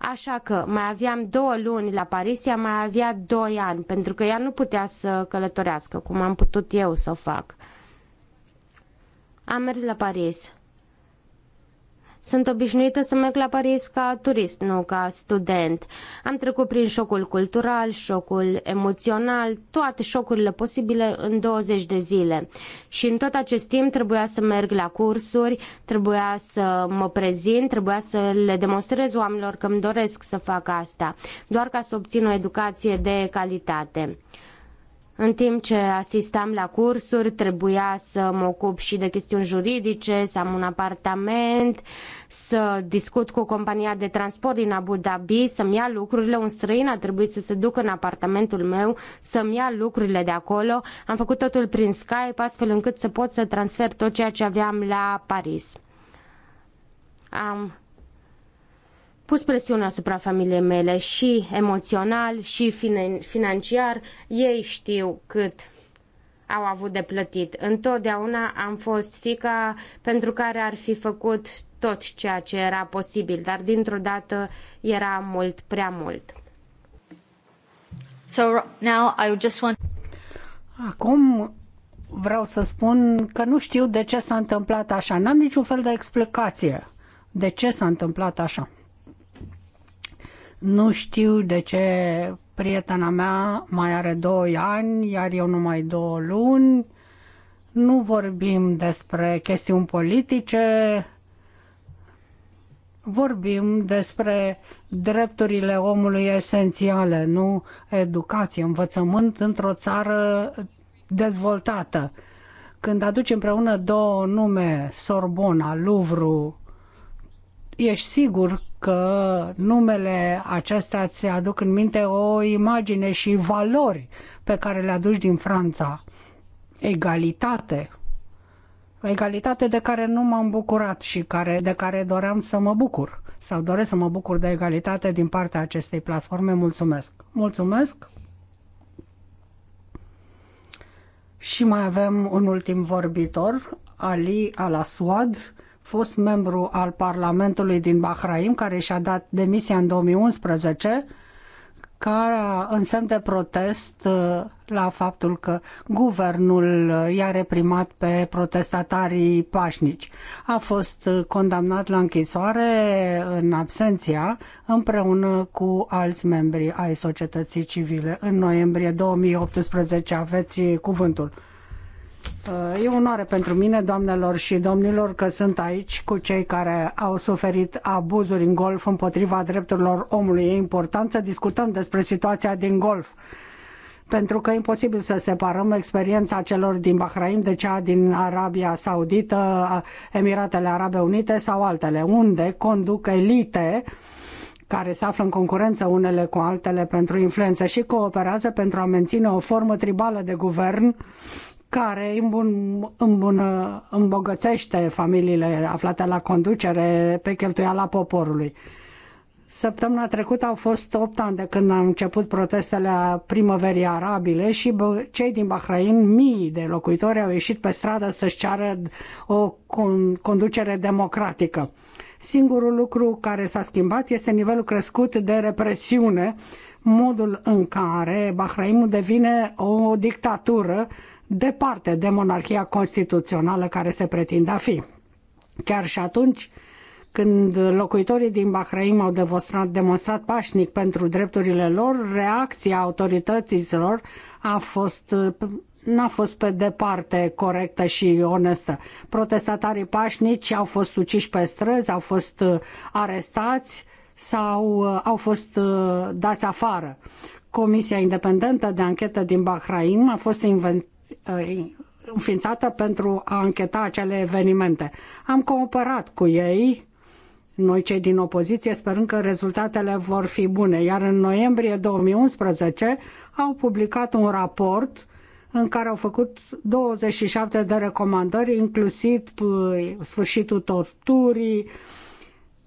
Speaker 2: Așa că mai aveam două luni la Paris, ea mai avea doi ani, pentru că ea nu putea să călătorească, cum am putut eu să o fac. Am mers la Paris sunt obișnuită să merg la Paris ca turist, nu ca student. Am trecut prin șocul cultural, șocul emoțional, toate șocurile posibile în 20 de zile. Și în tot acest timp trebuia să merg la cursuri, trebuia să mă prezint, trebuia să le demonstrez oamenilor că îmi doresc să fac asta, doar ca să obțin o educație de calitate. În timp ce asistam la cursuri, trebuia să mă ocup și de chestiuni juridice, să am un apartament, să discut cu compania de transport din Abu Dhabi, să-mi ia lucrurile. Un străin a trebuit să se ducă în apartamentul meu, să-mi ia lucrurile de acolo. Am făcut totul prin Skype, astfel încât să pot să transfer tot ceea ce aveam la Paris. Am pus presiune asupra familiei mele și emoțional și financiar. Ei știu cât au avut de plătit. Întotdeauna am fost fica pentru care ar fi făcut tot ceea ce era posibil, dar dintr-o dată era mult prea mult. So now I just want... Acum
Speaker 1: vreau să spun că nu știu de ce s-a întâmplat așa. N-am niciun fel de explicație de ce s-a întâmplat așa. Nu știu de ce prietena mea mai are 2 ani, iar eu numai 2 luni. Nu vorbim despre chestiuni politice, vorbim despre drepturile omului esențiale, nu educație, învățământ într-o țară dezvoltată. Când aduci împreună două nume, Sorbona, Louvre, ești sigur că numele acesta îți aduc în minte o imagine și valori pe care le aduci din Franța. Egalitate. Egalitate de care nu m-am bucurat și care, de care doream să mă bucur. Sau doresc să mă bucur de egalitate din partea acestei platforme. Mulțumesc! Mulțumesc! Și mai avem un ultim vorbitor, Ali Alasuad, fost membru al Parlamentului din Bahrain, care și-a dat demisia în 2011, ca în semn de protest uh, la faptul că guvernul uh, i-a reprimat pe protestatarii pașnici. A fost uh, condamnat la închisoare în absenția împreună cu alți membri ai societății civile. În noiembrie 2018 aveți cuvântul. Uh, e onoare pentru mine, doamnelor și domnilor, că sunt aici cu cei care au suferit abuzuri în golf împotriva drepturilor omului. E important să discutăm despre situația din golf, pentru că e imposibil să separăm experiența celor din Bahrain de cea din Arabia Saudită, Emiratele Arabe Unite sau altele, unde conduc elite care se află în concurență unele cu altele pentru influență și cooperează pentru a menține o formă tribală de guvern care îmbun, îmbun, îmbogățește familiile aflate la conducere pe cheltuiala poporului. Săptămâna trecută au fost 8 ani de când au început protestele primăverii arabile și cei din Bahrain, mii de locuitori, au ieșit pe stradă să-și ceară o conducere democratică. Singurul lucru care s-a schimbat este nivelul crescut de represiune, modul în care Bahrainul devine o dictatură departe de monarhia constituțională care se pretinde a fi. Chiar și atunci când locuitorii din Bahrain au demonstrat, demonstrat pașnic pentru drepturile lor, reacția autorităților a fost n-a fost pe departe corectă și onestă. Protestatarii pașnici au fost uciși pe străzi, au fost uh, arestați sau uh, au fost uh, dați afară. Comisia Independentă de Anchetă din Bahrain a fost Uh, înființată pentru a încheta acele evenimente. Am cooperat cu ei, noi cei din opoziție, sperând că rezultatele vor fi bune. Iar în noiembrie 2011 au publicat un raport în care au făcut 27 de recomandări, inclusiv uh, sfârșitul torturii,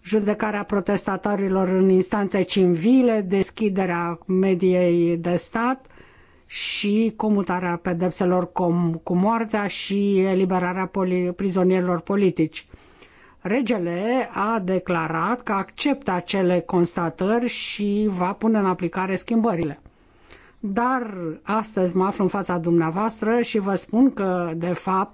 Speaker 1: judecarea protestatorilor în instanțe civile, deschiderea mediei de stat – și comutarea pedepselor com, cu moartea și eliberarea poli, prizonierilor politici. Regele a declarat că acceptă acele constatări și va pune în aplicare schimbările. Dar astăzi mă aflu în fața dumneavoastră și vă spun că, de fapt,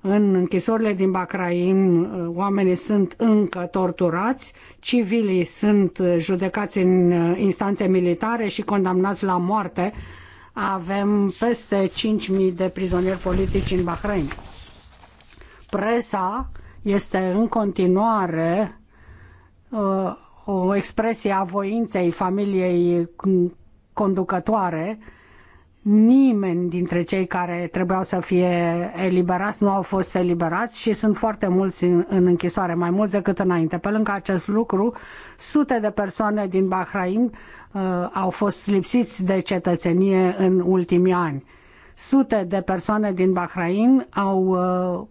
Speaker 1: în închisorile din Bacraim oamenii sunt încă torturați, civilii sunt judecați în uh, instanțe militare și condamnați la moarte avem peste 5.000 de prizonieri politici în Bahrain. Presa este în continuare uh, o expresie a voinței familiei conducătoare. Nimeni dintre cei care trebuiau să fie eliberați nu au fost eliberați și sunt foarte mulți în, în închisoare, mai mulți decât înainte. Pe lângă acest lucru, sute de persoane din Bahrain Uh, au fost lipsiți de cetățenie în ultimii ani. Sute de persoane din Bahrain au,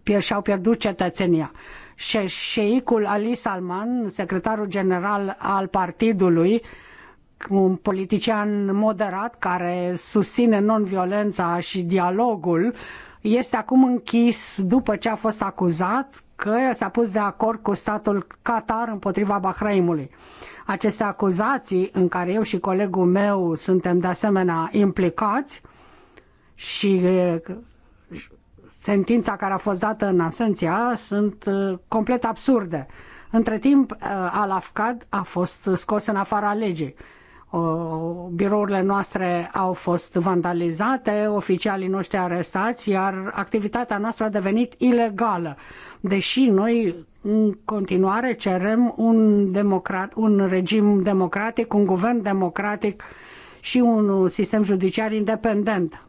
Speaker 1: uh, și-au pierdut cetățenia. Și șeicul Ali Salman, secretarul general al partidului, un politician moderat care susține non-violența și dialogul, este acum închis după ce a fost acuzat că s-a pus de acord cu statul Qatar împotriva Bahraimului aceste acuzații în care eu și colegul meu suntem de asemenea implicați și sentința care a fost dată în absenția sunt complet absurde. Între timp, Al-Afqad a fost scos în afara legii. Birourile noastre au fost vandalizate, oficialii noștri arestați, iar activitatea noastră a devenit ilegală, deși noi în continuare cerem un, democrat, un regim democratic, un guvern democratic și un sistem judiciar independent.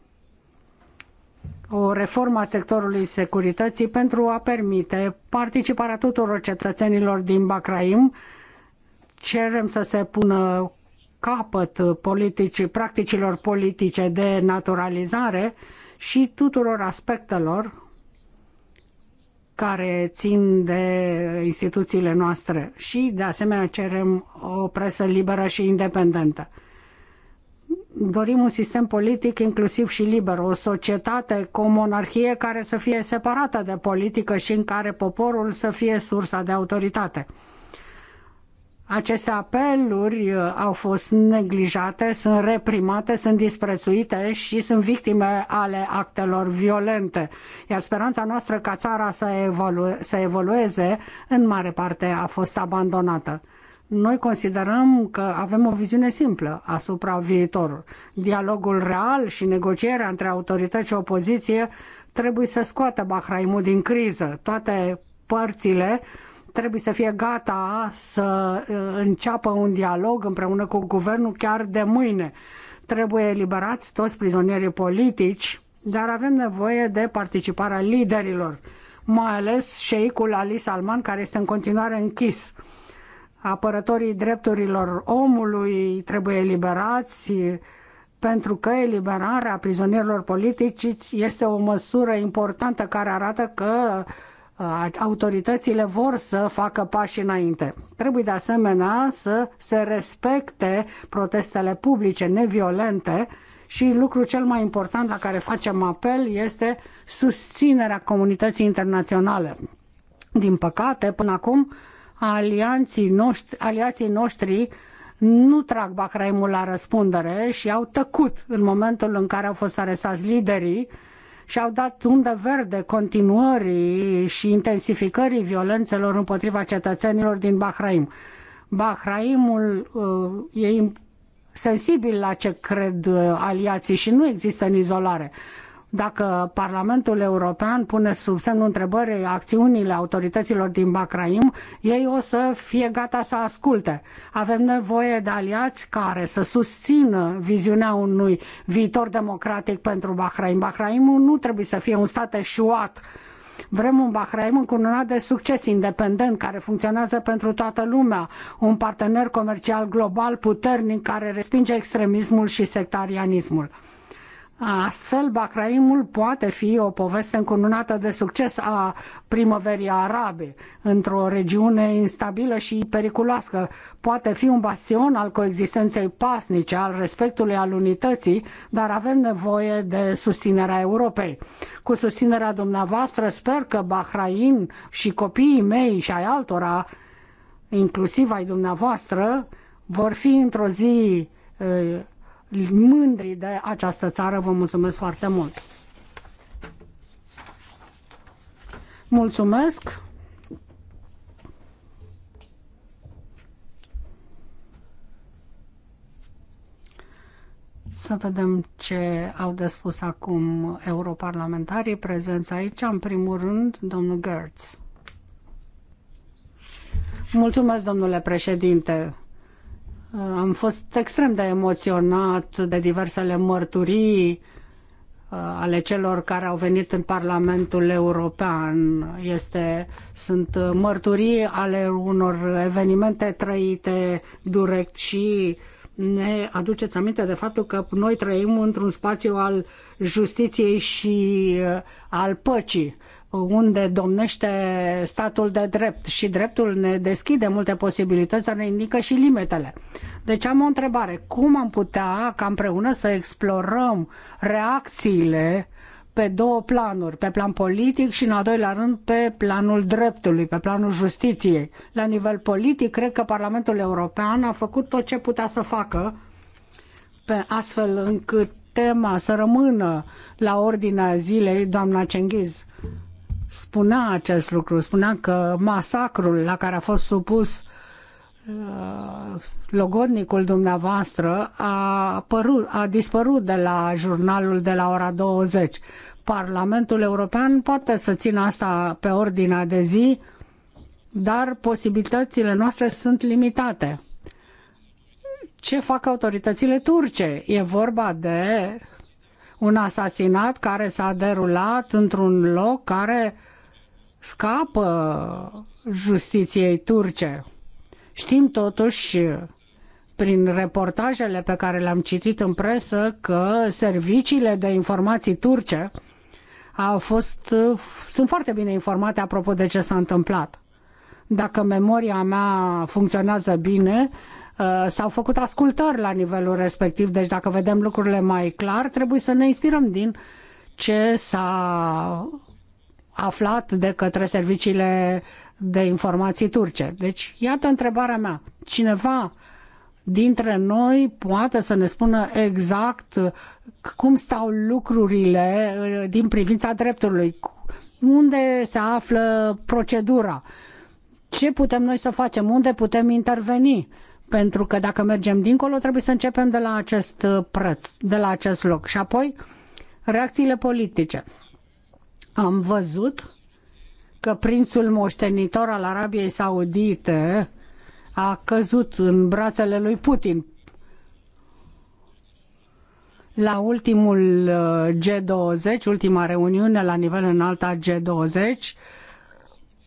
Speaker 1: O reformă a sectorului securității pentru a permite participarea tuturor cetățenilor din Bacraim. Cerem să se pună capăt politici, practicilor politice de naturalizare și tuturor aspectelor care țin de instituțiile noastre și, de asemenea, cerem o presă liberă și independentă. Dorim un sistem politic inclusiv și liber, o societate cu o monarhie care să fie separată de politică și în care poporul să fie sursa de autoritate. Aceste apeluri uh, au fost neglijate, sunt reprimate, sunt disprețuite și sunt victime ale actelor violente. Iar speranța noastră ca țara să, să evolueze, în mare parte, a fost abandonată noi considerăm că avem o viziune simplă asupra viitorului. Dialogul real și negocierea între autorități și opoziție trebuie să scoată Bahraimul din criză. Toate părțile trebuie să fie gata să uh, înceapă un dialog împreună cu guvernul chiar de mâine. Trebuie eliberați toți prizonierii politici, dar avem nevoie de participarea liderilor, mai ales șeicul Ali Salman, care este în continuare închis. Apărătorii drepturilor omului trebuie eliberați, pentru că eliberarea prizonierilor politici este o măsură importantă care arată că autoritățile vor să facă pași înainte. Trebuie de asemenea să se respecte protestele publice neviolente și lucrul cel mai important la care facem apel este susținerea comunității internaționale. Din păcate, până acum, alianții noștri, noștri nu trag Bahraimul la răspundere și au tăcut în momentul în care au fost arestați liderii uh, și au dat undă verde continuării și intensificării violențelor împotriva cetățenilor din Bahrain. Bahrainul uh, e sensibil la ce cred uh, aliații și nu există în izolare. Dacă Parlamentul European pune sub semnul întrebării acțiunile autorităților din Bahrain, ei o să fie gata să asculte. Avem nevoie de aliați care să susțină viziunea unui viitor democratic pentru Bahrain. Bahrainul nu trebuie să fie un stat eșuat Vrem un Bahrain încununat de succes, independent, care funcționează pentru toată lumea, un partener comercial global puternic care respinge extremismul și sectarianismul. Astfel, Bahraimul poate fi o poveste încununată de succes a primăverii arabe, într-o regiune instabilă și periculoasă. Poate fi un bastion al coexistenței pasnice, al respectului, al unității, dar avem nevoie de susținerea Europei. Cu susținerea dumneavoastră, sper că Bahrain și copiii mei și ai altora, inclusiv ai dumneavoastră, vor fi într-o zi eh, mândri de această țară. Vă mulțumesc foarte mult! Mulțumesc! Să vedem ce au de spus acum europarlamentarii prezenți aici. În primul rând, domnul Gertz. Mulțumesc, domnule președinte. Am fost extrem de emoționat de diversele mărturii uh, ale celor care au venit în Parlamentul European. Este, sunt mărturii ale unor evenimente trăite direct și ne aduceți aminte de faptul că noi trăim într-un spațiu al justiției și uh, al păcii unde domnește statul de drept și dreptul ne deschide multe posibilități, dar ne indică și limitele. Deci am o întrebare. Cum am putea ca împreună să explorăm reacțiile pe două planuri, pe plan politic și în al doilea rând pe planul dreptului, pe planul justiției. La nivel politic, cred că Parlamentul European a făcut tot ce putea să facă pe astfel încât tema să rămână la ordinea zilei, doamna Cenghiz spunea acest lucru, spunea că masacrul la care a fost supus uh, logodnicul dumneavoastră a, părut, a dispărut de la jurnalul de la ora 20. Parlamentul European poate să țină asta pe ordinea de zi, dar posibilitățile noastre sunt limitate. Ce fac autoritățile turce? E vorba de un asasinat care s-a derulat într-un loc care scapă justiției turce. Știm totuși prin reportajele pe care le-am citit în presă că serviciile de informații turce au fost, sunt foarte bine informate apropo de ce s-a întâmplat. Dacă memoria mea funcționează bine, Uh, s-au făcut ascultări la nivelul respectiv, deci dacă vedem lucrurile mai clar, trebuie să ne inspirăm din ce s-a aflat de către serviciile de informații turce. Deci, iată întrebarea mea. Cineva dintre noi poate să ne spună exact cum stau lucrurile uh, din privința dreptului, unde se află procedura, ce putem noi să facem, unde putem interveni pentru că dacă mergem dincolo trebuie să începem de la acest uh, preț, de la acest loc. Și apoi reacțiile politice. Am văzut că prințul moștenitor al Arabiei Saudite a căzut în brațele lui Putin. La ultimul uh, G20, ultima reuniune la nivel înalt a G20,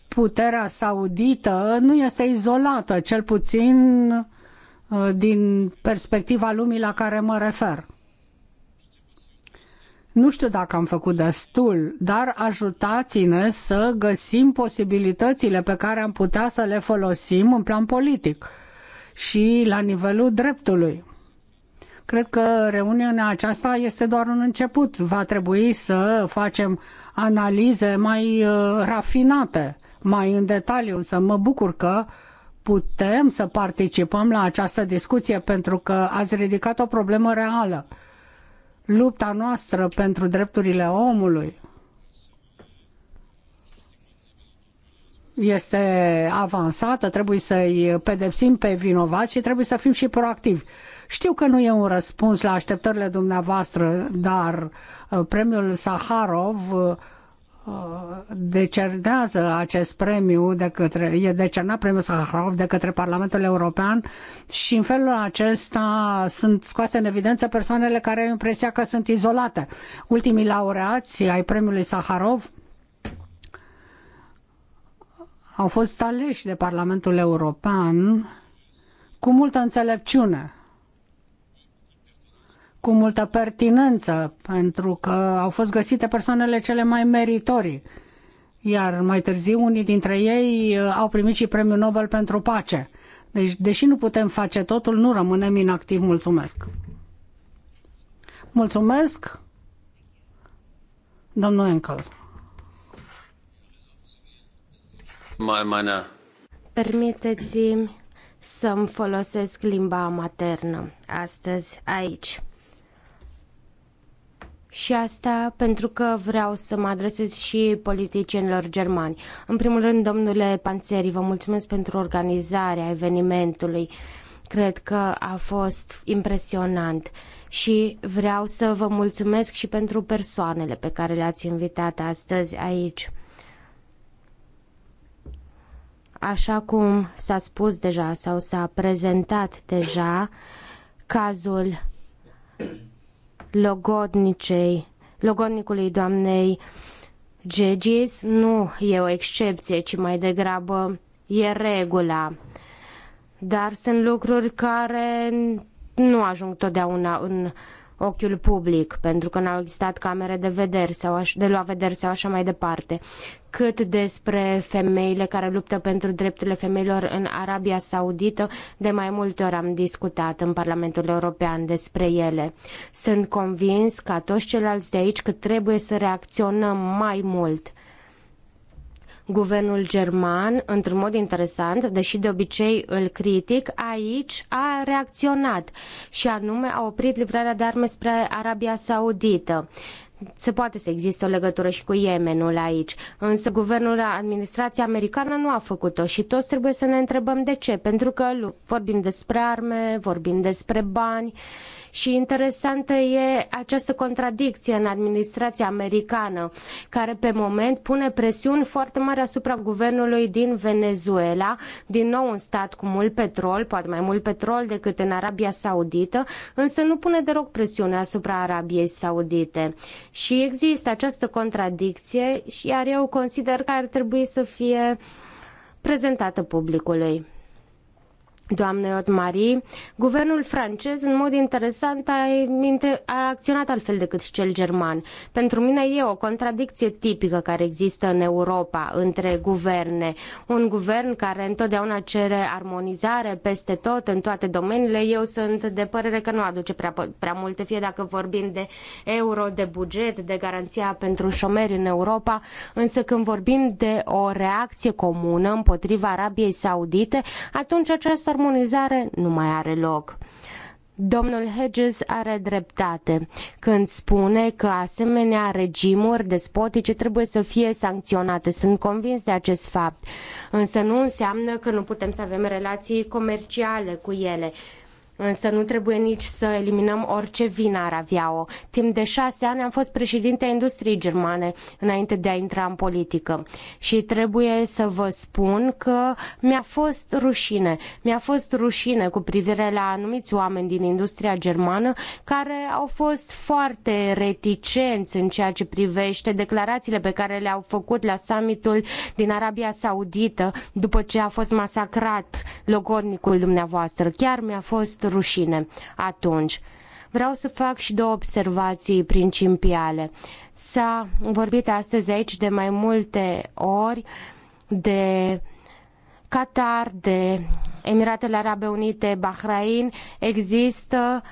Speaker 1: puterea saudită nu este izolată, cel puțin Uh, din perspectiva lumii la care mă refer. Nu știu dacă am făcut destul, dar ajutați-ne să găsim posibilitățile pe care am putea să le folosim în plan politic și la nivelul dreptului. Cred că reuniunea aceasta este doar un început. Va trebui să facem analize mai uh, rafinate, mai în detaliu, însă mă bucur că uh, putem să participăm la această discuție pentru că ați ridicat o problemă reală. Lupta noastră pentru drepturile omului este avansată, trebuie să-i pedepsim pe vinovați și trebuie să fim și proactivi. Știu că nu e un răspuns la așteptările dumneavoastră, dar uh, premiul Saharov uh, decernează acest premiu de către, e decernat premiul Saharov de către Parlamentul European și în felul acesta sunt scoase în evidență persoanele care au impresia că sunt izolate. Ultimii laureați ai premiului Saharov au fost aleși de Parlamentul European cu multă înțelepciune cu multă pertinență, pentru că au fost găsite persoanele cele mai meritorii. Iar mai târziu, unii dintre ei uh, au primit și premiul Nobel pentru pace. Deci, deși nu putem face totul, nu rămânem inactivi. Mulțumesc! Mulțumesc, domnul Enkel.
Speaker 3: Mai mana.
Speaker 2: Permiteți-mi să-mi folosesc limba maternă astăzi aici. Și asta pentru că vreau să mă adresez și politicienilor germani. În primul rând, domnule Panțeri, vă mulțumesc pentru organizarea evenimentului. Cred că a fost impresionant și vreau să vă mulțumesc și pentru persoanele pe care le-ați invitat astăzi aici. Așa cum s-a spus deja sau s-a prezentat deja, cazul logodnicei, logodnicului doamnei Gegis nu e o excepție, ci mai degrabă e regula. Dar sunt lucruri care nu ajung totdeauna în ochiul public, pentru că n-au existat camere de vedere sau aș, de lua vedere sau așa mai departe, cât despre femeile care luptă pentru drepturile femeilor în Arabia Saudită, de mai multe ori am discutat în Parlamentul European despre ele. Sunt convins ca toți ceilalți de aici că trebuie să reacționăm mai mult Guvernul german, într-un mod interesant, deși de obicei îl critic, aici a reacționat și anume a oprit livrarea de arme spre Arabia Saudită se poate să existe o legătură și cu Yemenul aici, însă guvernul, administrația americană nu a făcut-o și toți trebuie să ne întrebăm de ce, pentru că vorbim despre arme, vorbim despre bani și interesantă e această contradicție în administrația americană, care pe moment pune presiuni foarte mari asupra guvernului din Venezuela, din nou un stat cu mult petrol, poate mai mult petrol decât în Arabia Saudită, însă nu pune deloc presiune asupra Arabiei Saudite. Și există această contradicție, iar eu consider că ar trebui să fie prezentată publicului. Doamne Otmarie, guvernul francez, în mod interesant, a, a acționat altfel decât cel german. Pentru mine e o contradicție tipică care există în Europa între guverne. Un guvern care întotdeauna cere armonizare peste tot, în toate domeniile. Eu sunt de părere că nu aduce prea, prea multe, fie dacă vorbim de euro, de buget, de garanția pentru șomeri în Europa, însă când vorbim de o reacție comună împotriva Arabiei Saudite, atunci aceasta armonizare nu mai are loc. Domnul Hedges are dreptate când spune că asemenea regimuri despotice trebuie să fie sancționate. Sunt convins de acest fapt. Însă nu înseamnă că nu putem să avem relații comerciale cu ele. Însă nu trebuie nici să eliminăm orice vină ar avea o. Timp de șase ani am fost președinte a industriei germane înainte de a intra în politică. Și trebuie să vă spun că mi-a fost rușine. Mi-a fost rușine cu privire la anumiți oameni din industria germană care au fost foarte reticenți în ceea ce privește declarațiile pe care le-au făcut la summitul din Arabia Saudită după ce a fost masacrat logodnicul dumneavoastră. Chiar mi-a fost rușine atunci. Vreau să fac și două observații principiale. S-a vorbit astăzi aici de mai multe ori de Qatar, de Emiratele Arabe Unite, Bahrain. Există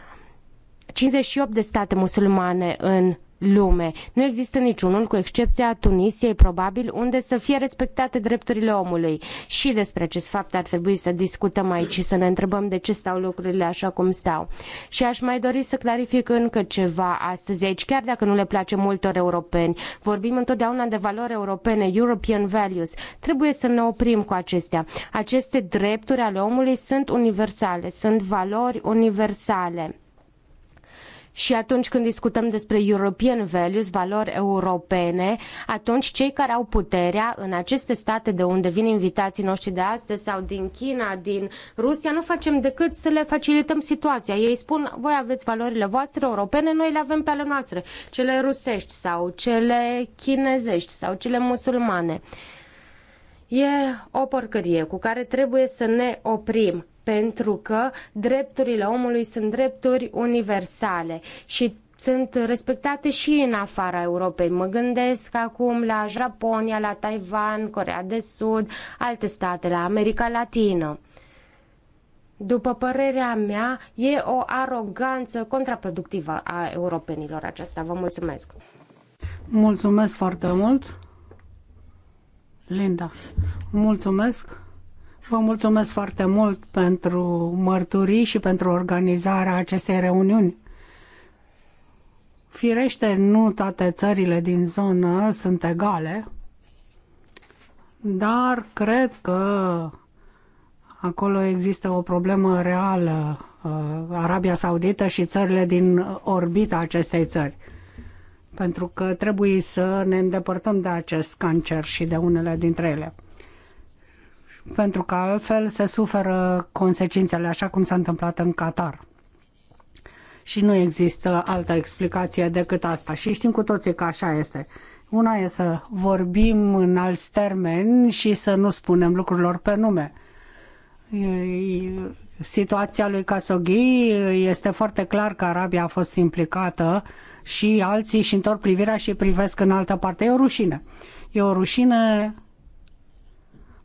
Speaker 2: 58 de state musulmane în lume. Nu există niciunul, cu excepția Tunisiei, probabil, unde să fie respectate drepturile omului. Și despre acest fapt ar trebui să discutăm aici și să ne întrebăm de ce stau lucrurile așa cum stau. Și aș mai dori să clarific încă ceva astăzi aici, chiar dacă nu le place multor europeni. Vorbim întotdeauna de valori europene, European values. Trebuie să ne oprim cu acestea. Aceste drepturi ale omului sunt universale, sunt valori universale și atunci când discutăm despre European Values, valori europene, atunci cei care au puterea în aceste state de unde vin invitații noștri de astăzi sau din China, din Rusia, nu facem decât să le facilităm situația. Ei spun, voi aveți valorile voastre europene, noi le avem pe ale noastre, cele rusești sau cele chinezești sau cele musulmane. E o porcărie cu care trebuie să ne oprim pentru că drepturile omului sunt drepturi universale și sunt respectate și în afara Europei. Mă gândesc acum la Japonia, la Taiwan, Corea de Sud, alte state, la America Latină. După părerea mea, e o aroganță contraproductivă a europenilor aceasta. Vă mulțumesc!
Speaker 1: Mulțumesc foarte mult! Linda, mulțumesc! Vă mulțumesc foarte mult pentru mărturii și pentru organizarea acestei reuniuni. Firește, nu toate țările din zonă sunt egale, dar cred că acolo există o problemă reală, uh, Arabia Saudită și țările din orbita acestei țări. Pentru că trebuie să ne îndepărtăm de acest cancer și de unele dintre ele pentru că altfel se suferă consecințele, așa cum s-a întâmplat în Qatar. Și nu există altă explicație decât asta. Și știm cu toții că așa este. Una e să vorbim în alți termeni și să nu spunem lucrurilor pe nume. Situația lui Khashoggi este foarte clar că Arabia a fost implicată și alții își întorc privirea și privesc în altă parte. E o rușine. E o rușine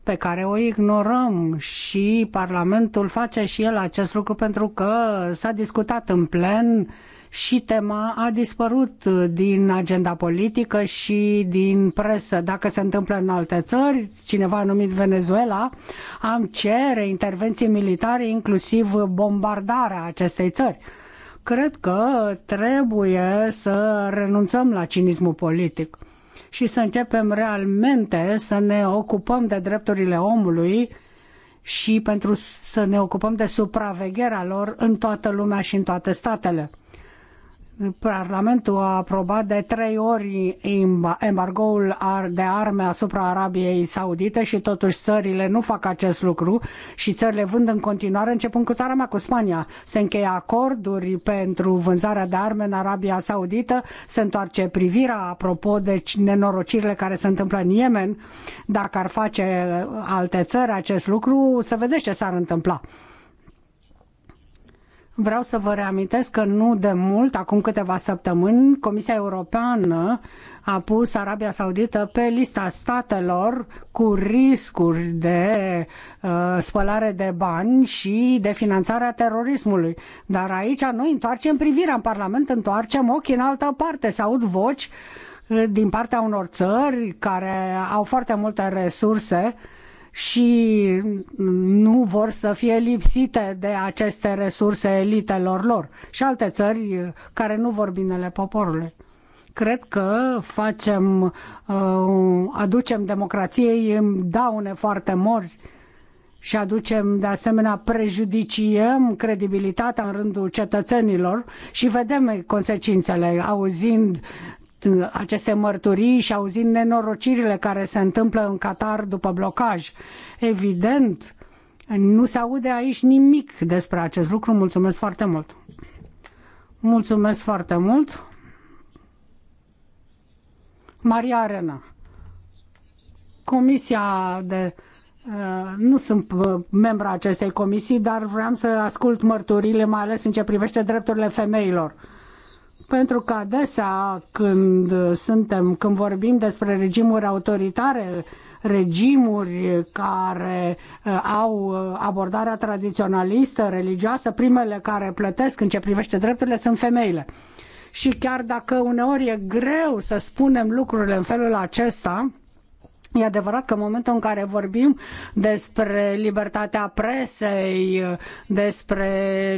Speaker 1: pe care o ignorăm și Parlamentul face și el acest lucru pentru că s-a discutat în plen și tema a dispărut din agenda politică și din presă. Dacă se întâmplă în alte țări, cineva numit Venezuela, am cere intervenții militare, inclusiv bombardarea acestei țări. Cred că trebuie să renunțăm la cinismul politic și să începem realmente să ne ocupăm de drepturile omului și pentru să ne ocupăm de supravegherea lor în toată lumea și în toate statele. Parlamentul a aprobat de trei ori embargoul de arme asupra Arabiei Saudite și totuși țările nu fac acest lucru și țările vând în continuare, începând cu țara mea, cu Spania. Se încheie acorduri pentru vânzarea de arme în Arabia Saudită, se întoarce privirea apropo de nenorocirile care se întâmplă în Yemen. Dacă ar face alte țări acest lucru, se vede ce s-ar întâmpla Vreau să vă reamintesc că nu de mult, acum câteva săptămâni, Comisia Europeană a pus Arabia Saudită pe lista statelor cu riscuri de uh, spălare de bani și de finanțarea terorismului. Dar aici noi întoarcem privirea în Parlament, întoarcem ochii în altă parte, se aud voci uh, din partea unor țări care au foarte multe resurse uh, și nu vor să fie lipsite de aceste resurse elitelor lor și alte țări care nu vor binele poporului. Cred că facem, uh, aducem democrației daune foarte mari și aducem de asemenea prejudiciem credibilitatea în rândul cetățenilor și vedem consecințele auzind Uh, aceste mărturii și auzind nenorocirile care se întâmplă în Qatar după blocaj. Evident, nu se aude aici nimic despre acest lucru. Mulțumesc foarte mult! Mulțumesc foarte mult! Maria Arena. Comisia de... Uh, nu sunt uh, membra acestei comisii, dar vreau să ascult mărturile, mai ales în ce privește drepturile femeilor pentru că adesea când suntem, când vorbim despre regimuri autoritare, regimuri care uh, au abordarea tradiționalistă, religioasă, primele care plătesc în ce privește drepturile sunt femeile. Și chiar dacă uneori e greu să spunem lucrurile în felul acesta, E adevărat că în momentul în care vorbim despre libertatea presei, despre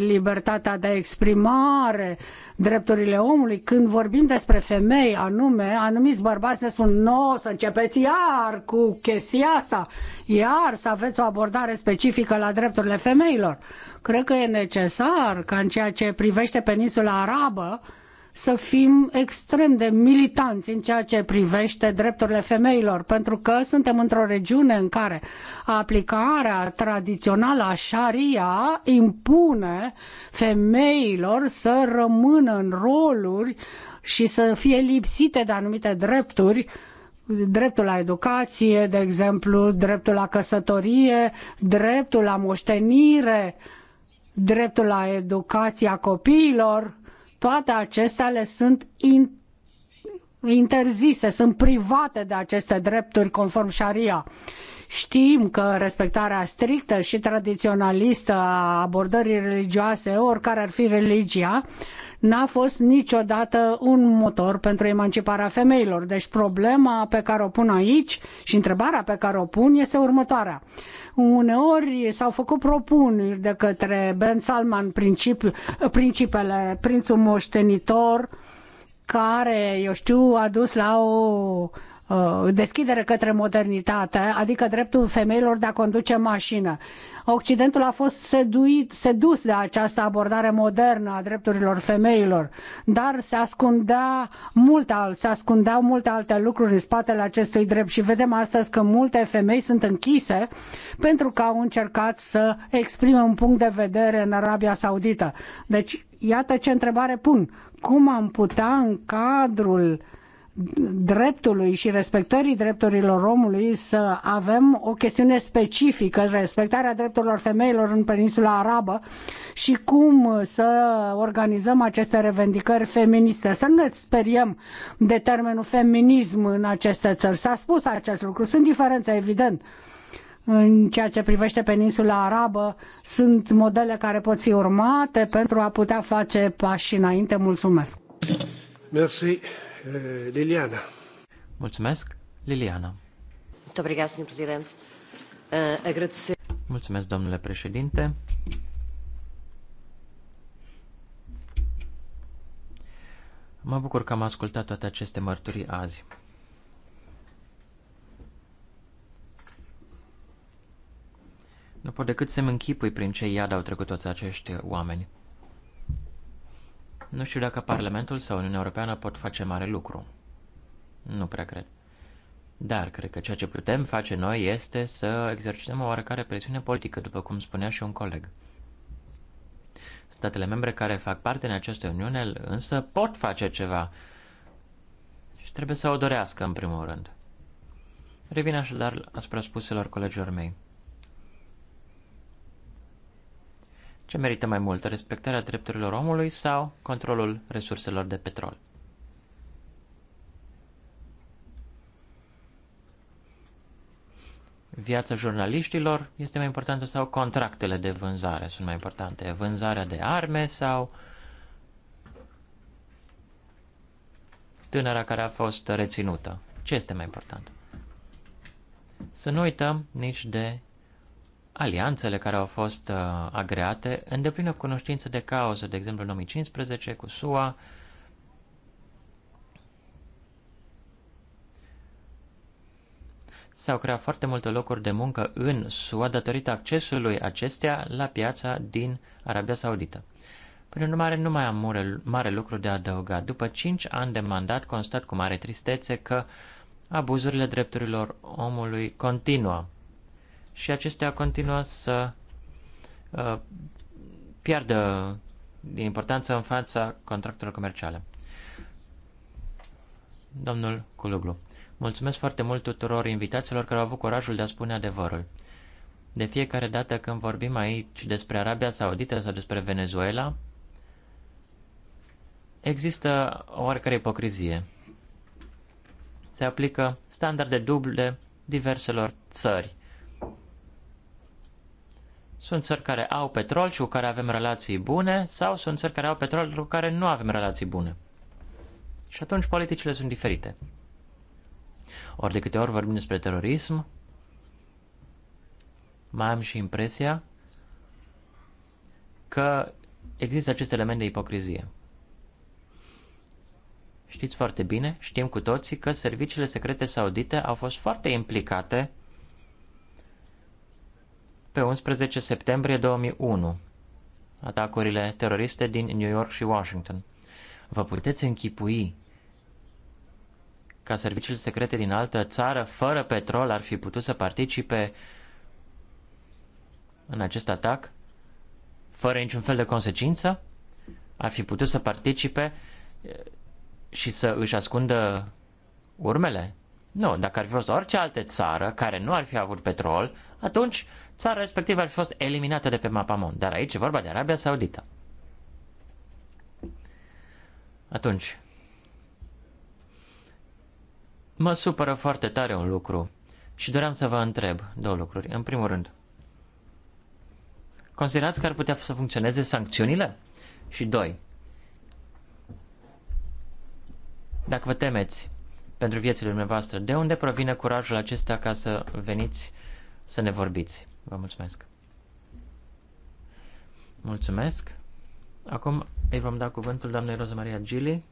Speaker 1: libertatea de exprimare, drepturile omului, când vorbim despre femei anume, anumiți bărbați ne spun, nu, să începeți iar cu chestia asta, iar să aveți o abordare specifică la drepturile femeilor. Cred că e necesar ca în ceea ce privește peninsula arabă, să fim extrem de militanți în ceea ce privește drepturile femeilor, pentru că suntem într-o regiune în care aplicarea tradițională a Sharia impune femeilor să rămână în roluri și să fie lipsite de anumite drepturi dreptul la educație, de exemplu, dreptul la căsătorie, dreptul la moștenire, dreptul la educația copiilor, toate acestea le sunt in, interzise, sunt private de aceste drepturi conform șaria. Știm că respectarea strictă și tradiționalistă a abordării religioase, oricare ar fi religia, n-a fost niciodată un motor pentru emanciparea femeilor. Deci problema pe care o pun aici și întrebarea pe care o pun este următoarea. Uneori s-au făcut propuneri de către Ben Salman, princip, principele, prințul moștenitor, care, eu știu, a dus la o Uh, deschidere către modernitate, adică dreptul femeilor de a conduce mașină. Occidentul a fost seduit, sedus de această abordare modernă a drepturilor femeilor, dar se ascundea multe, se ascundeau multe alte lucruri în spatele acestui drept și vedem astăzi că multe femei sunt închise pentru că au încercat să exprime un punct de vedere în Arabia Saudită. Deci, iată ce întrebare pun. Cum am putea în cadrul uh, dreptului și respectării drepturilor omului să avem o chestiune specifică, respectarea drepturilor femeilor în peninsula arabă și cum să organizăm aceste revendicări feministe. Să nu ne speriem de termenul feminism în aceste țări. S-a spus acest lucru. Sunt diferențe, evident în ceea ce privește peninsula arabă, sunt modele care pot fi urmate pentru a putea face pași înainte. Mulțumesc!
Speaker 3: Eh, Liliana. Mulțumesc, Liliana. domnule președinte. Eh, Mulțumesc, domnule președinte. Mă bucur că am ascultat toate aceste mărturii azi. Nu pot decât să-mi închipui prin ce iad au trecut toți acești oameni. Nu știu dacă Parlamentul sau Uniunea Europeană pot face mare lucru. Nu prea cred. Dar cred că ceea ce putem face noi este să exercităm o oarecare presiune politică, după cum spunea și un coleg. Statele membre care fac parte în această Uniune însă pot face ceva și trebuie să o dorească în primul rând. Revin așadar asupra spuselor colegilor mei. Ce merită mai mult, respectarea drepturilor omului sau controlul resurselor de petrol? Viața jurnaliștilor este mai importantă sau contractele de vânzare sunt mai importante? Vânzarea de arme sau tânăra care a fost reținută? Ce este mai important? Să nu uităm nici de alianțele care au fost uh, agreate în deplină cunoștință de cauză, de exemplu în 2015 cu SUA, S-au creat foarte multe locuri de muncă în SUA datorită accesului acestea la piața din Arabia Saudită. Prin urmare, nu mai am mare, mare lucru de adăugat. După 5 ani de mandat, constat cu mare tristețe că abuzurile drepturilor omului continuă și acestea continuă să uh, piardă din importanță în fața contractelor comerciale. Domnul Culuglu, mulțumesc foarte mult tuturor invitațiilor care au avut curajul de a spune adevărul. De fiecare dată când vorbim aici despre Arabia Saudită sau despre Venezuela, există o oricare ipocrizie. Se aplică standarde duble diverselor țări. Sunt țări care au petrol și cu care avem relații bune sau sunt țări care au petrol cu care nu avem relații bune. Și atunci politicile sunt diferite. Ori de câte ori vorbim despre terorism, mai am și impresia că există acest element de ipocrizie. Știți foarte bine, știm cu toții că serviciile secrete saudite au fost foarte implicate pe 11 septembrie 2001, atacurile teroriste din New York și Washington. Vă puteți închipui ca serviciile secrete din altă țară, fără petrol, ar fi putut să participe în acest atac, fără niciun fel de consecință? Ar fi putut să participe și să își ascundă urmele? Nu, dacă ar fi fost orice altă țară care nu ar fi avut petrol, atunci țara respectivă ar fi fost eliminată de pe mond, Dar aici e vorba de Arabia Saudită. Atunci, mă supără foarte tare un lucru și doream să vă întreb două lucruri. În primul rând, considerați că ar putea să funcționeze sancțiunile? Și doi, dacă vă temeți pentru viețile dumneavoastră, de unde provine curajul acesta ca să veniți să ne vorbiți? Vă mulțumesc. Mulțumesc. Acum îi vom da cuvântul doamnei Rosmaria Gili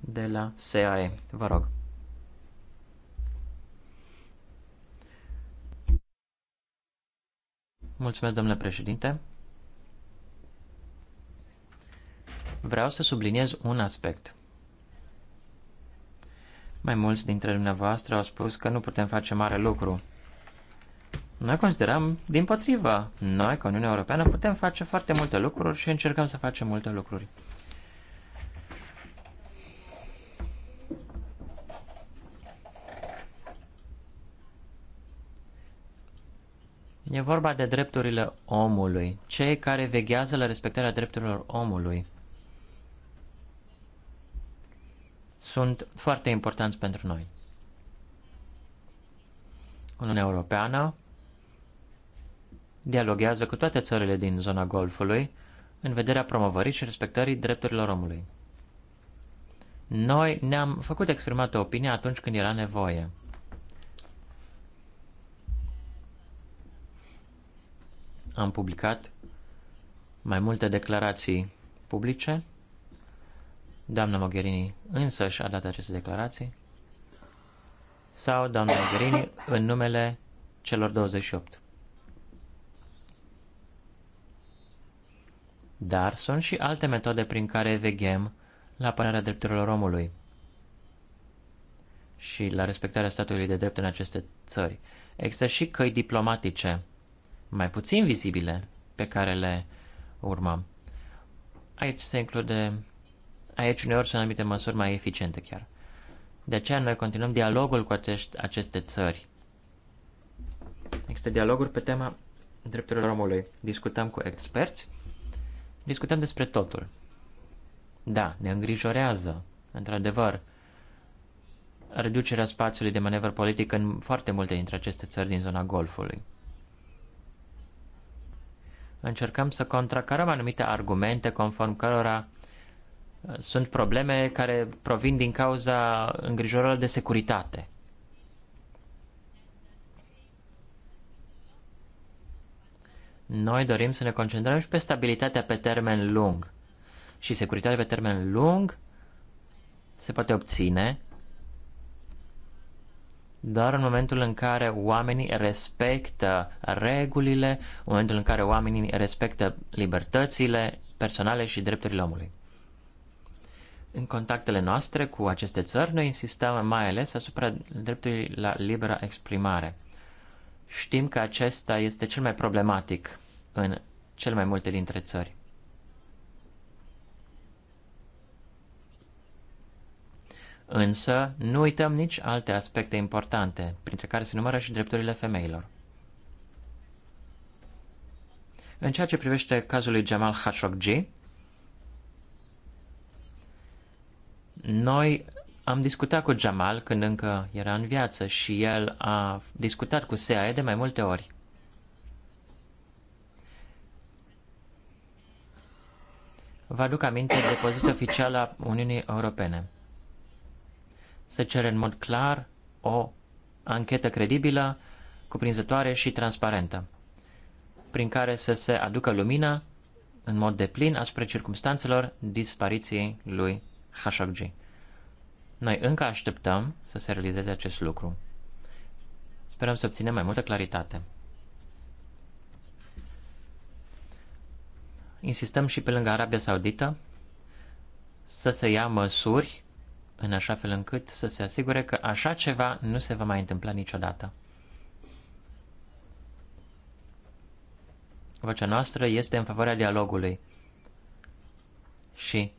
Speaker 3: de la SAE. Vă rog. Mulțumesc, domnule președinte. Vreau să subliniez un aspect. Mai mulți dintre dumneavoastră au spus că nu putem face mare lucru noi considerăm din potrivă, Noi, ca Uniunea Europeană, putem face foarte multe lucruri și încercăm să facem multe lucruri. E vorba de drepturile omului, cei care veghează la respectarea drepturilor omului. Sunt foarte importanți pentru noi. Uniunea Europeană dialoghează cu toate țările din zona Golfului în vederea promovării și respectării drepturilor omului. Noi ne-am făcut exprimată opinia atunci când era nevoie. Am publicat mai multe declarații publice. Doamna Mogherini însă și-a dat aceste declarații. Sau doamna Mogherini în numele celor 28. Dar sunt și alte metode prin care veghem la apărarea drepturilor omului și la respectarea statului de drept în aceste țări. Există și căi diplomatice, mai puțin vizibile, pe care le urmăm. Aici se include, aici uneori sunt anumite măsuri mai eficiente chiar. De aceea noi continuăm dialogul cu acești, aceste țări. Există dialoguri pe tema drepturilor omului. Discutăm cu experți Discutăm despre totul. Da, ne îngrijorează, într-adevăr, reducerea spațiului de manevră politică în foarte multe dintre aceste țări din zona Golfului. Încercăm să contracarăm anumite argumente conform cărora uh, sunt probleme care provin din cauza îngrijorărilor de securitate. Noi dorim să ne concentrăm și pe stabilitatea pe termen lung. Și securitatea pe termen lung se poate obține doar în momentul în care oamenii respectă regulile, în momentul în care oamenii respectă libertățile personale și drepturile omului. În contactele noastre cu aceste țări, noi insistăm mai ales asupra dreptului la libera exprimare. Știm că acesta este cel mai problematic în cel mai multe dintre țări. Însă, nu uităm nici alte aspecte importante, printre care se numără și drepturile femeilor. În ceea ce privește cazul lui Jamal Khashoggi, noi am discutat cu Jamal când încă era în viață și el a discutat cu SEAE de mai multe ori. Vă aduc aminte de poziția oficială a Uniunii Europene. Se cere în mod clar o anchetă credibilă, cuprinzătoare și transparentă, prin care să se aducă lumină în mod deplin asupra circumstanțelor dispariției lui Khashoggi. Noi încă așteptăm să se realizeze acest lucru. Sperăm să obținem mai multă claritate. Insistăm și pe lângă Arabia Saudită să se ia măsuri în așa fel încât să se asigure că așa ceva nu se va mai întâmpla niciodată. Vocea noastră este în favoarea dialogului și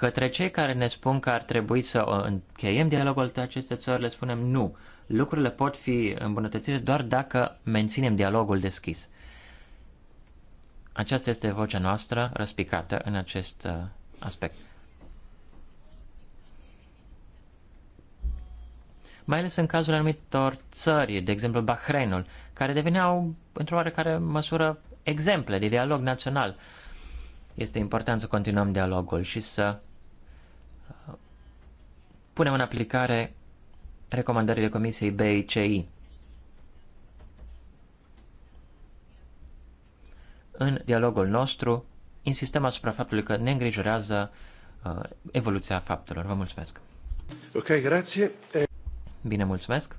Speaker 3: Către cei care ne spun că ar trebui să uh, încheiem dialogul de aceste țări, le spunem nu. Lucrurile pot fi îmbunătățite doar dacă menținem dialogul deschis. Aceasta este vocea noastră răspicată în acest uh, aspect. Mai ales în cazul anumitor țări, de exemplu Bahreinul, care deveneau, într-o oarecare măsură, exemple de dialog național. Este important să continuăm dialogul și să punem în aplicare recomandările Comisiei BICI. În dialogul nostru, insistăm asupra faptului că ne îngrijorează uh, evoluția faptelor. Vă mulțumesc! Ok, grație! Bine, mulțumesc!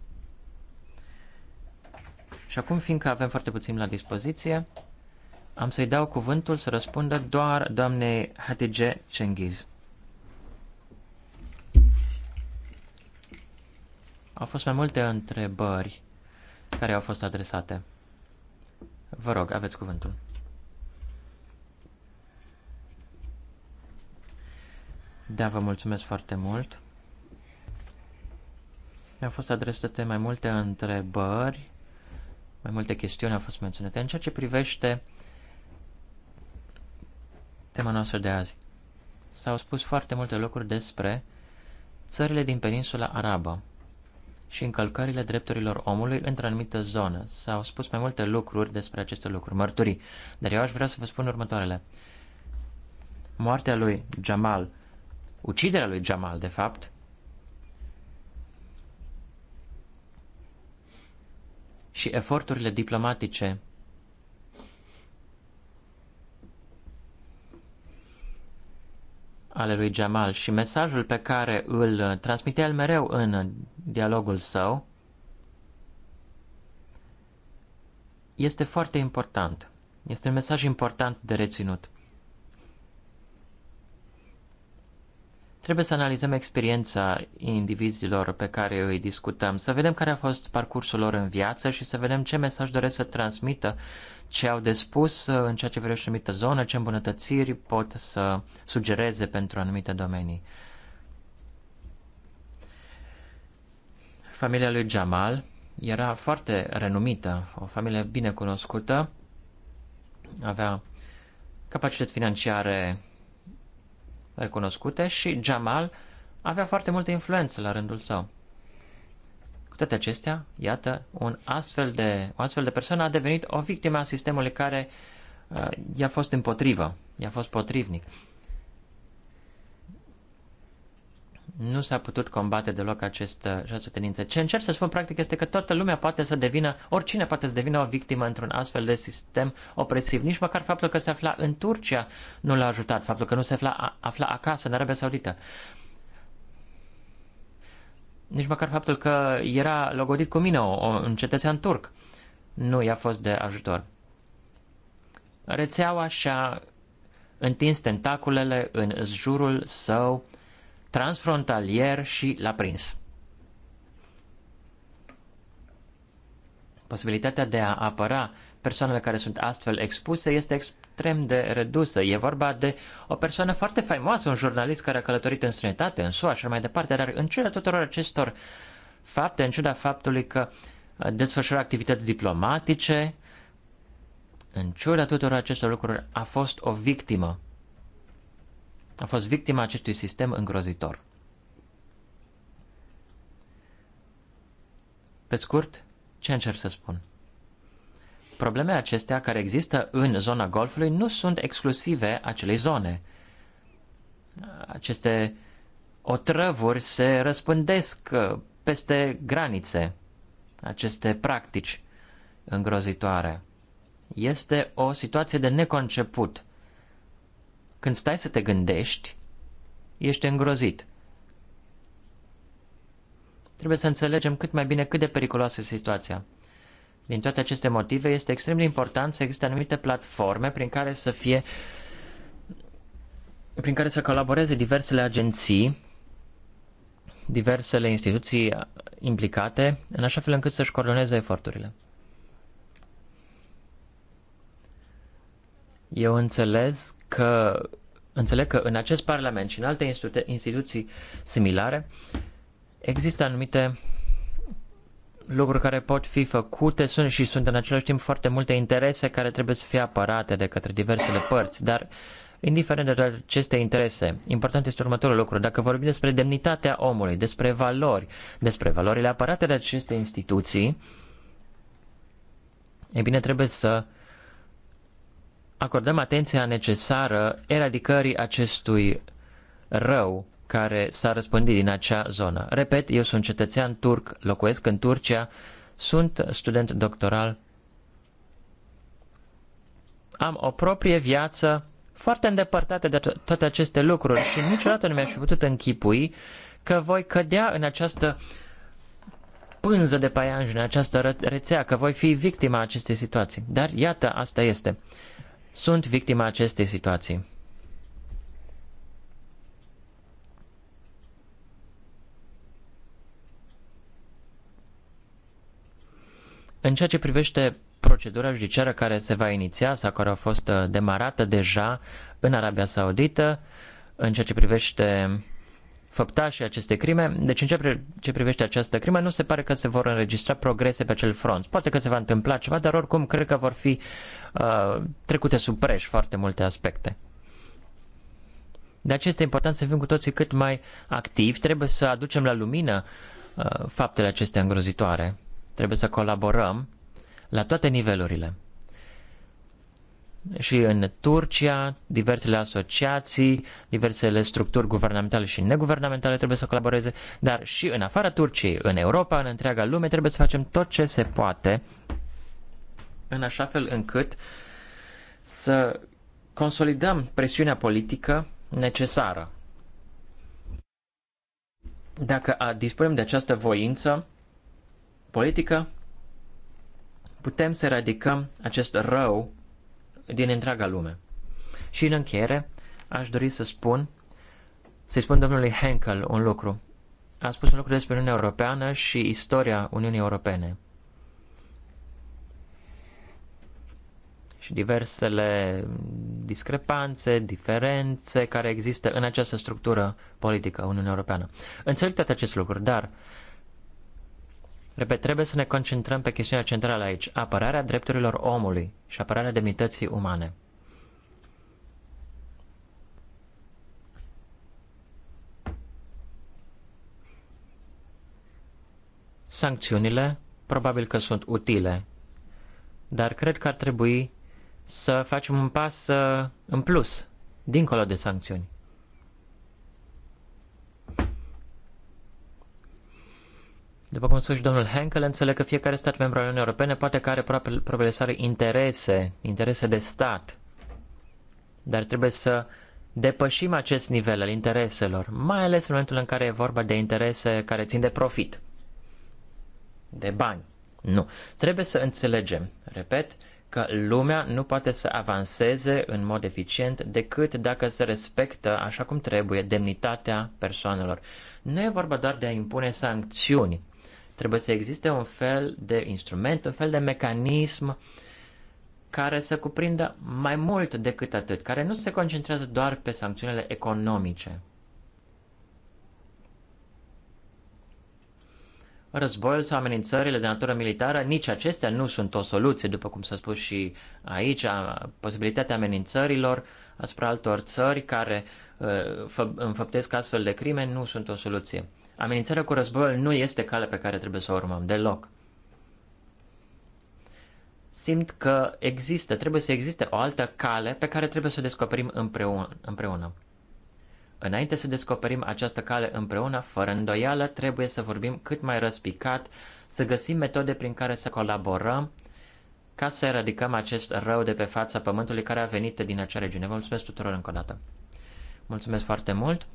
Speaker 3: Și acum, fiindcă avem foarte puțin la dispoziție, am să-i dau cuvântul să răspundă doar doamnei Hatice Cengiz. Au fost mai multe întrebări care au fost adresate. Vă rog, aveți cuvântul. Da, vă mulțumesc foarte mult. Mi-au fost adresate mai multe întrebări, mai multe chestiuni au fost menționate. În ceea ce privește tema noastră de azi, s-au spus foarte multe lucruri despre țările din peninsula arabă și încălcările drepturilor omului într-o anumită zonă. S-au spus mai multe lucruri despre aceste lucruri, mărturii, dar eu aș vrea să vă spun următoarele. Moartea lui Jamal, uciderea lui Jamal, de fapt, și eforturile diplomatice ale lui Jamal și mesajul pe care îl transmitea el mereu în dialogul său este foarte important. Este un mesaj important de reținut. Trebuie să analizăm experiența indivizilor pe care îi discutăm, să vedem care a fost parcursul lor în viață și să vedem ce mesaj doresc să transmită, ce au de spus în ceea ce privește anumită zonă, ce îmbunătățiri pot să sugereze pentru anumite domenii. Familia lui Jamal era foarte renumită, o familie bine cunoscută, avea capacități financiare recunoscute și Jamal avea foarte multă influență la rândul său. Cu toate acestea, iată, un astfel de, o astfel de persoană a devenit o victimă a sistemului care uh, i-a fost împotrivă, i-a fost potrivnic. nu s-a putut combate deloc acest, uh, această tendință. Ce încerc să spun practic este că toată lumea poate să devină, oricine poate să devină o victimă într-un astfel de sistem opresiv. Nici măcar faptul că se afla în Turcia nu l-a ajutat, faptul că nu se afla, afla acasă în Arabia Saudită. Nici măcar faptul că era logodit cu mine o, o, un cetățean turc nu i-a fost de ajutor. Rețeaua și-a întins tentaculele în jurul său, transfrontalier și la prins. Posibilitatea de a apăra persoanele care sunt astfel expuse este extrem de redusă. E vorba de o persoană foarte faimoasă, un jurnalist care a călătorit în străinătate, în SUA și mai departe, dar în ciuda tuturor acestor fapte, în ciuda faptului că uh, desfășura activități diplomatice, în ciuda tuturor acestor lucruri, a fost o victimă a fost victima acestui sistem îngrozitor. Pe scurt, ce încerc să spun? Problemele acestea care există în zona golfului nu sunt exclusive acelei zone. Aceste otrăvuri se răspândesc uh, peste granițe, aceste practici îngrozitoare. Este o situație de neconceput. Când stai să te gândești, ești îngrozit. Trebuie să înțelegem cât mai bine cât de periculoasă este situația. Din toate aceste motive, este extrem de important să existe anumite platforme prin care să fie prin care să colaboreze diversele agenții, diversele instituții implicate, în așa fel încât să-și coordoneze eforturile. Eu înțeles că înțeleg că în acest Parlament și în alte instituții similare există anumite lucruri care pot fi făcute sunt și sunt în același timp foarte multe interese care trebuie să fie apărate de către diversele părți, dar indiferent de aceste interese, important este următorul lucru. Dacă vorbim despre demnitatea omului, despre valori, despre valorile apărate de aceste instituții, e bine, trebuie să uh, acordăm atenția necesară eradicării acestui rău care s-a răspândit din acea zonă. Repet, eu sunt cetățean turc, locuiesc în Turcia, sunt student doctoral, am o proprie viață foarte îndepărtată de to- toate aceste lucruri și niciodată nu mi-aș fi putut închipui că voi cădea în această pânză de paianj, în această rețea, că voi fi victima acestei situații. Dar iată, asta este sunt victima acestei situații. În ceea ce privește procedura judiciară care se va iniția sau care a fost uh, demarată deja în Arabia Saudită, în ceea ce privește făptașii aceste crime, deci în ce, pri- ce privește această crimă, nu se pare că se vor înregistra progrese pe acel front. Poate că se va întâmpla ceva, dar oricum cred că vor fi uh, trecute sub preș foarte multe aspecte. De aceea este important să fim cu toții cât mai activi, trebuie să aducem la lumină uh, faptele acestea îngrozitoare, trebuie să colaborăm la toate nivelurile și în Turcia, diversele asociații, diversele structuri guvernamentale și neguvernamentale trebuie să colaboreze, dar și în afara Turciei, în Europa, în întreaga lume, trebuie să facem tot ce se poate în așa fel încât să consolidăm presiunea politică necesară. Dacă dispunem de această voință politică, putem să eradicăm acest rău din întreaga lume. Și în încheiere, aș dori să spun, să-i spun domnului Henkel un lucru. A spus un lucru despre Uniunea Europeană și istoria Uniunii Europene. Și diversele discrepanțe, diferențe care există în această structură politică Uniunea Europeană. Înțeleg toate aceste lucruri, dar uh, Repet, trebuie să ne concentrăm pe chestiunea centrală aici, apărarea drepturilor omului și apărarea demnității umane. Sancțiunile probabil că sunt utile, dar cred că ar trebui să facem un pas uh, în plus, dincolo de sancțiuni. După cum spune și domnul Henkel, înțeleg că fiecare stat membru al Uniunii Europene poate că are propriile sale interese, interese de stat. Dar trebuie să depășim acest nivel al intereselor, mai ales în momentul în care e vorba de interese care țin de profit, de bani. Nu. Trebuie să înțelegem, repet, că lumea nu poate să avanseze în mod eficient decât dacă se respectă așa cum trebuie demnitatea persoanelor. Nu e vorba doar de a impune sancțiuni Trebuie să existe un fel de instrument, un fel de mecanism care să cuprindă mai mult decât atât, care nu se concentrează doar pe sancțiunile economice. Războiul sau amenințările de natură militară, nici acestea nu sunt o soluție, după cum s-a spus și aici, posibilitatea amenințărilor asupra altor țări care uh, înfăptesc astfel de crime nu sunt o soluție. Amenințarea cu războiul nu este calea pe care trebuie să o urmăm deloc. Simt că există, trebuie să existe o altă cale pe care trebuie să o descoperim împreună. împreună. Înainte să descoperim această cale împreună, fără îndoială, trebuie să vorbim cât mai răspicat, să găsim metode prin care să colaborăm ca să eradicăm acest rău de pe fața pământului care a venit din acea regiune. Vă mulțumesc tuturor încă o dată. Mulțumesc foarte mult!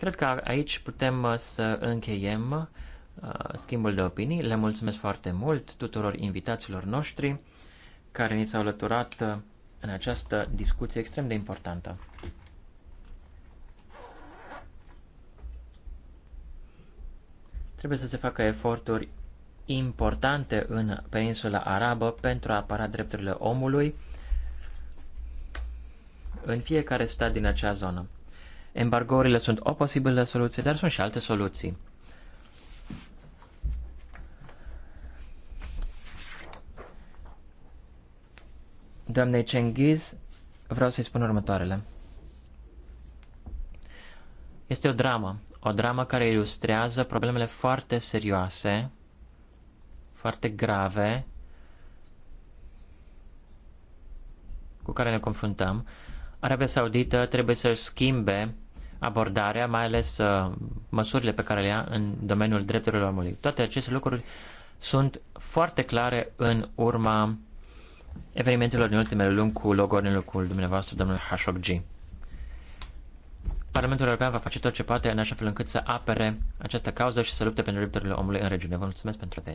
Speaker 3: Cred că aici putem uh, să încheiem uh, schimbul de opinii. Le mulțumesc foarte mult tuturor invitaților noștri care ni s-au alăturat uh, în această discuție extrem de importantă. Trebuie să se facă eforturi importante în peninsula arabă pentru a apăra drepturile omului în fiecare stat din acea zonă. Embargourile sunt o posibilă soluție, dar sunt și alte soluții. Doamnei Cengiz, vreau să-i spun următoarele. Este o dramă, o dramă care ilustrează problemele foarte serioase, foarte grave, cu care ne confruntăm. Arabia Saudită trebuie să-și schimbe abordarea, mai ales uh, măsurile pe care le ia în domeniul drepturilor omului. Toate aceste lucruri sunt foarte clare în urma evenimentelor din ultimele luni cu logonicul dumneavoastră, domnul Hashoggi. Parlamentul European va face tot ce poate în așa fel încât să apere această cauză și să lupte pentru drepturile omului în regiune. Vă mulțumesc pentru atenție.